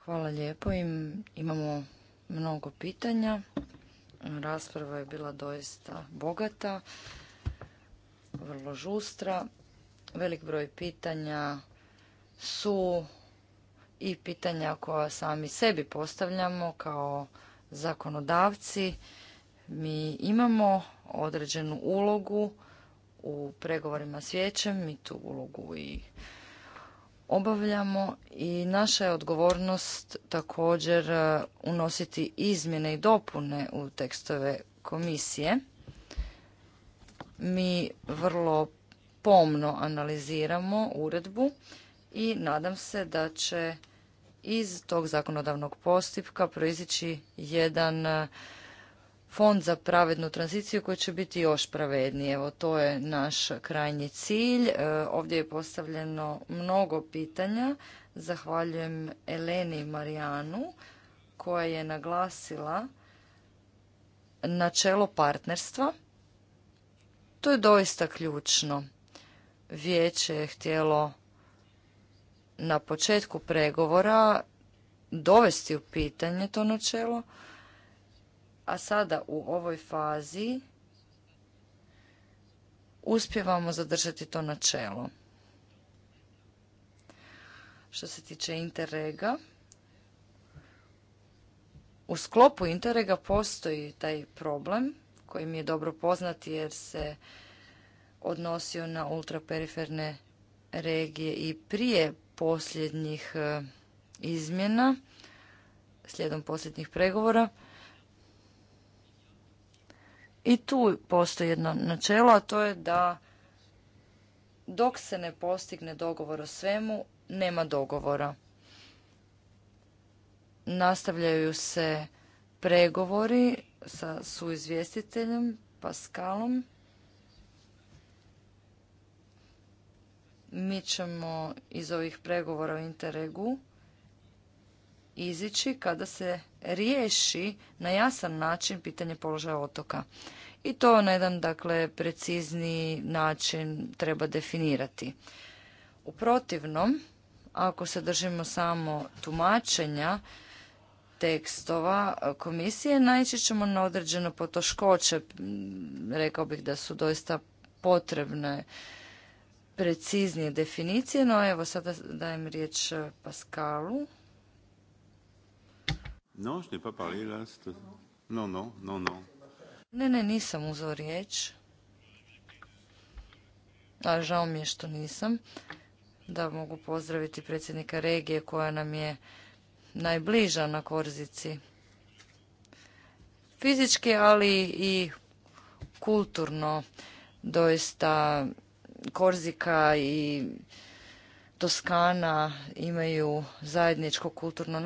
Hvala lijepo. Imamo mnogo pitanja. Rasprava je bila doista bogata, vrlo žustra. Velik broj pitanja su i pitanja koja sami sebi postavljamo kao zakonodavci. Mi imamo određenu ulogu u pregovorima s vijećem, mi tu ulogu i obavljamo i naša je odgovornost također e, unositi izmjene i dopune u tekstove komisije. Mi vrlo pomno analiziramo uredbu i nadam se da će iz tog zakonodavnog postupka proizići jedan e, fond za pravednu tranziciju koji će biti još pravedniji. Evo, to je naš krajnji cilj. E, ovdje je postavljeno mnogo pitanja. Zahvaljujem Eleni Marijanu koja je naglasila načelo partnerstva. To je doista ključno. Vijeće je htjelo na početku pregovora dovesti u pitanje to načelo, a sada u ovoj fazi uspjevamo zadržati to načelo. Što se tiče Interrega, u sklopu Interrega postoji taj problem koji mi je dobro poznat jer se odnosio na ultraperiferne regije i prije posljednjih e, izmjena, slijedom posljednjih pregovora. I tu postoji jedno načelo, a to je da dok se ne postigne dogovor o svemu, nema dogovora. Nastavljaju se pregovori sa suizvjestiteljem Paskalom. Mi ćemo iz ovih pregovora o Interregu izići kada se riješi na jasan način pitanje položaja otoka. I to na jedan dakle precizni način treba definirati. U protivnom, ako se držimo samo tumačenja tekstova komisije, naići ćemo na određeno potoškoće. Rekao bih da su doista potrebne preciznije definicije, no evo sada dajem riječ Paskalu. Pa ne, ne, nisam uzeo riječ. A žao mi je što nisam. Da mogu pozdraviti predsjednika regije koja nam je najbliža na Korzici. Fizički, ali i kulturno. Doista Korzika i Toskana imaju zajedničko kulturno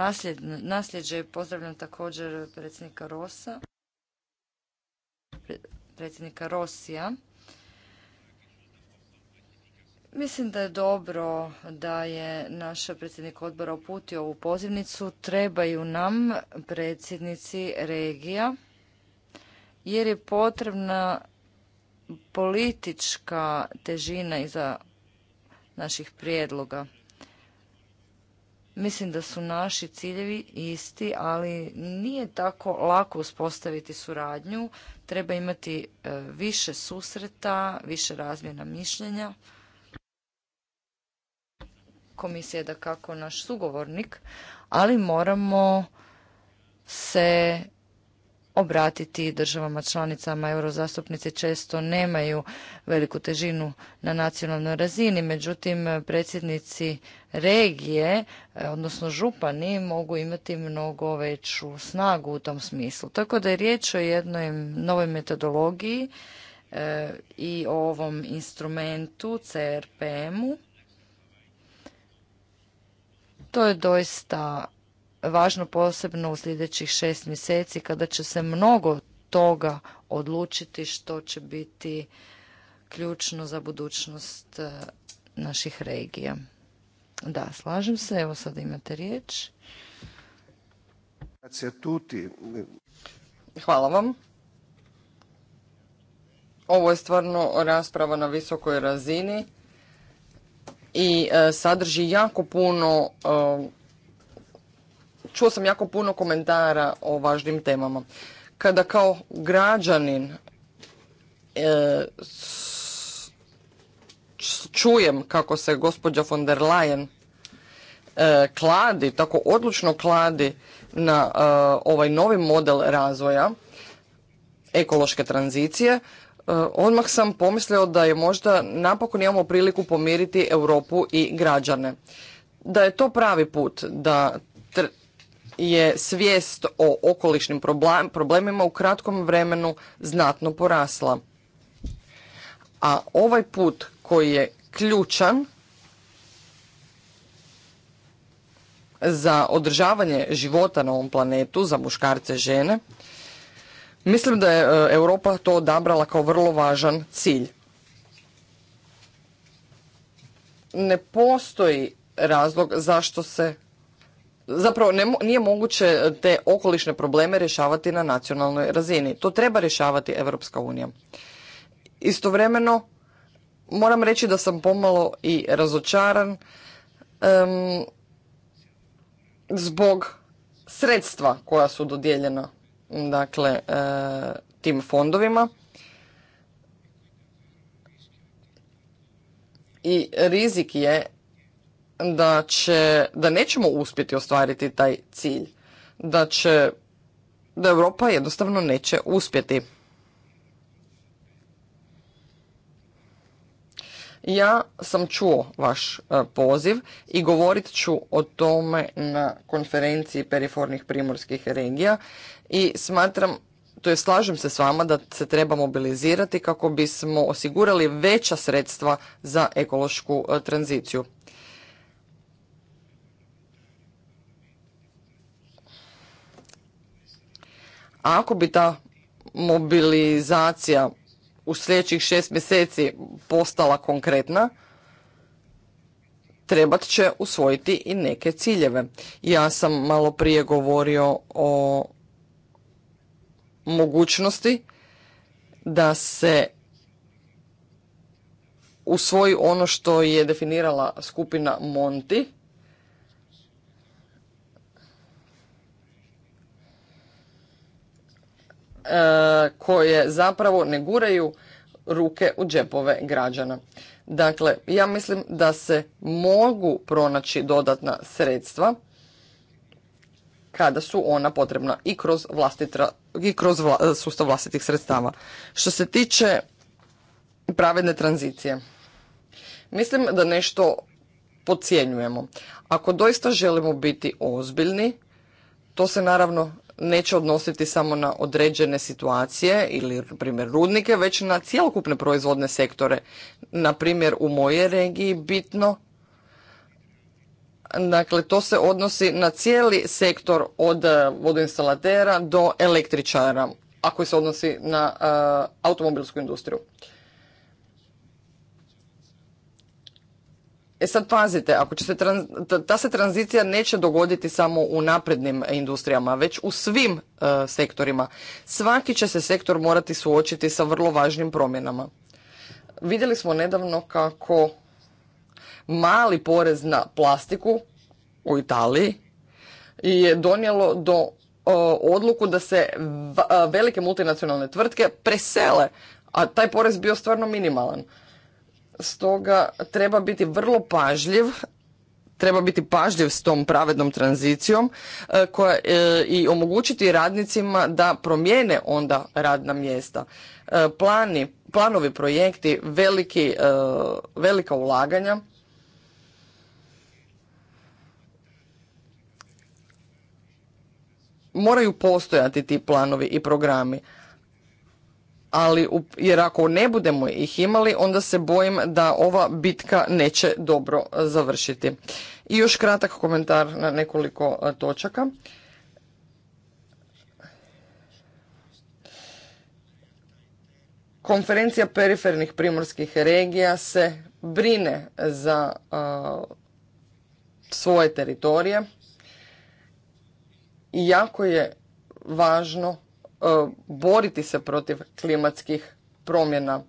nasljeđe. Pozdravljam također predsjednika Rosa, predsjednika Rosija. Mislim da je dobro da je naš predsjednik odbora uputio ovu pozivnicu. Trebaju nam predsjednici regija jer je potrebna politička težina za naših prijedloga. Mislim da su naši ciljevi isti, ali nije tako lako uspostaviti suradnju. Treba imati e, više susreta, više razmjena mišljenja. Komisija je da kako naš sugovornik, ali moramo se obratiti državama članicama. Eurozastupnici često nemaju veliku težinu na nacionalnoj razini, međutim predsjednici regije, e, odnosno župani, mogu imati mnogo veću snagu u tom smislu. Tako da je riječ o jednoj novoj metodologiji e, i o ovom instrumentu CRPM-u. To je doista važno posebno u sljedećih šest mjeseci kada će se mnogo toga odlučiti što će biti ključno za budućnost e, naših regija. Da, slažem se. Evo sad imate riječ. Hvala vam. Ovo je stvarno rasprava na visokoj razini i e, sadrži jako puno e, čuo sam jako puno komentara o važnim temama. Kada kao građanin e, čujem kako se gospođa von der Leyen e, kladi, tako odlučno kladi na e, ovaj novi model razvoja ekološke tranzicije, odmah sam pomislio da je možda napokon imamo priliku pomiriti Europu i građane. Da je to pravi put, da je svijest o okolišnim problemima u kratkom vremenu znatno porasla. A ovaj put koji je ključan za održavanje života na ovom planetu, za muškarce i žene, mislim da je e, Europa to odabrala kao vrlo važan cilj. Ne postoji razlog zašto se zapravo nije moguće e, te okolišne probleme rješavati na nacionalnoj razini. To treba rješavati Europska unija. Istovremeno moram reći da sam pomalo i razočaran zbog sredstva koja su dodijeljena dakle e, tim fondovima i rizik je da, će, da nećemo uspjeti ostvariti taj cilj, da će da Europa jednostavno neće uspjeti. Ja sam čuo vaš e, poziv i govorit ću o tome na konferenciji perifornih primorskih regija i smatram, to je slažem se s vama da se treba mobilizirati kako bismo osigurali veća sredstva za ekološku e, tranziciju. ako bi ta mobilizacija u sljedećih šest mjeseci postala konkretna, trebat će usvojiti i neke ciljeve. Ja sam malo prije govorio o mogućnosti da se usvoji ono što je definirala skupina Monti, E, koje zapravo ne guraju ruke u džepove građana. Dakle, ja mislim da se mogu pronaći dodatna sredstva kada su ona potrebna i kroz, vlastitra, i kroz e, sustav vlastitih sredstava. Što se tiče pravedne tranzicije, mislim da nešto podcjenjujemo. Ako doista želimo biti ozbiljni, to se naravno neće odnositi samo na određene situacije ili, na primjer, rudnike, već na cjelokupne proizvodne sektore. Na primjer, u mojoj regiji bitno, dakle, to se odnosi na cijeli sektor od e, vodoinstalatera do električara, ako se odnosi na e, automobilsku industriju. E sad pazite, ako će se ta se tranzicija neće dogoditi samo u naprednim industrijama, već u svim e, sektorima. Svaki će se sektor morati suočiti sa vrlo važnim promjenama. Vidjeli smo nedavno kako mali porez na plastiku u Italiji je donijelo do e, odluku da se e, velike multinacionalne tvrtke presele, a taj porez bio stvarno minimalan. Stoga treba biti vrlo pažljiv treba biti pažljiv s tom pravednom tranzicijom e, koja, e, i omogućiti radnicima da promijene onda radna mjesta. E, plani, planovi, projekti, veliki, velika ulaganja moraju postojati ti planovi i programi ali jer ako ne budemo ih imali onda se bojim da ova bitka neće dobro e, završiti. I još kratak komentar na nekoliko e, točaka. Konferencija perifernih primorskih regija se brine za e, svoje teritorije i jako je važno E, boriti se protiv klimatskih promjena.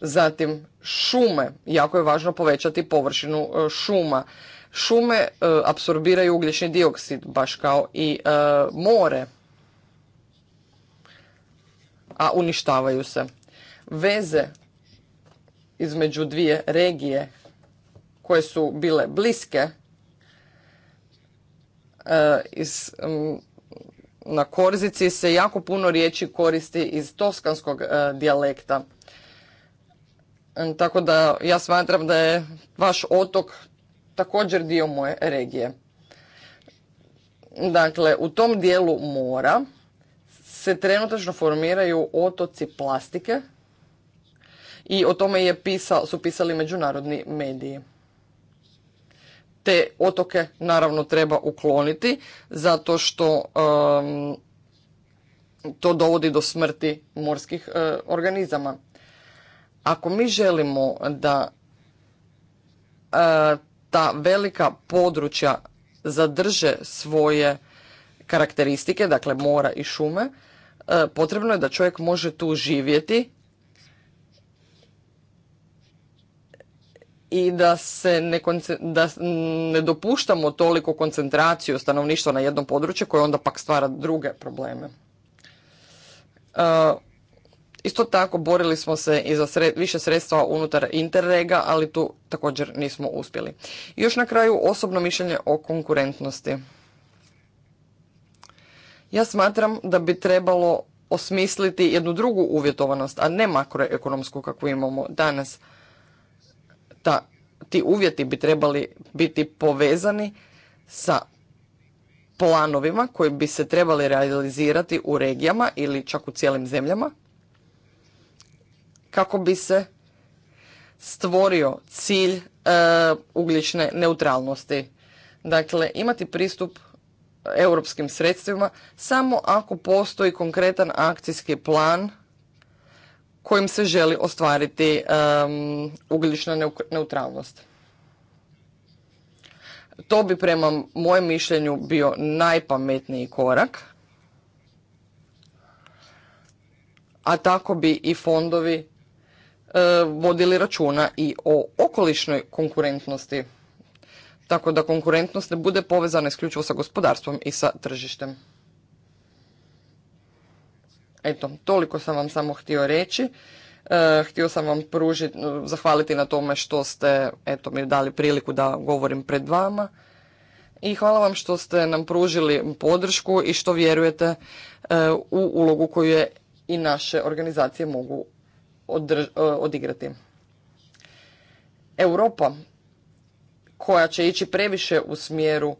Zatim šume, jako je važno povećati površinu e, šuma. Šume e, apsorbiraju ugljični dioksid, baš kao i more, a uništavaju se. Veze između dvije regije koje su bile bliske iz na Korzici se jako puno riječi koristi iz toskanskog e, dijalekta. E, tako da ja smatram da je vaš otok također dio moje regije. Dakle, u tom dijelu mora se trenutačno formiraju otoci plastike i o tome je su pisali međunarodni mediji te otoke naravno treba ukloniti zato što to dovodi do smrti morskih e, organizama. Ako mi želimo da e, ta velika područja zadrže svoje karakteristike, dakle mora i šume, e, potrebno je da čovjek može tu živjeti i da se ne, da ne dopuštamo toliko koncentraciju stanovništva na jednom području koje onda pak stvara druge probleme. E, isto tako borili smo se i za više sredstva unutar Interrega, ali tu također nismo uspjeli. I još na kraju osobno mišljenje o konkurentnosti. Ja smatram da bi trebalo osmisliti jednu drugu uvjetovanost, a ne makroekonomsku kakvu imamo danas ta, ti uvjeti bi trebali biti povezani sa planovima koji bi se trebali realizirati u regijama ili čak u cijelim zemljama kako bi se stvorio cilj e, ugljične neutralnosti. Dakle, imati pristup europskim sredstvima samo ako postoji konkretan akcijski plan kojim se želi ostvariti ugljična neutralnost. To bi prema mojem mišljenju bio najpametniji korak, a tako bi i fondovi e, vodili računa i o okolišnoj konkurentnosti. Tako da konkurentnost ne bude povezana isključivo sa gospodarstvom i sa tržištem. Eto, toliko sam vam samo htio reći. E, htio sam vam pružiti, e, zahvaliti na tome što ste eto, mi dali priliku da govorim pred vama. I hvala vam što ste nam pružili podršku i što vjerujete e, u ulogu koju je i naše organizacije mogu odigrati. Europa koja će ići previše u smjeru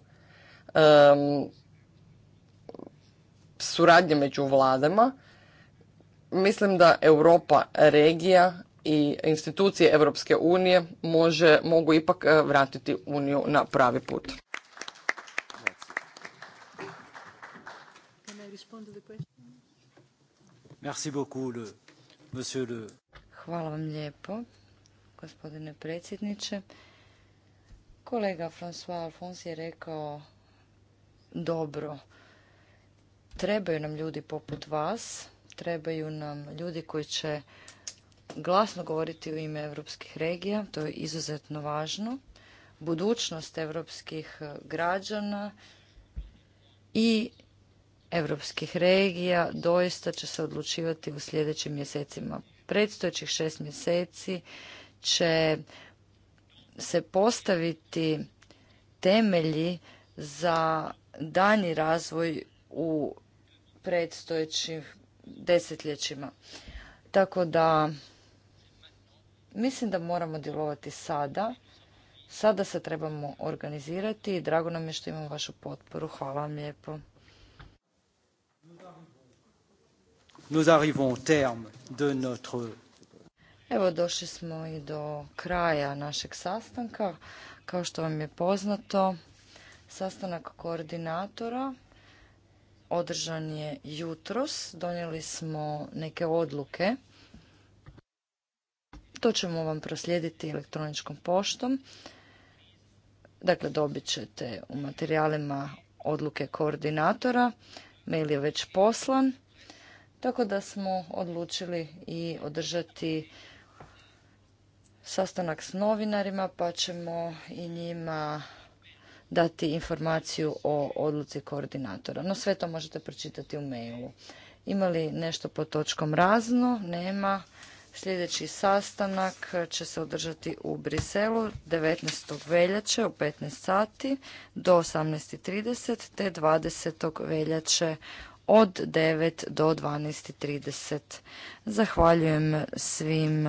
suradnje među vladama mislim da Europa regija i institucije Europske unije može, mogu ipak e, vratiti Uniju na pravi put. Hvala vam lijepo, gospodine predsjedniče. Kolega François Alfons je rekao dobro, trebaju nam ljudi poput vas, trebaju nam ljudi koji će glasno govoriti u ime europskih regija, to je izuzetno važno. Budućnost europskih e, građana i europskih regija doista će se odlučivati u sljedećim mjesecima. Predstojećih šest mjeseci će se postaviti temelji za danji razvoj u predstojećih desetljećima. Tako da mislim da moramo djelovati sada. Sada se trebamo organizirati i drago nam je što imamo vašu potporu. Hvala vam lijepo. Evo došli smo i do kraja našeg sastanka. Kao što vam je poznato, sastanak koordinatora održan je jutros. Donijeli smo neke odluke. To ćemo vam proslijediti elektroničkom poštom. Dakle, dobit ćete u materijalima odluke koordinatora. Mail je već poslan. Tako da smo odlučili i održati sastanak s novinarima pa ćemo i njima dati informaciju o odluci koordinatora. No sve to možete pročitati u mailu. Ima li nešto pod točkom razno? Nema. Sljedeći sastanak će se održati u Briselu 19. veljače u 15 sati do 18.30 te 20. veljače od 9 do 12.30. Zahvaljujem svim